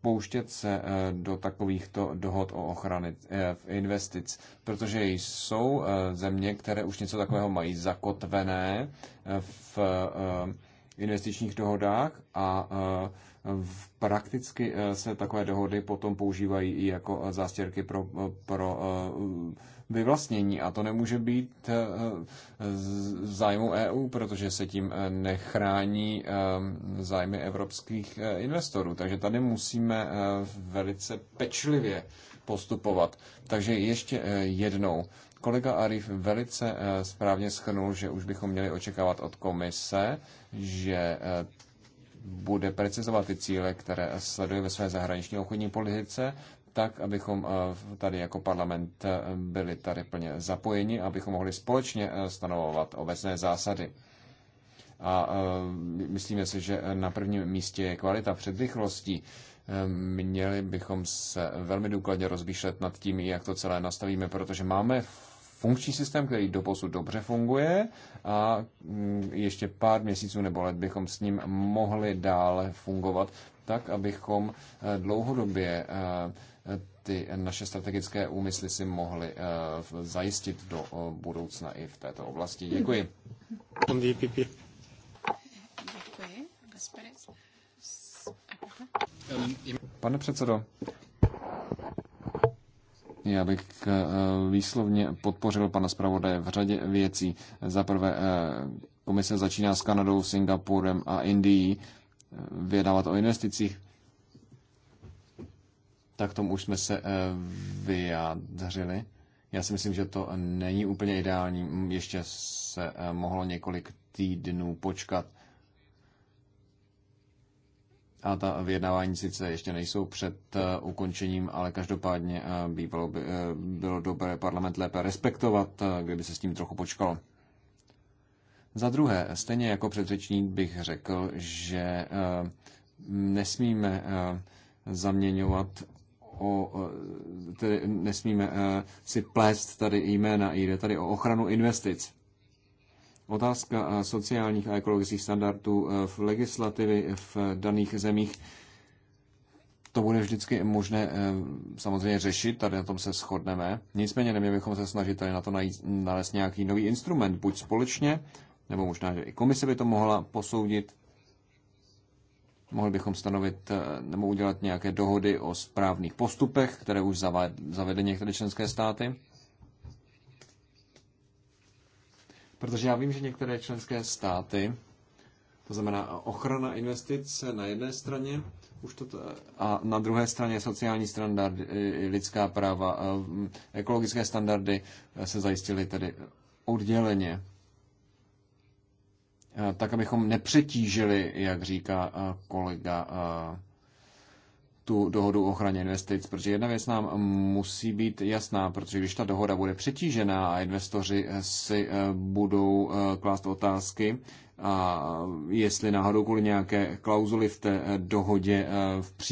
pouštět se eh, do takovýchto dohod o ochrany investic, protože jsou země, které už něco takového mají zakotvené v investičních dohodách a v prakticky se takové dohody potom používají i jako zástěrky pro, pro vyvlastnění. A to nemůže být eh, eh, zájmu EU, protože se tím eh, nechrání zájmy evropských investorů. Takže tady musíme velice pečlivě postupovat. Takže ještě jednou. Kolega Arif velice správně schrnul, že už bychom měli očekávat od komise, že bude precizovat ty cíle, které sleduje ve své zahraniční obchodní politice, tak, abychom eh, tady jako parlament eh, byli tady plně zapojeni, abychom mohli společně eh, stanovovat obecné zásady. A myslíme si, že na prvním místě je kvalita před rychlostí. Měli bychom se velmi důkladně rozmýšlet nad tím, jak to celé nastavíme, protože máme funkční systém, který doposud dobře funguje a mm, ještě pár měsíců nebo let bychom s ním mohli dále fungovat tak, abychom dlouhodobě ty naše strategické úmysly si mohli eh, zajistit do eh, budoucna i v této oblasti. Děkuji. Děkuji. Pane předsedo, já bych eh, výslovně podpořil pana zpravodaje v řadě věcí. Za prvé, komise začíná s Kanadou, Singapurem a Indií vědávat o investicích tak tomu už jsme se eh, vyjádřili. Já si myslím, že to není úplně ideální. Ještě se eh, mohlo několik týdnů počkat. A ta vyjednávání sice ještě nejsou před eh, ukončením, ale každopádně bývalo by, bylo dobré parlament lépe respektovat, kdyby se s tím trochu počkalo. Za druhé, stejně jako předřečník bych řekl, že nesmíme zaměňovat o, tedy nesmíme eh, si plést tady jména, jde tady o ochranu investic. Otázka eh, sociálních a ekologických standardů eh, v legislativy v daných zemích, to bude vždycky možné samozřejmě řešit, tady na tom se shodneme. Nicméně neměli bychom se snažit tady na to najít, nalézt nějaký nový instrument, buď společně, nebo možná, že i komise by to mohla posoudit, Mohli bychom stanovit eh, nebo udělat nějaké dohody o správných postupech, které už zavede některé členské státy. Protože já vím, že některé členské státy, to znamená ochrana investic na jedné straně, už to a na druhé straně sociální standardy, eh, lidská práva, eh, ekologické standardy se zajistily tedy odděleně. Eh, tak abychom nepřetížili, jak říká eh, kolega, eh, tu dohodu o ochraně investic, protože jedna věc nám musí být jasná, protože když ta dohoda bude přetížená a investoři si budou klást otázky, a jestli náhodou kvůli nějaké klauzuly v té dohodě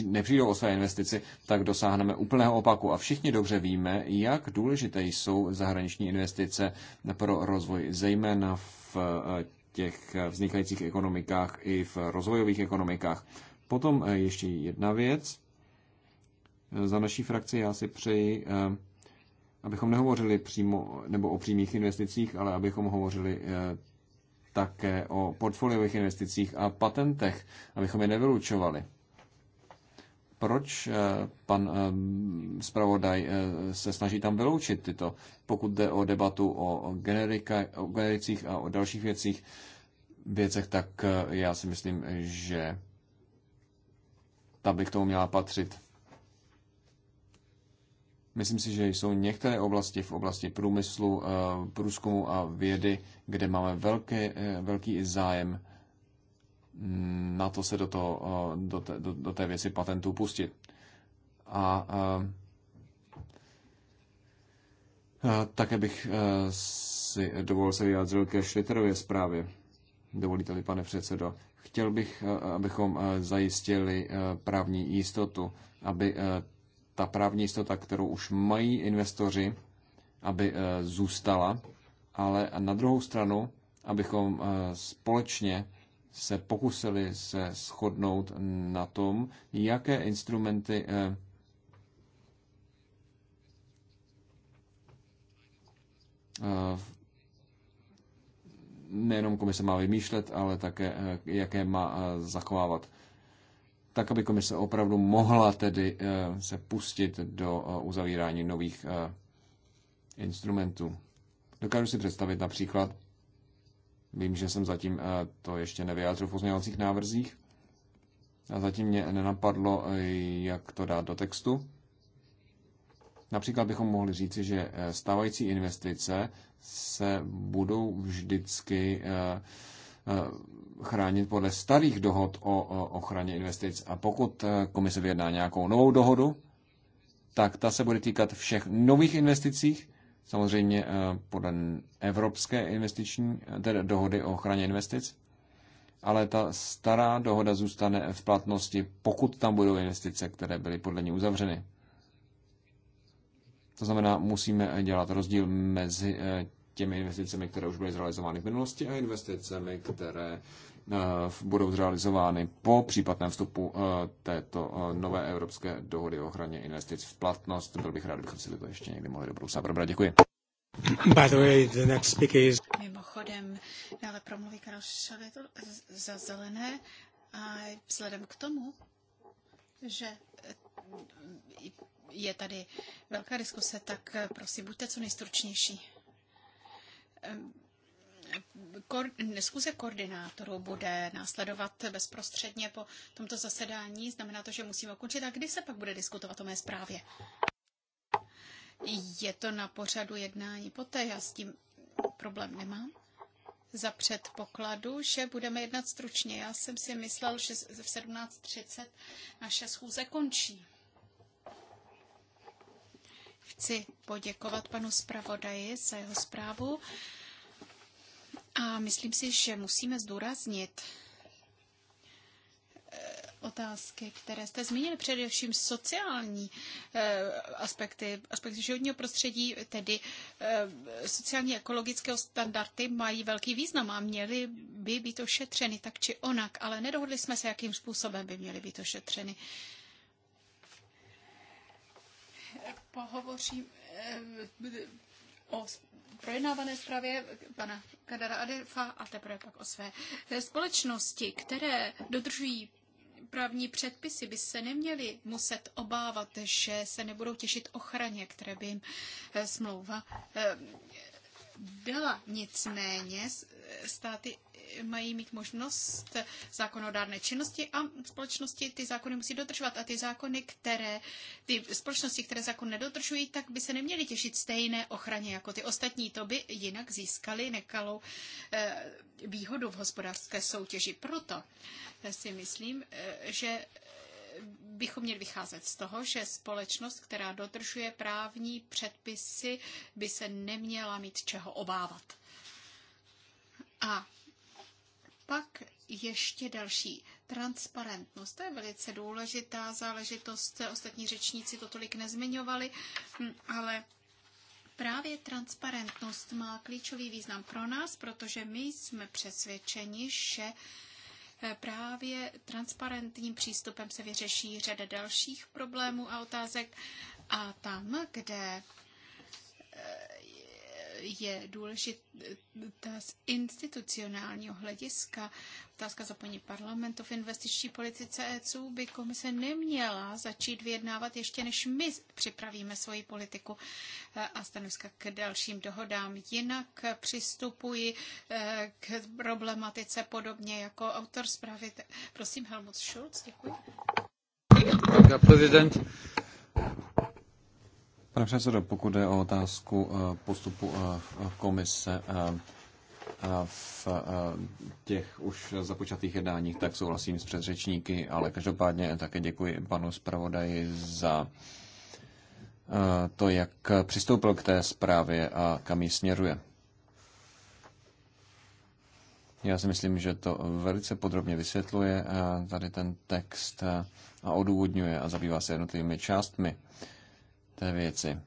nepřijdou o své investici, tak dosáhneme úplného opaku. A všichni dobře víme, jak důležité jsou zahraniční investice pro rozvoj, zejména v těch eh, vznikajících ekonomikách i v rozvojových ekonomikách. Potom eh, ještě jedna věc. Eh, za naší frakci já si přeji, abychom nehovořili přímo nebo o přímých investicích, ale abychom hovořili také o portfoliových investicích a patentech, abychom je nevylučovali proč eh, pan eh, zpravodaj eh, se snaží tam vyloučit tyto, pokud jde o debatu o, generika, o genericích a o dalších věcích, věcech, tak já si myslím, že ta by k tomu měla patřit. Myslím si, že jsou některé oblasti v oblasti průmyslu, průzkumu a vědy, kde máme velký, velký zájem na to se do, to, eh, do, té, do, do té věci patentů pustit. A, a eh, eh, také bych si dovolil se vyjádřil ke Schlitterově zprávě. Dovolíte-li, pane předsedo. Chtěl bych, abychom zajistili právní jistotu, aby ta právní jistota, kterou už mají investoři, aby zůstala, ale na druhou stranu, abychom společně se pokusili se shodnout na tom, jaké instrumenty eh, eh, nejenom komise má vymýšlet, ale také eh, jaké má zachovávat. Tak, aby komise opravdu mohla tedy se pustit do uzavírání nových instrumentů. Dokážu si představit například, Vím, že jsem zatím eh, to ještě nevyjádřil v pozměňovacích návrzích. A zatím mě nenapadlo, eh, jak to dát do textu. Například bychom mohli říci, že eh, stávající investice se budou vždycky chránit podle starých dohod o ochraně investic. A pokud komise vyjedná nějakou novou dohodu, tak ta se bude týkat všech nových investicích samozřejmě eh, podle Evropské investiční, eh, tedy dohody o ochraně investic, ale ta stará dohoda zůstane v platnosti, pokud tam budou investice, které byly podle ní uzavřeny. To znamená, musíme eh, dělat rozdíl mezi těmi investicemi, které už byly zrealizovány v minulosti a investicemi, které Eh, budou zrealizovány po případném vstupu eh, této eh, nové evropské dohody o ochraně investic v platnost. Byl bych rád, bychom si to ještě někdy mohli do budoucna probrat. Děkuji. By the way, the next speaker is... Mimochodem, dále promluví Karel Šavětl za zelené a vzhledem k tomu, že je tady velká diskuse, tak prosím, buďte co nejstručnější ehm, Koor, schůze koordinátorů bude následovat bezprostředně po tomto zasedání. Znamená to, že musíme ukončit. A kdy se pak bude diskutovat o mé zprávě? Je to na pořadu jednání poté, já s tím problém nemám. Za předpokladu, že budeme jednat stručně. Já jsem si myslel, že v 17.30 naše schůze končí. Chci poděkovat panu zpravodaji za jeho zprávu. A myslím si, že musíme zdůraznit eh, otázky, které jste zmínili, především sociální eh, aspekty, aspekty životního prostředí, tedy eh, sociální ekologické standardy mají velký význam a měly by být ošetřeny tak či onak, ale nedohodli jsme se, jakým způsobem by měly být ošetřeny. Pohovořím, o projednávané zprávě pana Kadara Adefa a teprve pak o své eh, společnosti, které dodržují právní předpisy by se neměly muset obávat, že se nebudou těšit ochraně, které by jim eh, smlouva eh, dala. Nicméně státy mají mít možnost zákonodárné činnosti a společnosti ty zákony musí dodržovat. A ty zákony, které, ty společnosti, které zákon nedodržují, tak by se neměly těšit stejné ochraně jako ty ostatní. To by jinak získali nekalou eh, výhodu v hospodářské soutěži. Proto eh, si myslím, eh, že bychom měli vycházet z toho, že společnost, která dodržuje právní předpisy, by se neměla mít čeho obávat. A pak ještě další. Transparentnost. To je velice důležitá záležitost. Ostatní řečníci to tolik nezmiňovali, hm, ale Právě transparentnost má klíčový význam pro nás, protože my jsme přesvědčeni, že eh, právě transparentním přístupem se vyřeší řada dalších problémů a otázek. A tam, kde je důležitá z institucionálního hlediska. Otázka paní parlamentu v investiční politice ECU by komise neměla začít vyjednávat ještě než my připravíme svoji politiku eh, a stanoviska k dalším dohodám. Jinak přistupuji eh, k problematice podobně jako autor zprávy. Prosím, Helmut Schulz, děkuji. Herr Präsident, Pane předsedo, pokud je o otázku eh, postupu eh, komise eh, v těch už započatých jednáních, tak souhlasím s předřečníky, ale každopádně také děkuji panu zpravodaji za to, jak přistoupil k té zprávě a kam ji směruje. Já si myslím, že to velice podrobně vysvětluje tady ten text a odůvodňuje a zabývá se jednotlivými částmi té věci.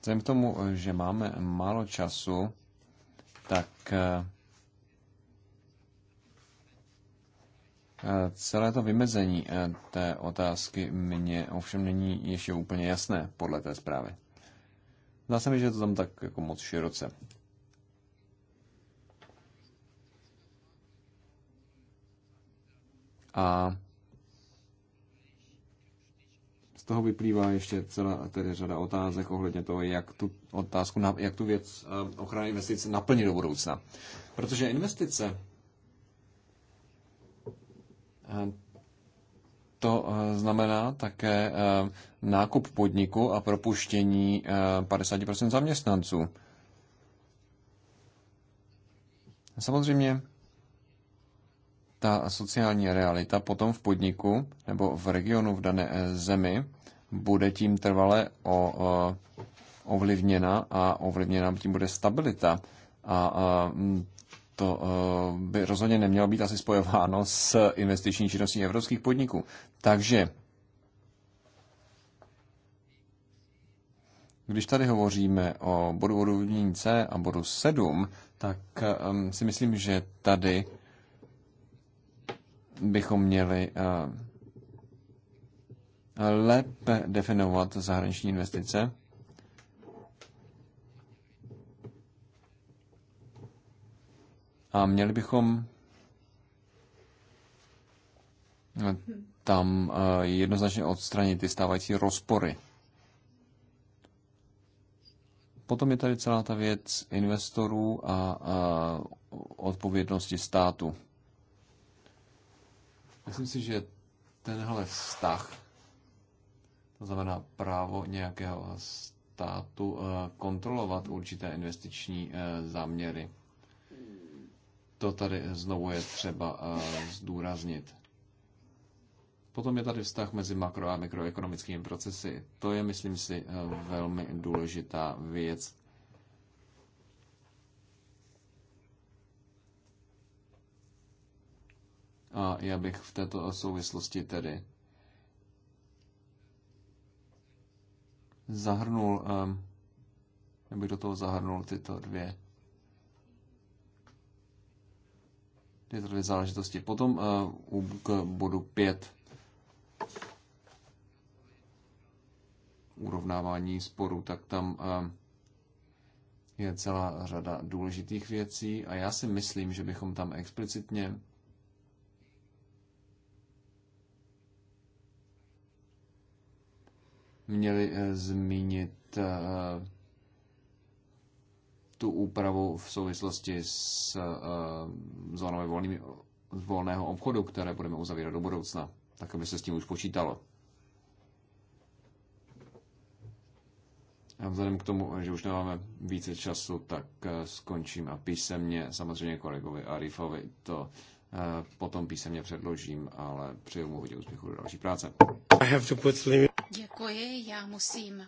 Vzhledem k tomu, že máme málo času, tak eh, celé to vymezení eh, té otázky mně ovšem není ještě úplně jasné podle té zprávy. Zdá se mi, že je to tam tak jako moc široce. A toho vyplývá ještě celá tedy řada otázek ohledně toho, jak tu otázku, jak tu věc eh, ochrany investic naplnit do budoucna. Protože investice eh, to eh, znamená také nákup podniku a propuštění 50% zaměstnanců. Samozřejmě ta sociální realita potom v podniku nebo v regionu v dané eh, zemi bude tím trvale o, eh, ovlivněna a ovlivněna tím bude stabilita. A eh, to by rozhodně nemělo být asi spojováno s investiční činností evropských podniků. Takže Když tady hovoříme o bodu odůvodnění C a bodu 7, tak um, si myslím, že tady bychom měli eh, lépe definovat zahraniční investice. A měli bychom eh, tam eh, jednoznačně odstranit ty stávající rozpory. Potom je tady celá ta věc investorů a, a odpovědnosti státu. Myslím si, že tenhle vztah, to znamená právo nějakého státu eh, kontrolovat určité investiční eh, záměry, to tady znovu je třeba eh, zdůraznit. Potom je tady vztah mezi makro a mikroekonomickými procesy. To je, myslím si, velmi důležitá věc A já bych v této souvislosti tedy zahrnul, ehm, já bych do toho zahrnul tyto dvě tyto dvě záležitosti. Potom eh, k bodu 5 urovnávání sporu, tak tam ehm, je celá řada důležitých věcí a já si myslím, že bychom tam explicitně měli eh, zmínit eh, tu úpravu v souvislosti s eh, zónami volnými, volného obchodu, které budeme uzavírat do budoucna, tak aby se s tím už počítalo. A vzhledem k tomu, že už nemáme více času, tak skončím a písemně, samozřejmě kolegovi Arifovi, to potom písemně předložím, ale přeju mu hodně úspěchu do další práce. I have to put limit. Děkuji, já musím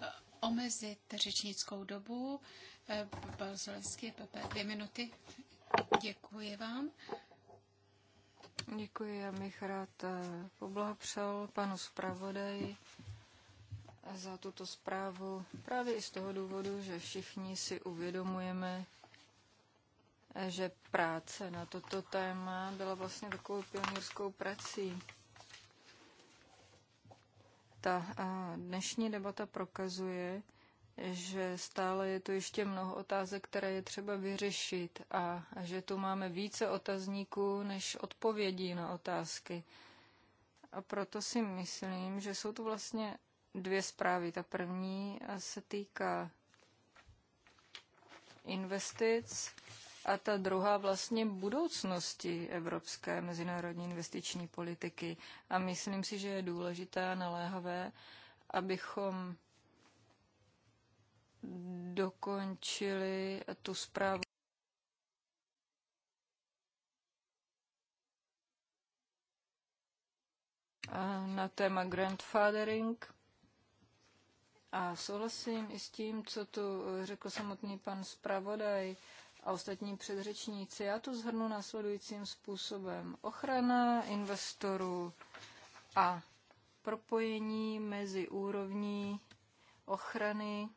eh, omezit řečnickou dobu. Eh, Balzolevský Pepe, dvě minuty. Děkuji vám. Děkuji, já bych rád eh, poblahopřál panu zpravodaji za tuto zprávu právě i z toho důvodu, že všichni si uvědomujeme, že práce na toto téma byla vlastně takovou pionýrskou prací. Ta dnešní debata prokazuje, že stále je tu ještě mnoho otázek, které je třeba vyřešit a, a že tu máme více otazníků než odpovědí na otázky. A proto si myslím, že jsou tu vlastně dvě zprávy. Ta první se týká investic a ta druhá vlastně budoucnosti evropské mezinárodní investiční politiky. A myslím si, že je důležité a naléhavé, abychom dokončili tu zprávu. na téma grandfathering. A souhlasím i s tím, co tu řekl samotný pan zpravodaj a ostatní předřečníci. Já to zhrnu následujícím způsobem. Ochrana investorů a propojení mezi úrovní ochrany,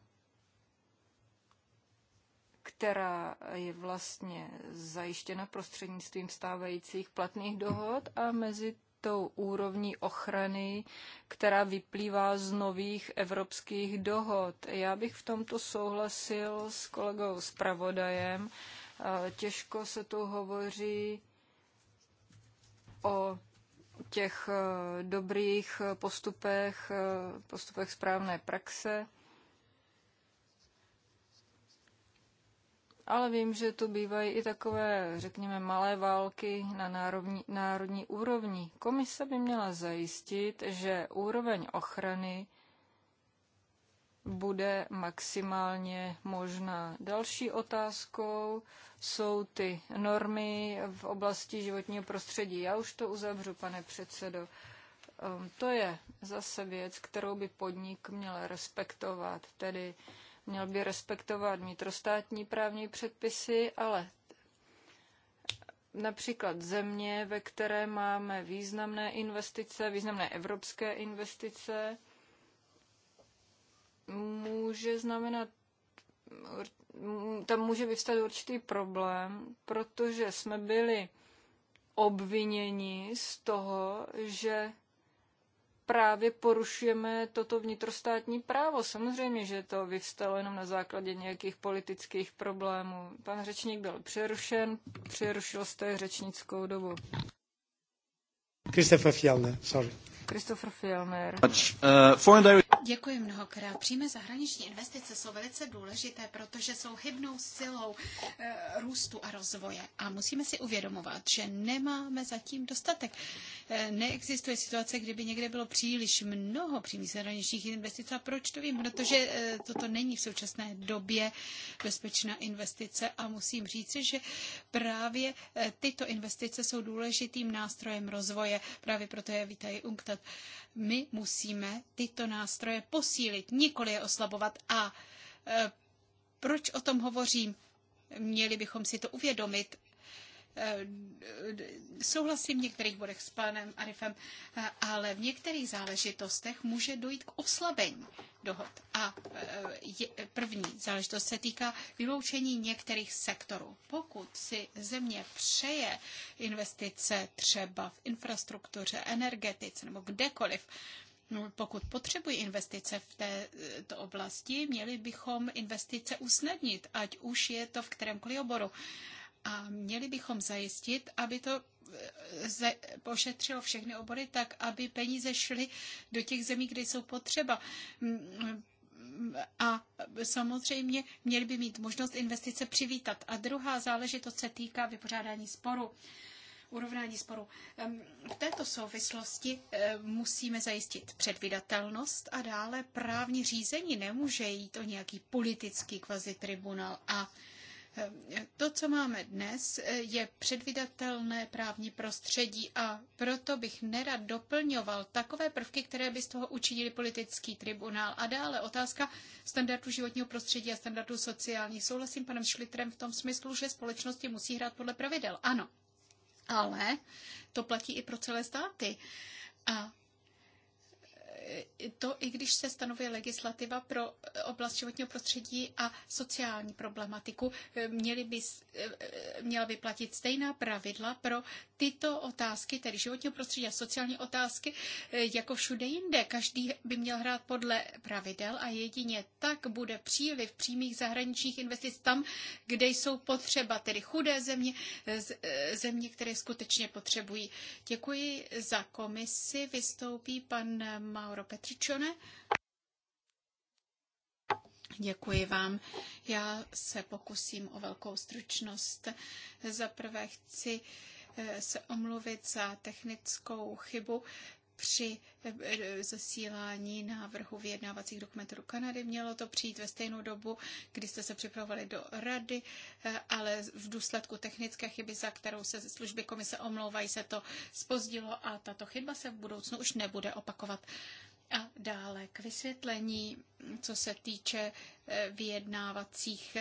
která je vlastně zajištěna prostřednictvím stávajících platných dohod a mezi tou úrovní ochrany, která vyplývá z nových evropských dohod. Já bych v tomto souhlasil s kolegou zpravodajem. Těžko se tu hovoří o těch eh, dobrých postupech, eh, postupech správné praxe. Ale vím, že tu bývají i takové, řekněme, malé války na národní, národní úrovni. Komise by měla zajistit, že úroveň ochrany bude maximálně možná. Další otázkou jsou ty normy v oblasti životního prostředí. Já už to uzavřu, pane předsedo. Um, to je zase věc, kterou by podnik měl respektovat, tedy Měl by respektovat vnitrostátní právní předpisy, ale například země, ve které máme významné investice, významné evropské investice, může znamenat, tam může vyvstat určitý problém, protože jsme byli obviněni z toho, že právě porušujeme toto vnitrostátní právo. Samozřejmě, že to vyvstalo jenom na základě nějakých politických problémů. Pan řečník byl přerušen, přerušil jste řečnickou dobu. Christopher Fjellner, sorry. Christopher Fjellner. Uh, Děkuji mnohokrát. Příjme zahraniční investice jsou velice důležité, protože jsou hybnou silou uh, růstu a rozvoje. A musíme si uvědomovat, že nemáme zatím dostatek. Eh, neexistuje situace, kdyby někde bylo příliš mnoho příjmy zahraničních investic. A proč to vím? Protože eh, toto není v současné době bezpečná investice. A musím říci, že právě eh, tyto investice jsou důležitým nástrojem rozvoje. Právě proto je vítají UNCTAD. My musíme tyto nástroje posílit, nikoli je oslabovat. A e, proč o tom hovořím? Měli bychom si to uvědomit Eh, souhlasím v některých bodech s panem Arifem, eh, ale v některých záležitostech může dojít k oslabení dohod. A eh, je, první záležitost se týká vyloučení některých sektorů. Pokud si země přeje investice třeba v infrastruktuře, energetice nebo kdekoliv, no, pokud potřebují investice v této oblasti, měli bychom investice usnadnit, ať už je to v kterémkoliv oboru. A měli bychom zajistit, aby to eh, pošetřilo všechny obory tak, aby peníze šly do těch zemí, kde jsou potřeba. Mm, mm, a samozřejmě měli by mít možnost investice přivítat. A druhá záležitost se týká vypořádání sporu urovnání sporu. V této souvislosti eh, musíme zajistit předvydatelnost a dále právní řízení nemůže jít o nějaký politický kvazi tribunál a to, co máme dnes, je předvydatelné právní prostředí a proto bych nerad doplňoval takové prvky, které by z toho učinili politický tribunál. A dále otázka standardu životního prostředí a standardu sociálních. Souhlasím panem Šlitrem v tom smyslu, že společnosti musí hrát podle pravidel. Ano, ale to platí i pro celé státy. A to i když se stanovuje legislativa pro e, oblast životního prostředí a sociální problematiku, e, měly by, e, měla by platit stejná pravidla pro tyto otázky, tedy životního prostředí a sociální otázky, jako všude jinde. Každý by měl hrát podle pravidel a jedině tak bude příliv přímých zahraničních investic tam, kde jsou potřeba, tedy chudé země, země, které skutečně potřebují. Děkuji za komisi. Vystoupí pan Mauro Mauro Petričone. Děkuji vám. Já se pokusím o velkou stručnost. Za prvé chci eh, se omluvit za technickou chybu při eh, zasílání návrhu vyjednávacích dokumentů do Kanady. Mělo to přijít ve stejnou dobu, kdy jste se připravovali do rady, eh, ale v důsledku technické chyby, za kterou se služby komise omlouvají, se to spozdilo a tato chyba se v budoucnu už nebude opakovat. A dále k vysvětlení, co se týče eh, vyjednávacích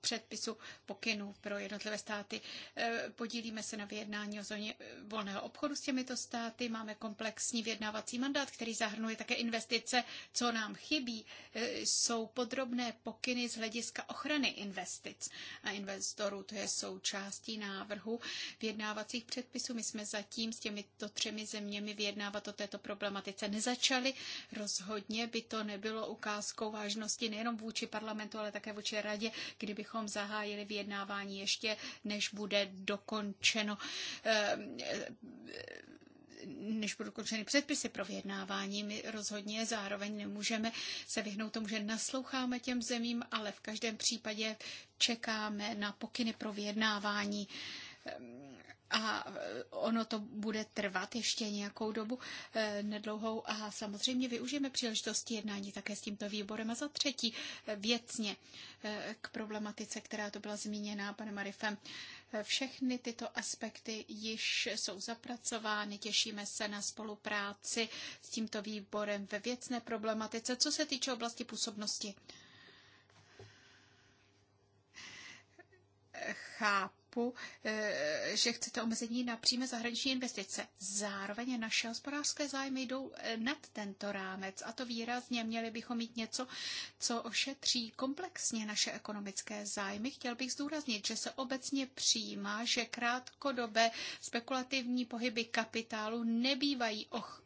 předpisu pokynů pro jednotlivé státy. E, podílíme se na vyjednání o zóně e, volného obchodu s těmito státy. Máme komplexní vyjednávací mandát, který zahrnuje také investice. Co nám chybí, e, jsou podrobné pokyny z hlediska ochrany investic a investorů. To je součástí návrhu vyjednávacích předpisů. My jsme zatím s těmito třemi zeměmi vyjednávat o této problematice nezačali. Rozhodně by to nebylo ukázkou vážnosti nejenom vůči parlamentu, ale také vůči radě, kdybych abychom zahájili vyjednávání ještě, než bude dokončeno ehm, ehm, než budou končeny předpisy pro vyjednávání, my rozhodně zároveň nemůžeme se vyhnout tomu, že nasloucháme těm zemím, ale v každém případě čekáme na pokyny pro vyjednávání ehm, a e, ono to bude trvat ještě nějakou dobu e, nedlouhou a samozřejmě využijeme příležitosti jednání také s tímto výborem. A za třetí e, věcně k problematice, která to byla zmíněna panem Marifem. Všechny tyto aspekty již jsou zapracovány, těšíme se na spolupráci s tímto výborem ve věcné problematice, co se týče oblasti působnosti. Chápu Evropu, eh, že chcete omezení na přímé zahraniční investice. Zároveň naše hospodářské zájmy jdou eh, nad tento rámec a to výrazně měli bychom mít něco, co ošetří komplexně naše ekonomické zájmy. Chtěl bych zdůraznit, že se obecně přijímá, že krátkodobé spekulativní pohyby kapitálu nebývají och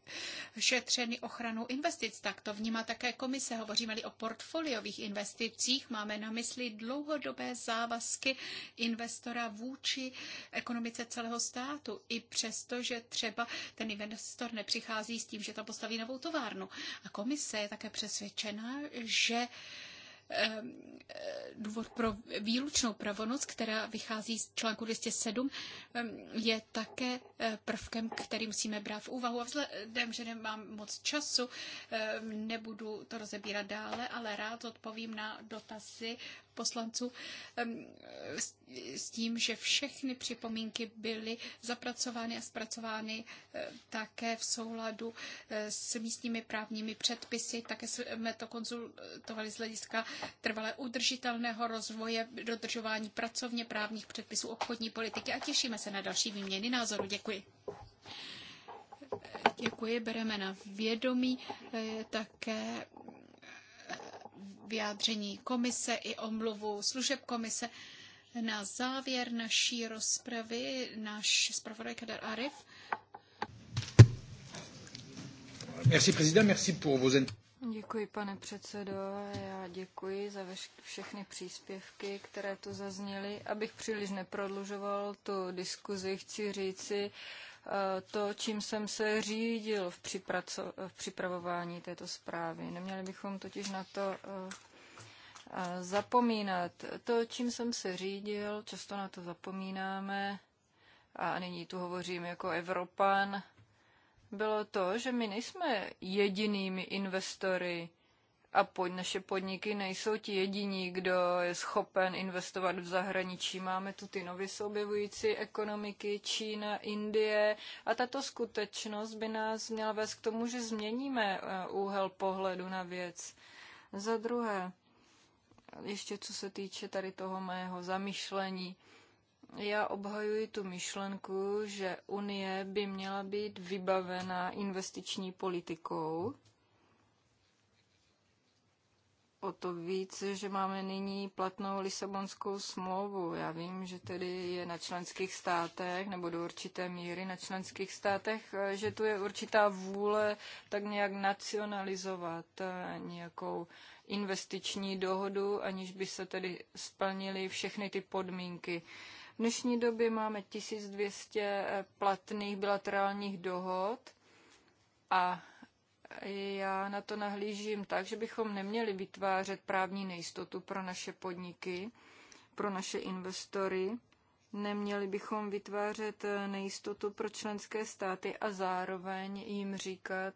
šetřeny ochranou investic. Tak to vnímá také komise. Hovoříme-li o portfoliových investicích, máme na mysli dlouhodobé závazky investora vůči ekonomice celého státu. I přesto, že třeba ten investor nepřichází s tím, že tam postaví novou továrnu. A komise je také přesvědčena, že Ehm, eh, důvod pro výlučnou pravomoc, která vychází z článku 207, ehm, je také eh, prvkem, který musíme brát v úvahu. A vzhledem, že nemám moc času, ehm, nebudu to rozebírat dále, ale rád odpovím na dotazy poslanců s tím, že všechny připomínky byly zapracovány a zpracovány eh, také v souladu eh, s místními právními předpisy. Také jsme to konzultovali z hlediska trvale udržitelného rozvoje, dodržování pracovně právních předpisů obchodní politiky a těšíme se na další výměny názorů. Děkuji. Děkuji, bereme na vědomí eh, také vyjádření komise i omluvu služeb komise. Na závěr naší rozpravy náš zpravodaj Kadar Arif. Merci, président, merci pour vos... Děkuji, pane předsedo. Já děkuji za všechny příspěvky, které tu zazněly. Abych příliš neprodlužoval tu diskuzi, chci říci, Eh, to, čím jsem se řídil v, v připravování této zprávy. Neměli bychom totiž na to eh, eh, zapomínat. To, čím jsem se řídil, často na to zapomínáme a nyní tu hovořím jako Evropan, bylo to, že my nejsme jedinými investory a pod naše podniky nejsou ti jediní, kdo je schopen investovat v zahraničí. Máme tu ty nově se objevující ekonomiky, Čína, Indie a tato skutečnost by nás měla vést k tomu, že změníme eh, úhel pohledu na věc. Za druhé, ještě co se týče tady toho mého zamyšlení, já obhajuji tu myšlenku, že Unie by měla být vybavená investiční politikou, o to víc, že máme nyní platnou Lisabonskou smlouvu. Já vím, že tedy je na členských státech, nebo do určité míry na členských státech, eh, že tu je určitá vůle tak nějak nacionalizovat eh, nějakou investiční dohodu, aniž by se tedy splnily všechny ty podmínky. V dnešní době máme 1200 eh, platných bilaterálních dohod a já na to nahlížím tak, že bychom neměli vytvářet právní nejistotu pro naše podniky, pro naše investory. Neměli bychom vytvářet eh, nejistotu pro členské státy a zároveň jim říkat,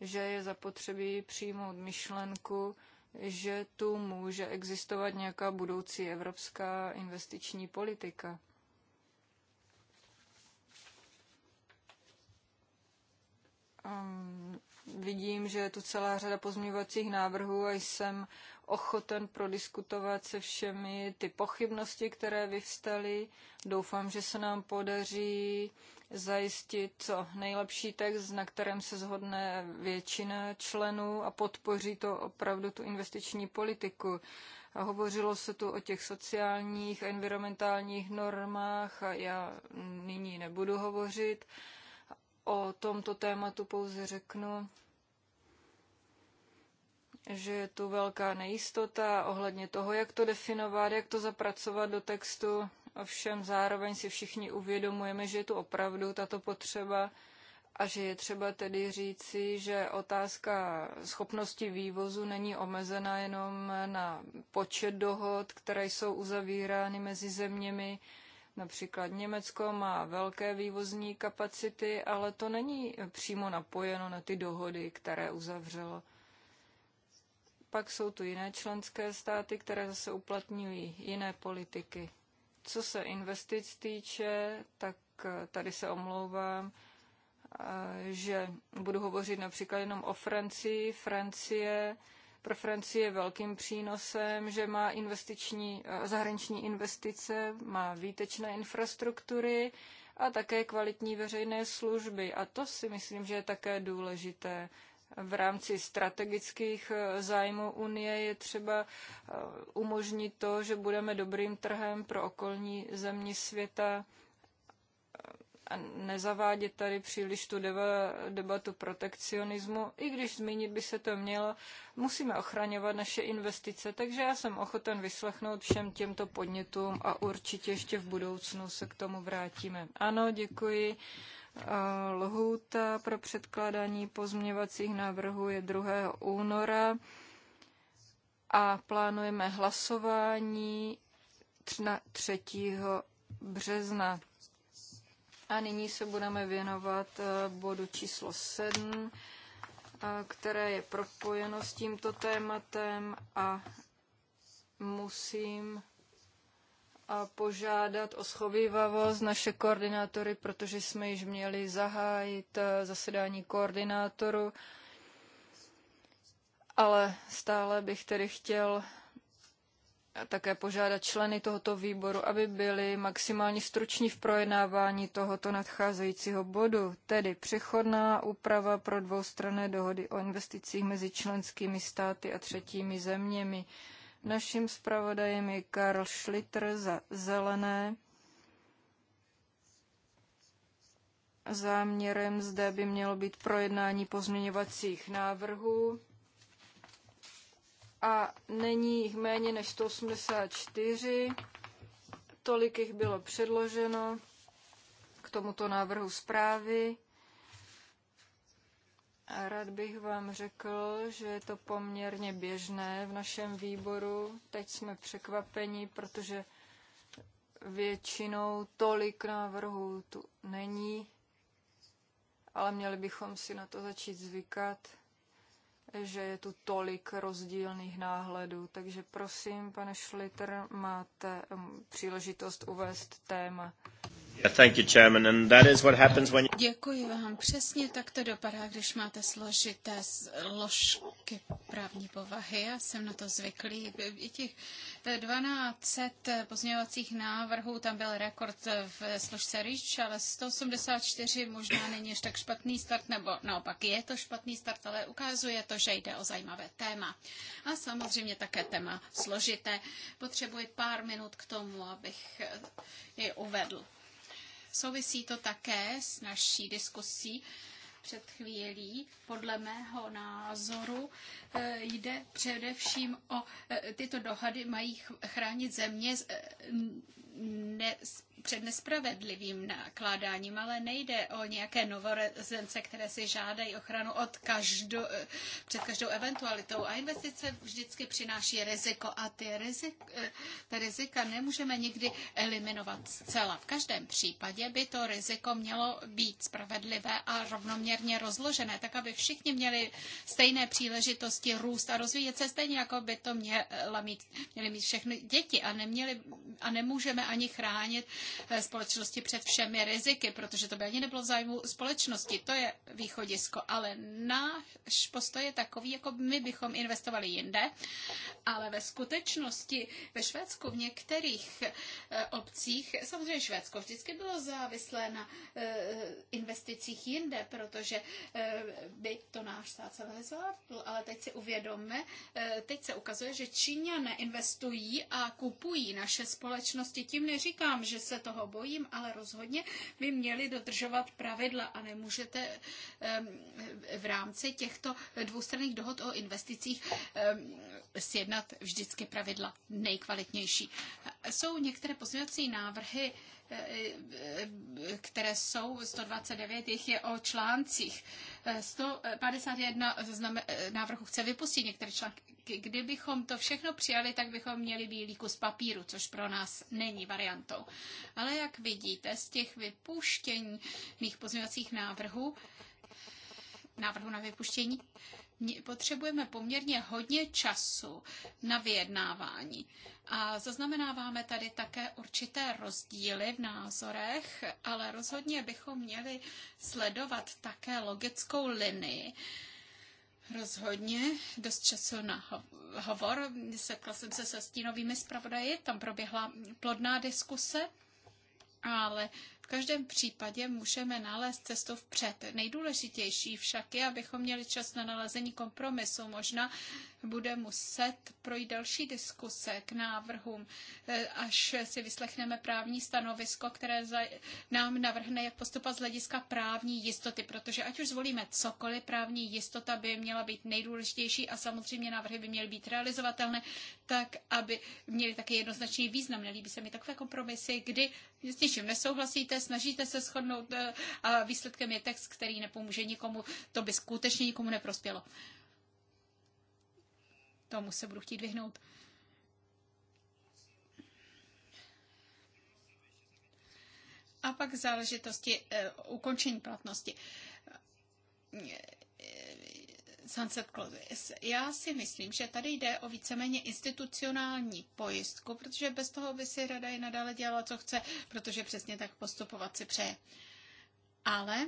že je zapotřebí přijmout myšlenku, že tu může existovat nějaká budoucí evropská investiční politika. Um, vidím, že je tu celá řada pozměňovacích návrhů a jsem ochoten prodiskutovat se všemi ty pochybnosti, které vyvstaly. Doufám, že se nám podaří zajistit co nejlepší text, na kterém se zhodne většina členů a podpoří to opravdu tu investiční politiku. A hovořilo se tu o těch sociálních a environmentálních normách a já nyní nebudu hovořit o tomto tématu pouze řeknu, že je tu velká nejistota ohledně toho, jak to definovat, jak to zapracovat do textu. Ovšem zároveň si všichni uvědomujeme, že je tu opravdu tato potřeba a že je třeba tedy říci, že otázka schopnosti vývozu není omezena jenom na počet dohod, které jsou uzavírány mezi zeměmi. Například Německo má velké vývozní kapacity, ale to není přímo napojeno na ty dohody, které uzavřelo pak jsou tu jiné členské státy, které zase uplatňují jiné politiky. Co se investic týče, tak eh, tady se omlouvám, eh, že budu hovořit například jenom o Francii. Francie pro Francii je velkým přínosem, že má investiční, eh, zahraniční investice, má výtečné infrastruktury a také kvalitní veřejné služby. A to si myslím, že je také důležité v rámci strategických eh, zájmů Unie je třeba eh, umožnit to, že budeme dobrým trhem pro okolní země světa eh, a nezavádět tady příliš tu debatu protekcionismu. I když zmínit by se to mělo, musíme ochraňovat naše investice, takže já jsem ochoten vyslechnout všem těmto podnětům a určitě ještě v budoucnu se k tomu vrátíme. Ano, děkuji. Lhůta pro předkládání pozměňovacích návrhů je 2. února a plánujeme hlasování na 3. března. A nyní se budeme věnovat eh, bodu číslo 7, eh, které je propojeno s tímto tématem a musím a požádat o schovývavost naše koordinátory, protože jsme již měli zahájit eh, zasedání koordinátoru. Ale stále bych tedy chtěl také požádat členy tohoto výboru, aby byli maximálně struční v projednávání tohoto nadcházejícího bodu, tedy přechodná úprava pro dvoustranné dohody o investicích mezi členskými státy a třetími zeměmi. Naším zpravodajem je Karl Schlitter za zelené. Záměrem zde by mělo být projednání pozměňovacích návrhů a není jich méně než 184. Tolik jich bylo předloženo k tomuto návrhu zprávy. Rád bych vám řekl, že je to poměrně běžné v našem výboru. Teď jsme překvapeni, protože většinou tolik návrhů tu není, ale měli bychom si na to začít zvykat, že je tu tolik rozdílných náhledů. Takže prosím, pane Schlitter, máte um, příležitost uvést téma. Děkuji vám. Přesně tak to dopadá, když máte složité složky právní povahy. Já jsem na to zvyklý. I těch 1200 pozměňovacích návrhů, tam byl rekord v složce REACH, ale 184 možná není ještě tak špatný start, nebo naopak je to špatný start, ale ukazuje to, že jde o zajímavé téma. A samozřejmě také téma složité. Potřebuji pár minut k tomu, abych je uvedl. Souvisí to také s naší diskusí před chvílí. Podle mého názoru eh, jde především o eh, tyto dohady mají chránit země eh, ne, před nespravedlivým nakládáním, ale nejde o nějaké novorezence, které si žádají ochranu od každou, před každou eventualitou. A investice vždycky přináší riziko a ty rizik, ta rizika nemůžeme nikdy eliminovat zcela. V každém případě by to riziko mělo být spravedlivé a rovnoměrně rozložené, tak aby všichni měli stejné příležitosti růst a rozvíjet se stejně, jako by to měla mít, měly mít všechny děti a, neměli, a nemůžeme ani chránit eh, společnosti před všemi riziky, protože to by ani nebylo v zájmu společnosti. To je východisko. Ale náš postoj je takový, jako my bychom investovali jinde, ale ve skutečnosti ve Švédsku v některých eh, obcích, samozřejmě Švédsko vždycky bylo závislé na eh, investicích jinde, protože by to náš stát se zvládl, ale teď si uvědomme, teď se ukazuje, že Číňané investují a kupují naše společnosti, tím neříkám, že se toho bojím, ale rozhodně by měli dodržovat pravidla a nemůžete v rámci těchto dvoustranných dohod o investicích sjednat vždycky pravidla nejkvalitnější. Jsou některé pozměňovací návrhy, eh, které jsou 129, jich je o článcích. 151 eh, návrhu chce vypustit některé články, kdybychom to všechno přijali, tak bychom měli bílý kus papíru, což pro nás není variantou. Ale jak vidíte, z těch vypuštění mých pozměňovacích návrhů, návrhu na vypuštění, potřebujeme poměrně hodně času na vyjednávání. A zaznamenáváme tady také určité rozdíly v názorech, ale rozhodně bychom měli sledovat také logickou linii, Rozhodně, dost času na hovor. Setkala jsem se se stínovými zpravodaji, tam proběhla plodná diskuse, ale v každém případě můžeme nalézt cestu vpřed. Nejdůležitější však je, abychom měli čas na nalezení kompromisu. Možná bude muset projít další diskuse k návrhům, eh, až si vyslechneme právní stanovisko, které nám navrhne, jak postupovat z hlediska právní jistoty, protože ať už zvolíme cokoliv, právní jistota by měla být nejdůležitější a samozřejmě návrhy by měly být realizovatelné tak, aby měly také jednoznačný význam. Nelíbí se mi takové kompromisy, kdy s něčím nesouhlasíte, také snažíte se shodnout eh, a výsledkem je text, který nepomůže nikomu. To by skutečně nikomu neprospělo. Tomu se budu chtít vyhnout. A pak záležitosti e, ukončení platnosti Sunset Já si myslím, že tady jde o víceméně institucionální pojistku, protože bez toho by si rada i nadále dělala, co chce, protože přesně tak postupovat si přeje. Ale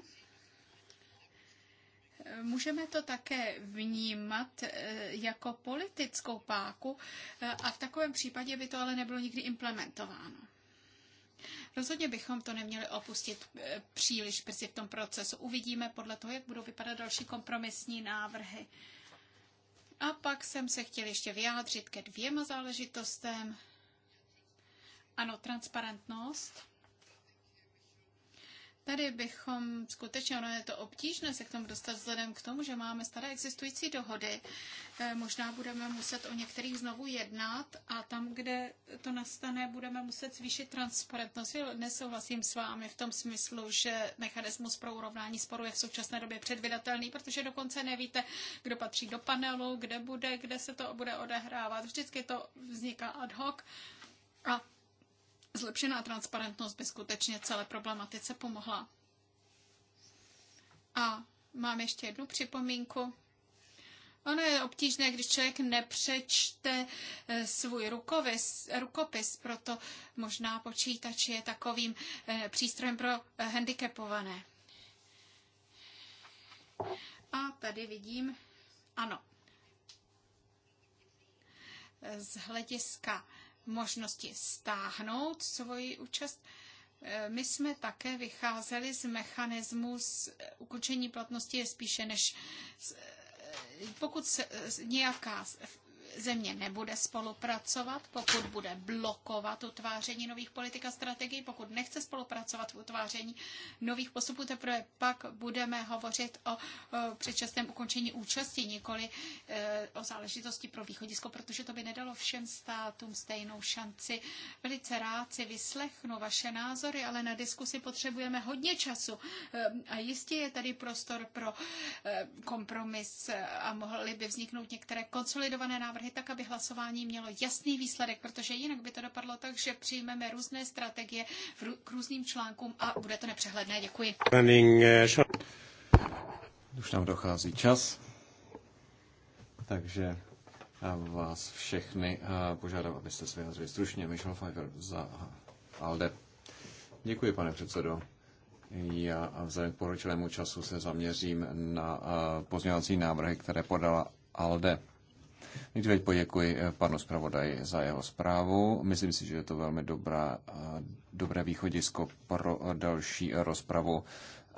eh, můžeme to také vnímat eh, jako politickou páku eh, a v takovém případě by to ale nebylo nikdy implementováno. Rozhodně bychom to neměli opustit eh, příliš brzy v tom procesu. Uvidíme podle toho, jak budou vypadat další kompromisní návrhy. A pak jsem se chtěl ještě vyjádřit ke dvěma záležitostem. Ano, transparentnost Tady bychom skutečně, ono je to obtížné se k tomu dostat vzhledem k tomu, že máme staré existující dohody. Eh, možná budeme muset o některých znovu jednat a tam, kde to nastane, budeme muset zvýšit transparentnost. nesouhlasím s vámi v tom smyslu, že mechanismus pro urovnání sporu je v současné době předvydatelný, protože dokonce nevíte, kdo patří do panelu, kde bude, kde se to bude odehrávat. Vždycky to vzniká ad hoc a Zlepšená transparentnost by skutečně celé problematice pomohla. A mám ještě jednu připomínku. Ono je obtížné, když člověk nepřečte eh, svůj rukovis, rukopis, proto možná počítač je takovým eh, přístrojem pro eh, handicapované. A tady vidím, ano, z hlediska možnosti stáhnout svoji účast. E, my jsme také vycházeli z mechanismu z e, ukončení platnosti je spíše než e, pokud se nějaká země nebude spolupracovat, pokud bude blokovat utváření nových politik a strategií, pokud nechce spolupracovat v utváření nových postupů, teprve pak budeme hovořit o, o předčasném ukončení účasti, nikoli e, o záležitosti pro východisko, protože to by nedalo všem státům stejnou šanci. Velice rád si vyslechnu vaše názory, ale na diskusi potřebujeme hodně času e, a jistě je tady prostor pro e, kompromis a mohly by vzniknout některé konsolidované návrhy strany tak, aby hlasování mělo jasný výsledek, protože jinak by to dopadlo tak, že přijmeme různé strategie k různým článkům a bude to nepřehledné. Děkuji. Už nám dochází čas, takže vás všechny eh, požádám, abyste se vyjádřili stručně. Michel Pfeiffer za ALDE. Děkuji, pane předsedo. Já vzhledem k pokročilému času se zaměřím na eh, pozměňovací návrhy, které podala ALDE. Nejdříve poděkuji eh, panu zpravodaji za jeho zprávu. Myslím si, že je to velmi dobrá, eh, dobré východisko pro eh, další rozpravu.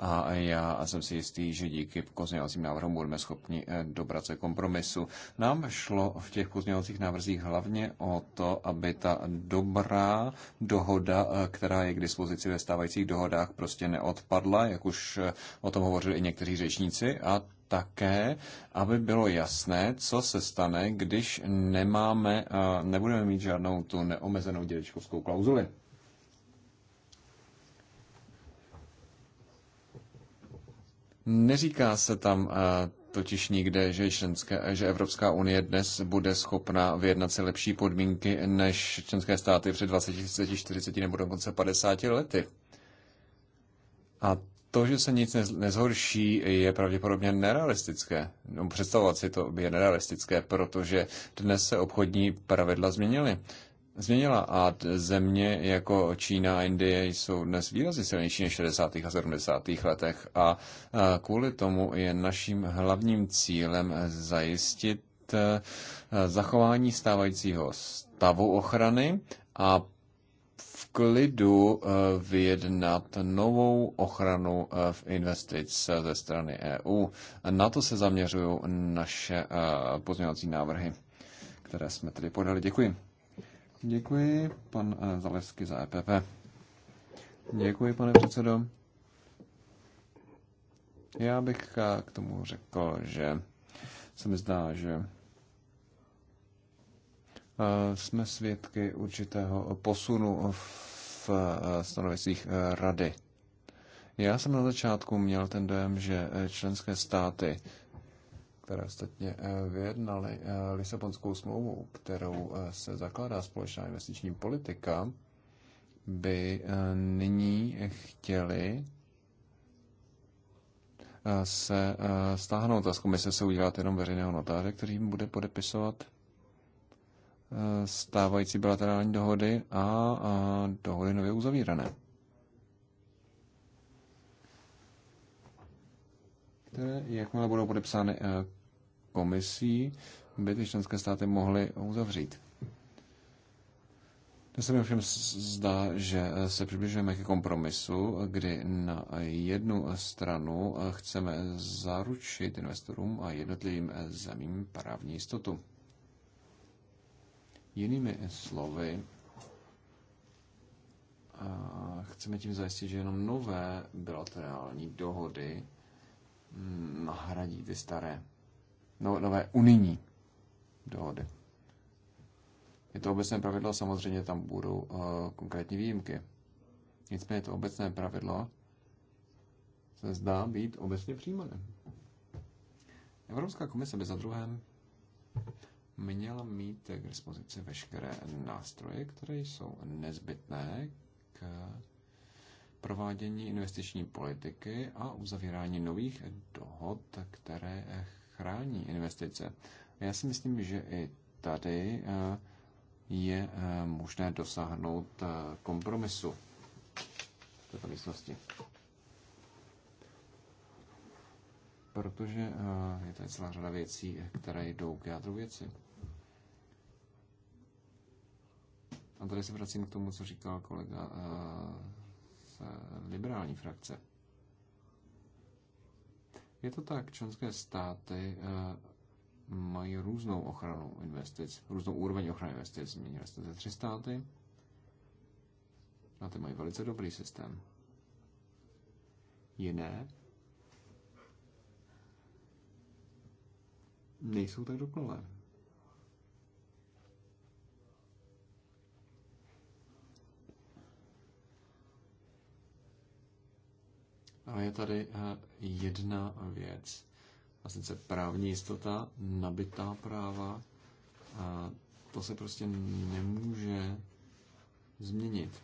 A já jsem si jistý, že díky pozměňovacím návrhům budeme schopni dobrat se kompromisu. Nám šlo v těch pozměňovacích návrzích hlavně o to, aby ta dobrá dohoda, která je k dispozici ve stávajících dohodách, prostě neodpadla, jak už o tom hovořili i někteří řečníci. A také, aby bylo jasné, co se stane, když nemáme, nebudeme mít žádnou tu neomezenou dědečkovskou klauzuli. Neříká se tam totiž nikde, že, členské, že Evropská unie dnes bude schopna vyjednat si lepší podmínky než členské státy před 20, 40 nebo dokonce 50 lety. A to, že se nic nezhorší, je pravděpodobně nerealistické. No, představovat si to je nerealistické, protože dnes se obchodní pravidla změnily. Změnila a země jako Čína a Indie jsou dnes výrazně silnější než v 60. a 70. letech a kvůli tomu je naším hlavním cílem zajistit e, e, zachování stávajícího stavu ochrany a klidu eh, vyjednat novou ochranu eh, v investic eh, ze strany EU. Na to se zaměřují naše pozměňovací návrhy, které jsme tedy podali. Děkuji. Děkuji, pan Zalesky za EPP. Děkuji, pane předsedo. Já bych k tomu řekl, že se mi zdá, že Eh, jsme svědky určitého posunu v eh, stanovisích eh, rady. Já jsem na začátku měl ten dojem, že členské státy, které ostatně vyjednaly Lisabonskou smlouvu, kterou se zakládá společná investiční politika, by nyní chtěli se stáhnout a z komise se udělat jenom veřejného notáře, který bude podepisovat Eh, stávající bilaterální dohody a, a dohody nově uzavírané. Které, jakmile budou podepsány eh, komisí, by ty členské státy mohly uzavřít. To se mi ovšem zdá, že eh, se přibližujeme ke kompromisu, kdy na jednu stranu chceme zaručit investorům a jednotlivým zemím právní jistotu. Jinými slovy, chceme tím zajistit, že jenom nové bilaterální dohody mm, nahradí ty staré, no, nové unijní dohody. Je to obecné pravidlo, samozřejmě tam budou uh, konkrétní výjimky. Nicméně to obecné pravidlo se zdá být obecně přijímané. Evropská komise by za druhém měl mít k dispozici veškeré nástroje, které jsou nezbytné k provádění investiční politiky a uzavírání nových dohod, které chrání investice. Já si myslím, že i tady eh, je eh, možné dosáhnout eh, kompromisu v této místnosti. Protože je tady celá řada věcí, které jdou k jádru věci. A tady se vracím k tomu, co říkal kolega eh, z liberální frakce. Je to tak, členské státy eh, mají různou ochranu investic, různou úroveň ochrany investic. Změnili jste ze tři státy a ty mají velice dobrý systém. Jiné nejsou tak dokonalé. Ale je tady eh, jedna věc, a sice právní jistota, nabitá práva, a to se prostě nemůže změnit.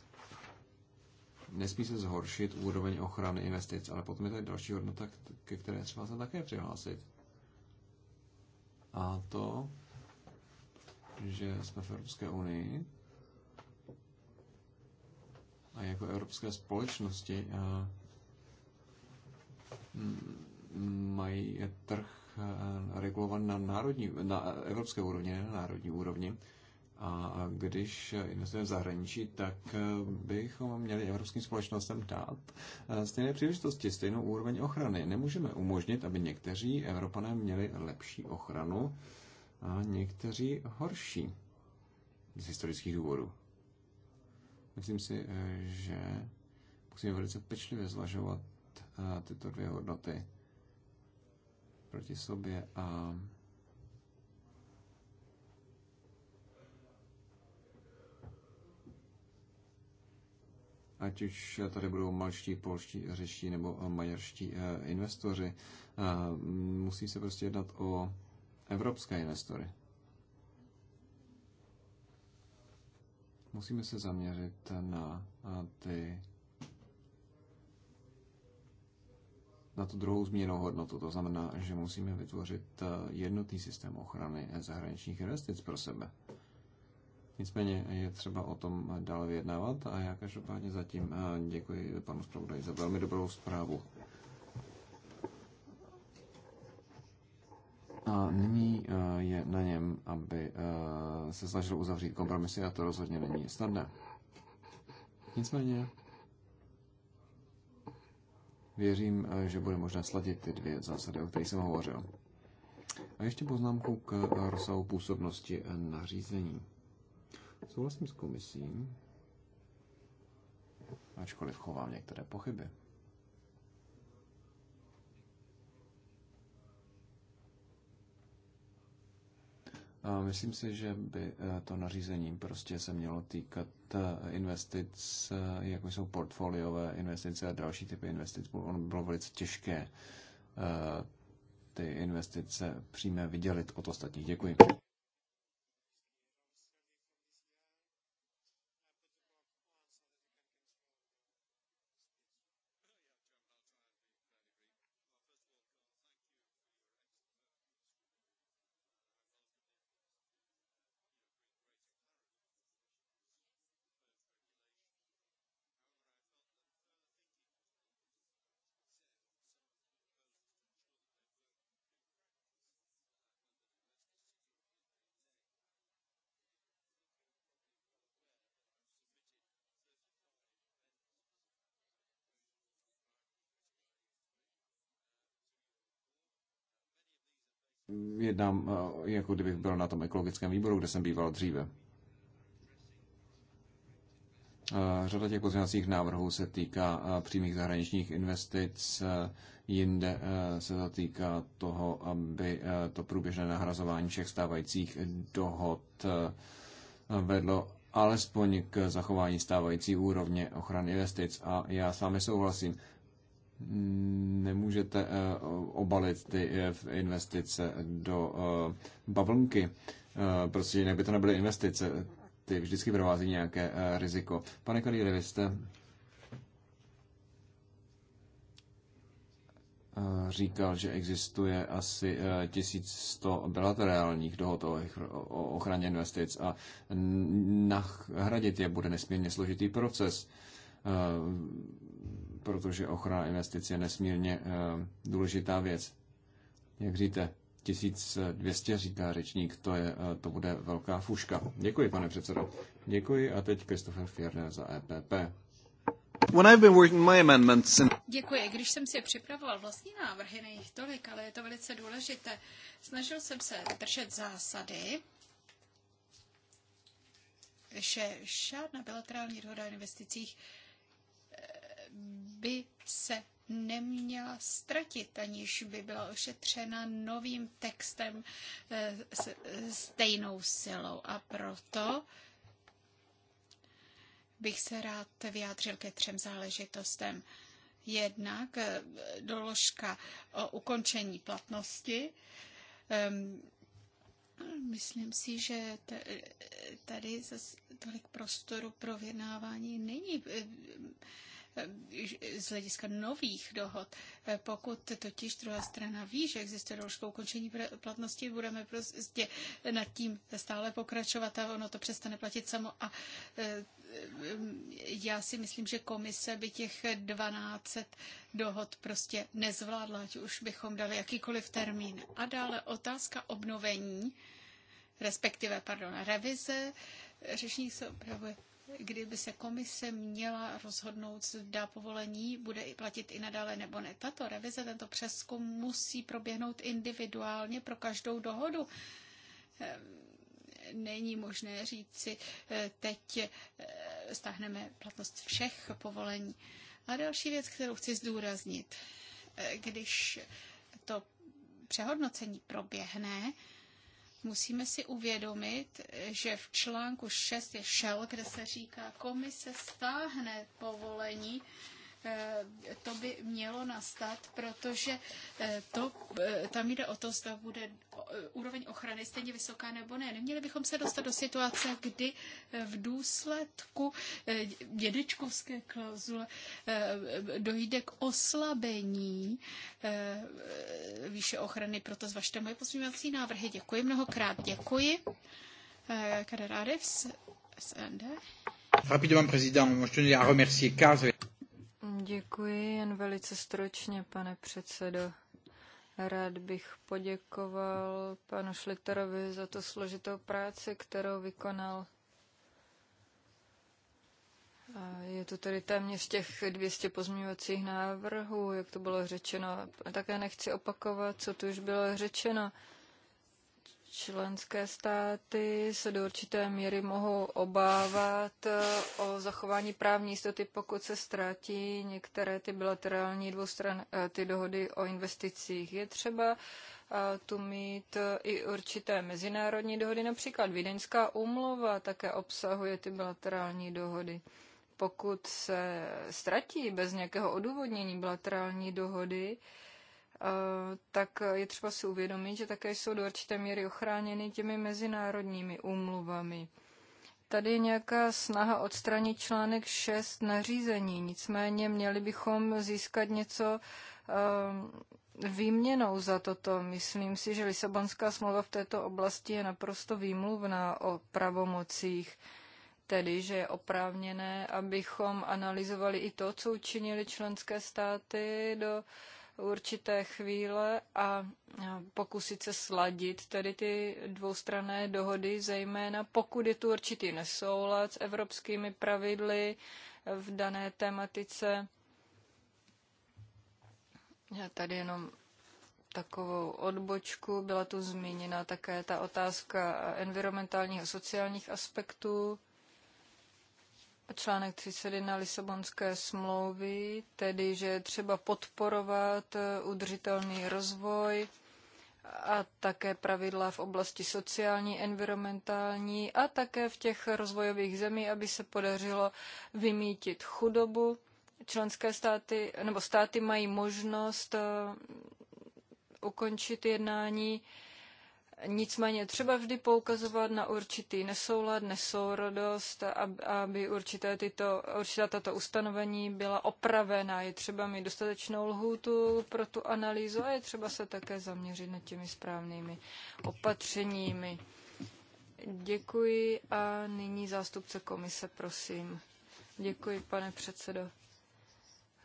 Nesmí se zhoršit úroveň ochrany investic, ale potom je tady další hodnota, ke které třeba se také přihlásit. A to, že jsme v Evropské unii a jako evropské společnosti eh, mají trh eh, regulovaný na, národní, na evropské úrovni, ne na národní úrovni. A když investujeme v zahraničí, tak eh, bychom měli evropským společnostem dát eh, stejné příležitosti, stejnou úroveň ochrany. Nemůžeme umožnit, aby někteří Evropané měli lepší ochranu a někteří horší z historických důvodů. Myslím si, že musíme velice pečlivě zvažovat tyto dvě hodnoty proti sobě a ať už tady budou malští, polští, řeští nebo maďarští eh, investoři, eh, musí se prostě jednat o evropské investory. Musíme se zaměřit na ty na tu druhou změnou hodnotu. To znamená, že musíme vytvořit eh, jednotný systém ochrany zahraničních investic pro sebe. Nicméně je třeba o tom dále vyjednávat a já každopádně zatím eh, děkuji panu zpravodaji za velmi dobrou zprávu. A nyní eh, je na něm, aby se snažil uzavřít kompromisy a to rozhodně není snadné. Nicméně Věřím, eh, že bude možné sladit ty dvě zásady, o kterých jsem hovořil. A ještě poznámku k eh, rozsahu působnosti eh, nařízení. Souhlasím s komisí, ačkoliv chovám některé pochyby. myslím si, že by eh, to nařízení prostě se mělo týkat eh, investic, eh, jako jsou portfoliové investice a další typy investic. Ono bylo velice těžké ty investice přímé vydělit od ostatních. Děkuji. jednám, eh, jako kdybych byl na tom ekologickém výboru, kde jsem býval dříve. Eh, řada těch pozměňovacích návrhů se týká eh, přímých zahraničních investic, jinde se to týká toho, aby to průběžné nahrazování všech stávajících dohod vedlo alespoň k zachování stávající úrovně ochrany investic. A já s vámi souhlasím, nemůžete eh, obalit ty eh, investice do eh, bavlnky, prostě jinak by to nebyly investice, ty vždycky provází nějaké riziko. Pane Kalíry, vy jste říkal, že existuje asi 1100 bilaterálních dohod o ochraně investic a nahradit je bude nesmírně složitý proces protože ochrana investic je nesmírně eh, důležitá věc. Jak říte, 1200 říká řečník, to, je, eh, to bude velká fuška. Děkuji, pane předsedo. Děkuji a teď Christopher Fierner za EPP. When I've been working my amendments and... Děkuji. Když jsem si připravoval vlastní návrhy, ne jich tolik, ale je to velice důležité. Snažil jsem se držet zásady, že žádná bilaterální dohoda o investicích by se neměla ztratit, aniž by byla ošetřena novým textem eh, s stejnou silou. A proto bych se rád vyjádřil ke třem záležitostem. Jednak eh, doložka o ukončení platnosti. Ehm, myslím si, že tady zase tolik prostoru pro vyjednávání není ehm, Eh, z hlediska nových dohod. Eh, pokud totiž druhá strana ví, že existuje doložka ukončení platnosti, budeme prostě nad tím stále pokračovat a ono to přestane platit samo a eh, já si myslím, že komise by těch 12 dohod prostě nezvládla, ať už bychom dali jakýkoliv termín. A dále otázka obnovení, respektive, pardon, revize, řešení se opravuje kdyby se komise měla rozhodnout, zda povolení bude i platit i nadále nebo ne. Tato revize, tento přeskum musí proběhnout individuálně pro každou dohodu ehm, není možné říci, eh, teď eh, stáhneme platnost všech povolení. A další věc, kterou chci zdůraznit, eh, když to přehodnocení proběhne, musíme si uvědomit, že v článku 6 je šel, kde se říká, komise stáhne povolení Eh, to by mělo nastat, protože eh, to, eh, tam jde o to, zda bude úroveň ochrany stejně vysoká nebo ne. Neměli bychom se dostat do situace, kdy v důsledku dědečkovské klauzule dojde k oslabení výše ochrany. Proto zvažte moje pozměňovací návrhy. Děkuji mnohokrát. Děkuji. Kader Arif, SND. Rapidement, Président, je tenais à remercier Carl. Děkuji jen velice stročně, pane předsedo. Rád bych poděkoval panu Šliterovi za to složitou práci, kterou vykonal. A je to tedy téměř těch 200 pozměňovacích návrhů, jak to bylo řečeno. Také nechci opakovat, co tu už bylo řečeno. Členské státy se do určité míry mohou obávat eh, o zachování právní jistoty, pokud se ztratí některé ty bilaterální dvoustran, eh, ty dohody o investicích. Je třeba eh, tu mít i určité mezinárodní dohody, například Vídeňská úmluva také obsahuje ty bilaterální dohody. Pokud se ztratí bez nějakého odůvodnění bilaterální dohody, Eh, tak je třeba si uvědomit, že také jsou do určité míry ochráněny těmi mezinárodními úmluvami. Tady je nějaká snaha odstranit článek 6 nařízení, nicméně měli bychom získat něco eh, výměnou za toto. Myslím si, že Lisabonská smlouva v této oblasti je naprosto výmluvná o pravomocích, tedy že je oprávněné, abychom analyzovali i to, co učinili členské státy do uh, určité chvíle a pokusit se sladit tedy ty dvoustranné dohody, zejména pokud je tu určitý nesoulad s evropskými pravidly v dané tematice. Já tady jenom takovou odbočku. Byla tu zmíněna také ta otázka environmentálních a sociálních aspektů článek 31 Lisabonské smlouvy, tedy že je třeba podporovat eh, udržitelný rozvoj a také pravidla v oblasti sociální, environmentální a také v těch rozvojových zemí, aby se podařilo vymítit chudobu. Členské státy nebo státy mají možnost eh, ukončit jednání uh, Nicméně třeba vždy poukazovat na určitý nesoulad, nesourodost, aby určité tyto, určitá tato ustanovení byla opravena. Je třeba mít dostatečnou lhůtu pro tu analýzu a je třeba se také zaměřit na těmi správnými opatřeními. Děkuji a nyní zástupce komise, prosím. Děkuji, pane předsedo.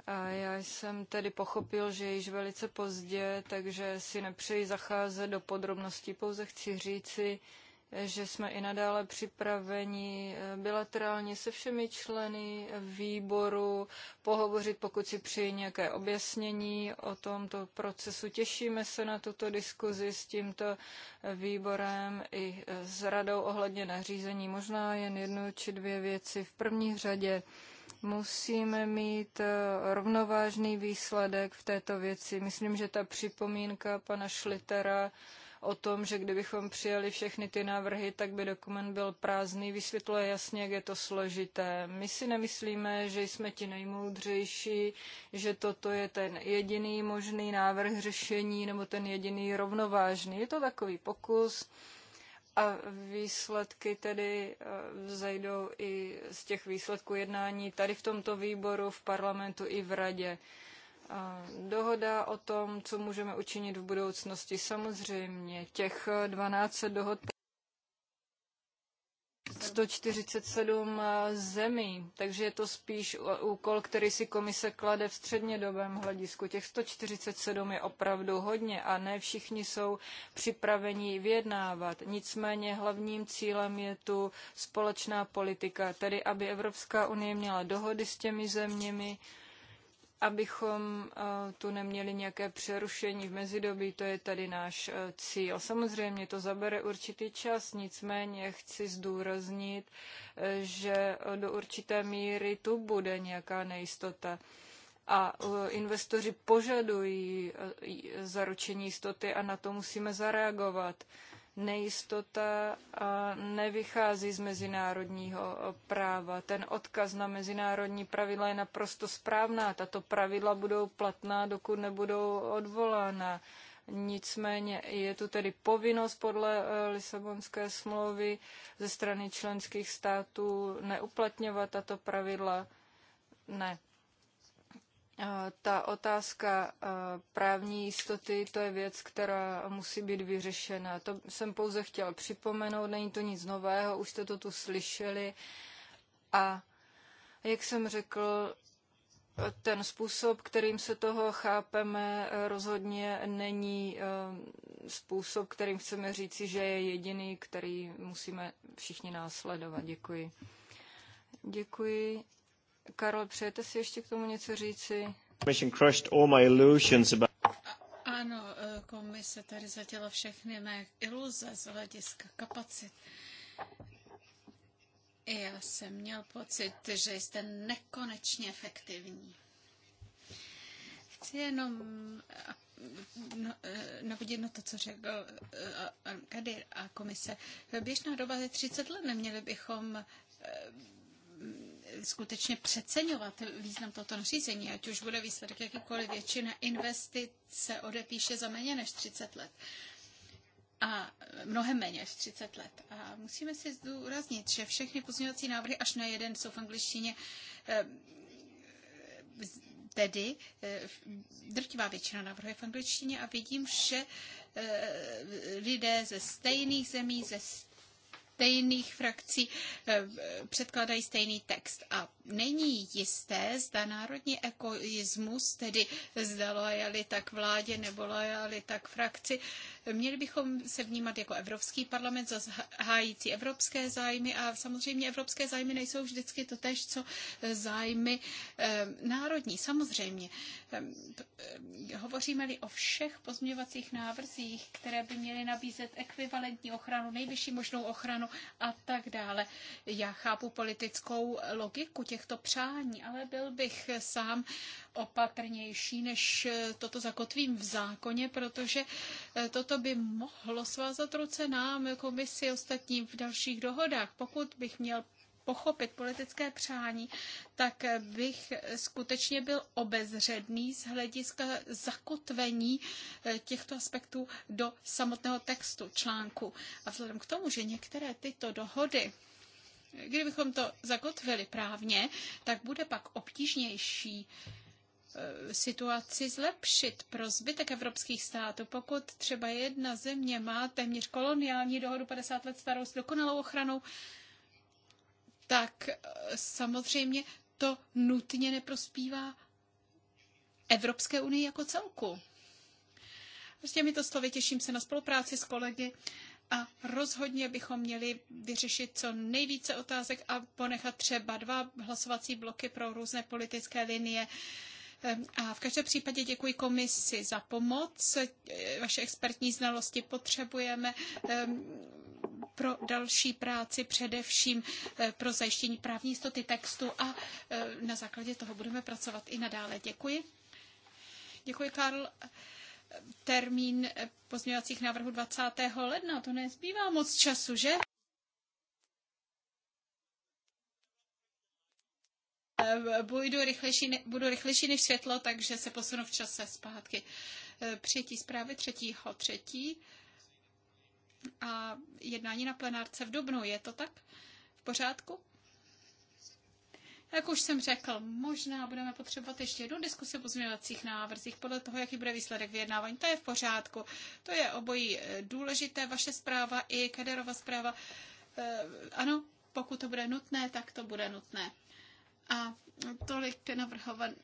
A já jsem tedy pochopil, že je již velice pozdě, takže si nepřeji zacházet do podrobností. Pouze chci říci, že jsme i nadále připraveni eh, bilaterálně se všemi členy výboru pohovořit, pokud si přeji nějaké objasnění o tomto procesu. Těšíme se na tuto diskuzi s tímto výborem i eh, s radou ohledně nařízení. Možná jen jednu či dvě věci. V první řadě Musíme mít eh, rovnovážný výsledek v této věci. Myslím, že ta připomínka pana Šlitera o tom, že kdybychom přijali všechny ty návrhy, tak by dokument byl prázdný, vysvětluje jasně, jak je to složité. My si nemyslíme, že jsme ti nejmoudřejší, že toto je ten jediný možný návrh řešení nebo ten jediný rovnovážný. Je to takový pokus a výsledky tedy eh, vzejdou i z těch výsledků jednání tady v tomto výboru, v parlamentu i v radě. Eh, dohoda o tom, co můžeme učinit v budoucnosti, samozřejmě těch 12 dohod 147 eh, zemí, takže je to spíš úkol, který si komise klade v střednědobém hledisku. Těch 147 je opravdu hodně a ne všichni jsou připraveni vyjednávat. Nicméně hlavním cílem je tu společná politika, tedy aby Evropská unie měla dohody s těmi zeměmi, abychom eh, tu neměli nějaké přerušení v mezidobí, to je tady náš eh, cíl. Samozřejmě to zabere určitý čas, nicméně chci zdůraznit, eh, že do určité míry tu bude nějaká nejistota. A investoři požadují zaručení jistoty a na to musíme zareagovat nejistota nevychází z mezinárodního práva. Ten odkaz na mezinárodní pravidla je naprosto správná. Tato pravidla budou platná, dokud nebudou odvolána. Nicméně je tu tedy povinnost podle eh, Lisabonské smlouvy ze strany členských států neuplatňovat tato pravidla. Ne. Eh, ta otázka eh, právní jistoty, to je věc, která musí být vyřešena. To jsem pouze chtěl připomenout, není to nic nového, už jste to tu slyšeli. A jak jsem řekl, ten způsob, kterým se toho chápeme, eh, rozhodně není způsob, kterým chceme říci, že je jediný, který musíme všichni následovat. Děkuji. Děkuji. Karol, přejete si ještě k tomu něco říci? Ano, eh, komise tady zatěla všechny mé iluze z hlediska kapacit. Já jsem měl pocit, že jste nekonečně efektivní. Chci jenom no, eh, navodit na to, co řekl eh, Kadir a komise. Běžná doba je 30 let, neměli bychom skutečně přeceňovat význam tohoto nařízení, ať už bude výsledek jakýkoliv většina investice se odepíše za méně než 30 let. A mnohem méně než 30 let. A musíme si zdůraznit, že všechny pozměňovací návrhy až na jeden jsou v angličtině eh, tedy eh, drtivá většina je v angličtině a vidím, že eh, lidé ze stejných zemí, ze stejných frakcí eh, předkládají stejný text. A není jisté, zda národní egoismus, tedy zda lojalita k vládě nebo lojalita k frakci, Měli bychom se vnímat jako Evropský parlament za hájící evropské zájmy a samozřejmě evropské zájmy nejsou vždycky to tež, co e, zájmy e, národní. Samozřejmě, e, hovoříme-li o všech pozměňovacích návrzích, které by měly nabízet ekvivalentní ochranu, nejvyšší možnou ochranu a tak dále. Já chápu politickou logiku těchto přání, ale byl bych sám opatrnější, než toto zakotvím v zákoně, protože toto to by mohlo svázat ruce nám, komisi ostatním v dalších dohodách. Pokud bych měl pochopit politické přání, tak bych skutečně byl obezředný z hlediska zakotvení eh, těchto aspektů do samotného textu článku. A vzhledem k tomu, že některé tyto dohody eh, kdybychom to zakotvili právně, tak bude pak obtížnější Eh, situaci zlepšit pro zbytek evropských států. Pokud třeba jedna země má téměř koloniální dohodu 50 let starou s dokonalou ochranou, tak eh, samozřejmě to nutně neprospívá Evropské unii jako celku. S těmito prostě slovy těším se na spolupráci s kolegy a rozhodně bychom měli vyřešit co nejvíce otázek a ponechat třeba dva hlasovací bloky pro různé politické linie. A v každém případě děkuji komisi za pomoc. E, vaše expertní znalosti potřebujeme pro další práci, především e, pro zajištění právní jistoty textu a e, na základě toho budeme pracovat i nadále. Děkuji. Děkuji, Karl. Termín pozměňovacích návrhů 20. ledna, to nezbývá moc času, že? Eh, Půjdu rychlejší, budu rychlejší než světlo, takže se posunu v čase zpátky. Eh, Přijetí zprávy 3. 3. A jednání na plenárce v Dubnu, je to tak? V pořádku? Jak už jsem řekl, možná budeme potřebovat ještě jednu diskusi o pozměňovacích návrzích podle toho, jaký bude výsledek vyjednávání. To je v pořádku. To je obojí eh, důležité, vaše zpráva i Kaderova zpráva. Ano, pokud to bude nutné, tak to bude nutné. A tolik navrhovaný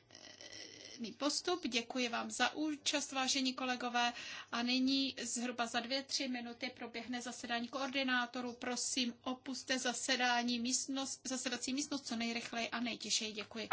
postup. Děkuji vám za účast, vážení kolegové. A nyní zhruba za dvě, tři minuty proběhne zasedání koordinátorů. Prosím, opuste zasedání místnost, zasedací místnost co nejrychleji a nejtišeji. Děkuji.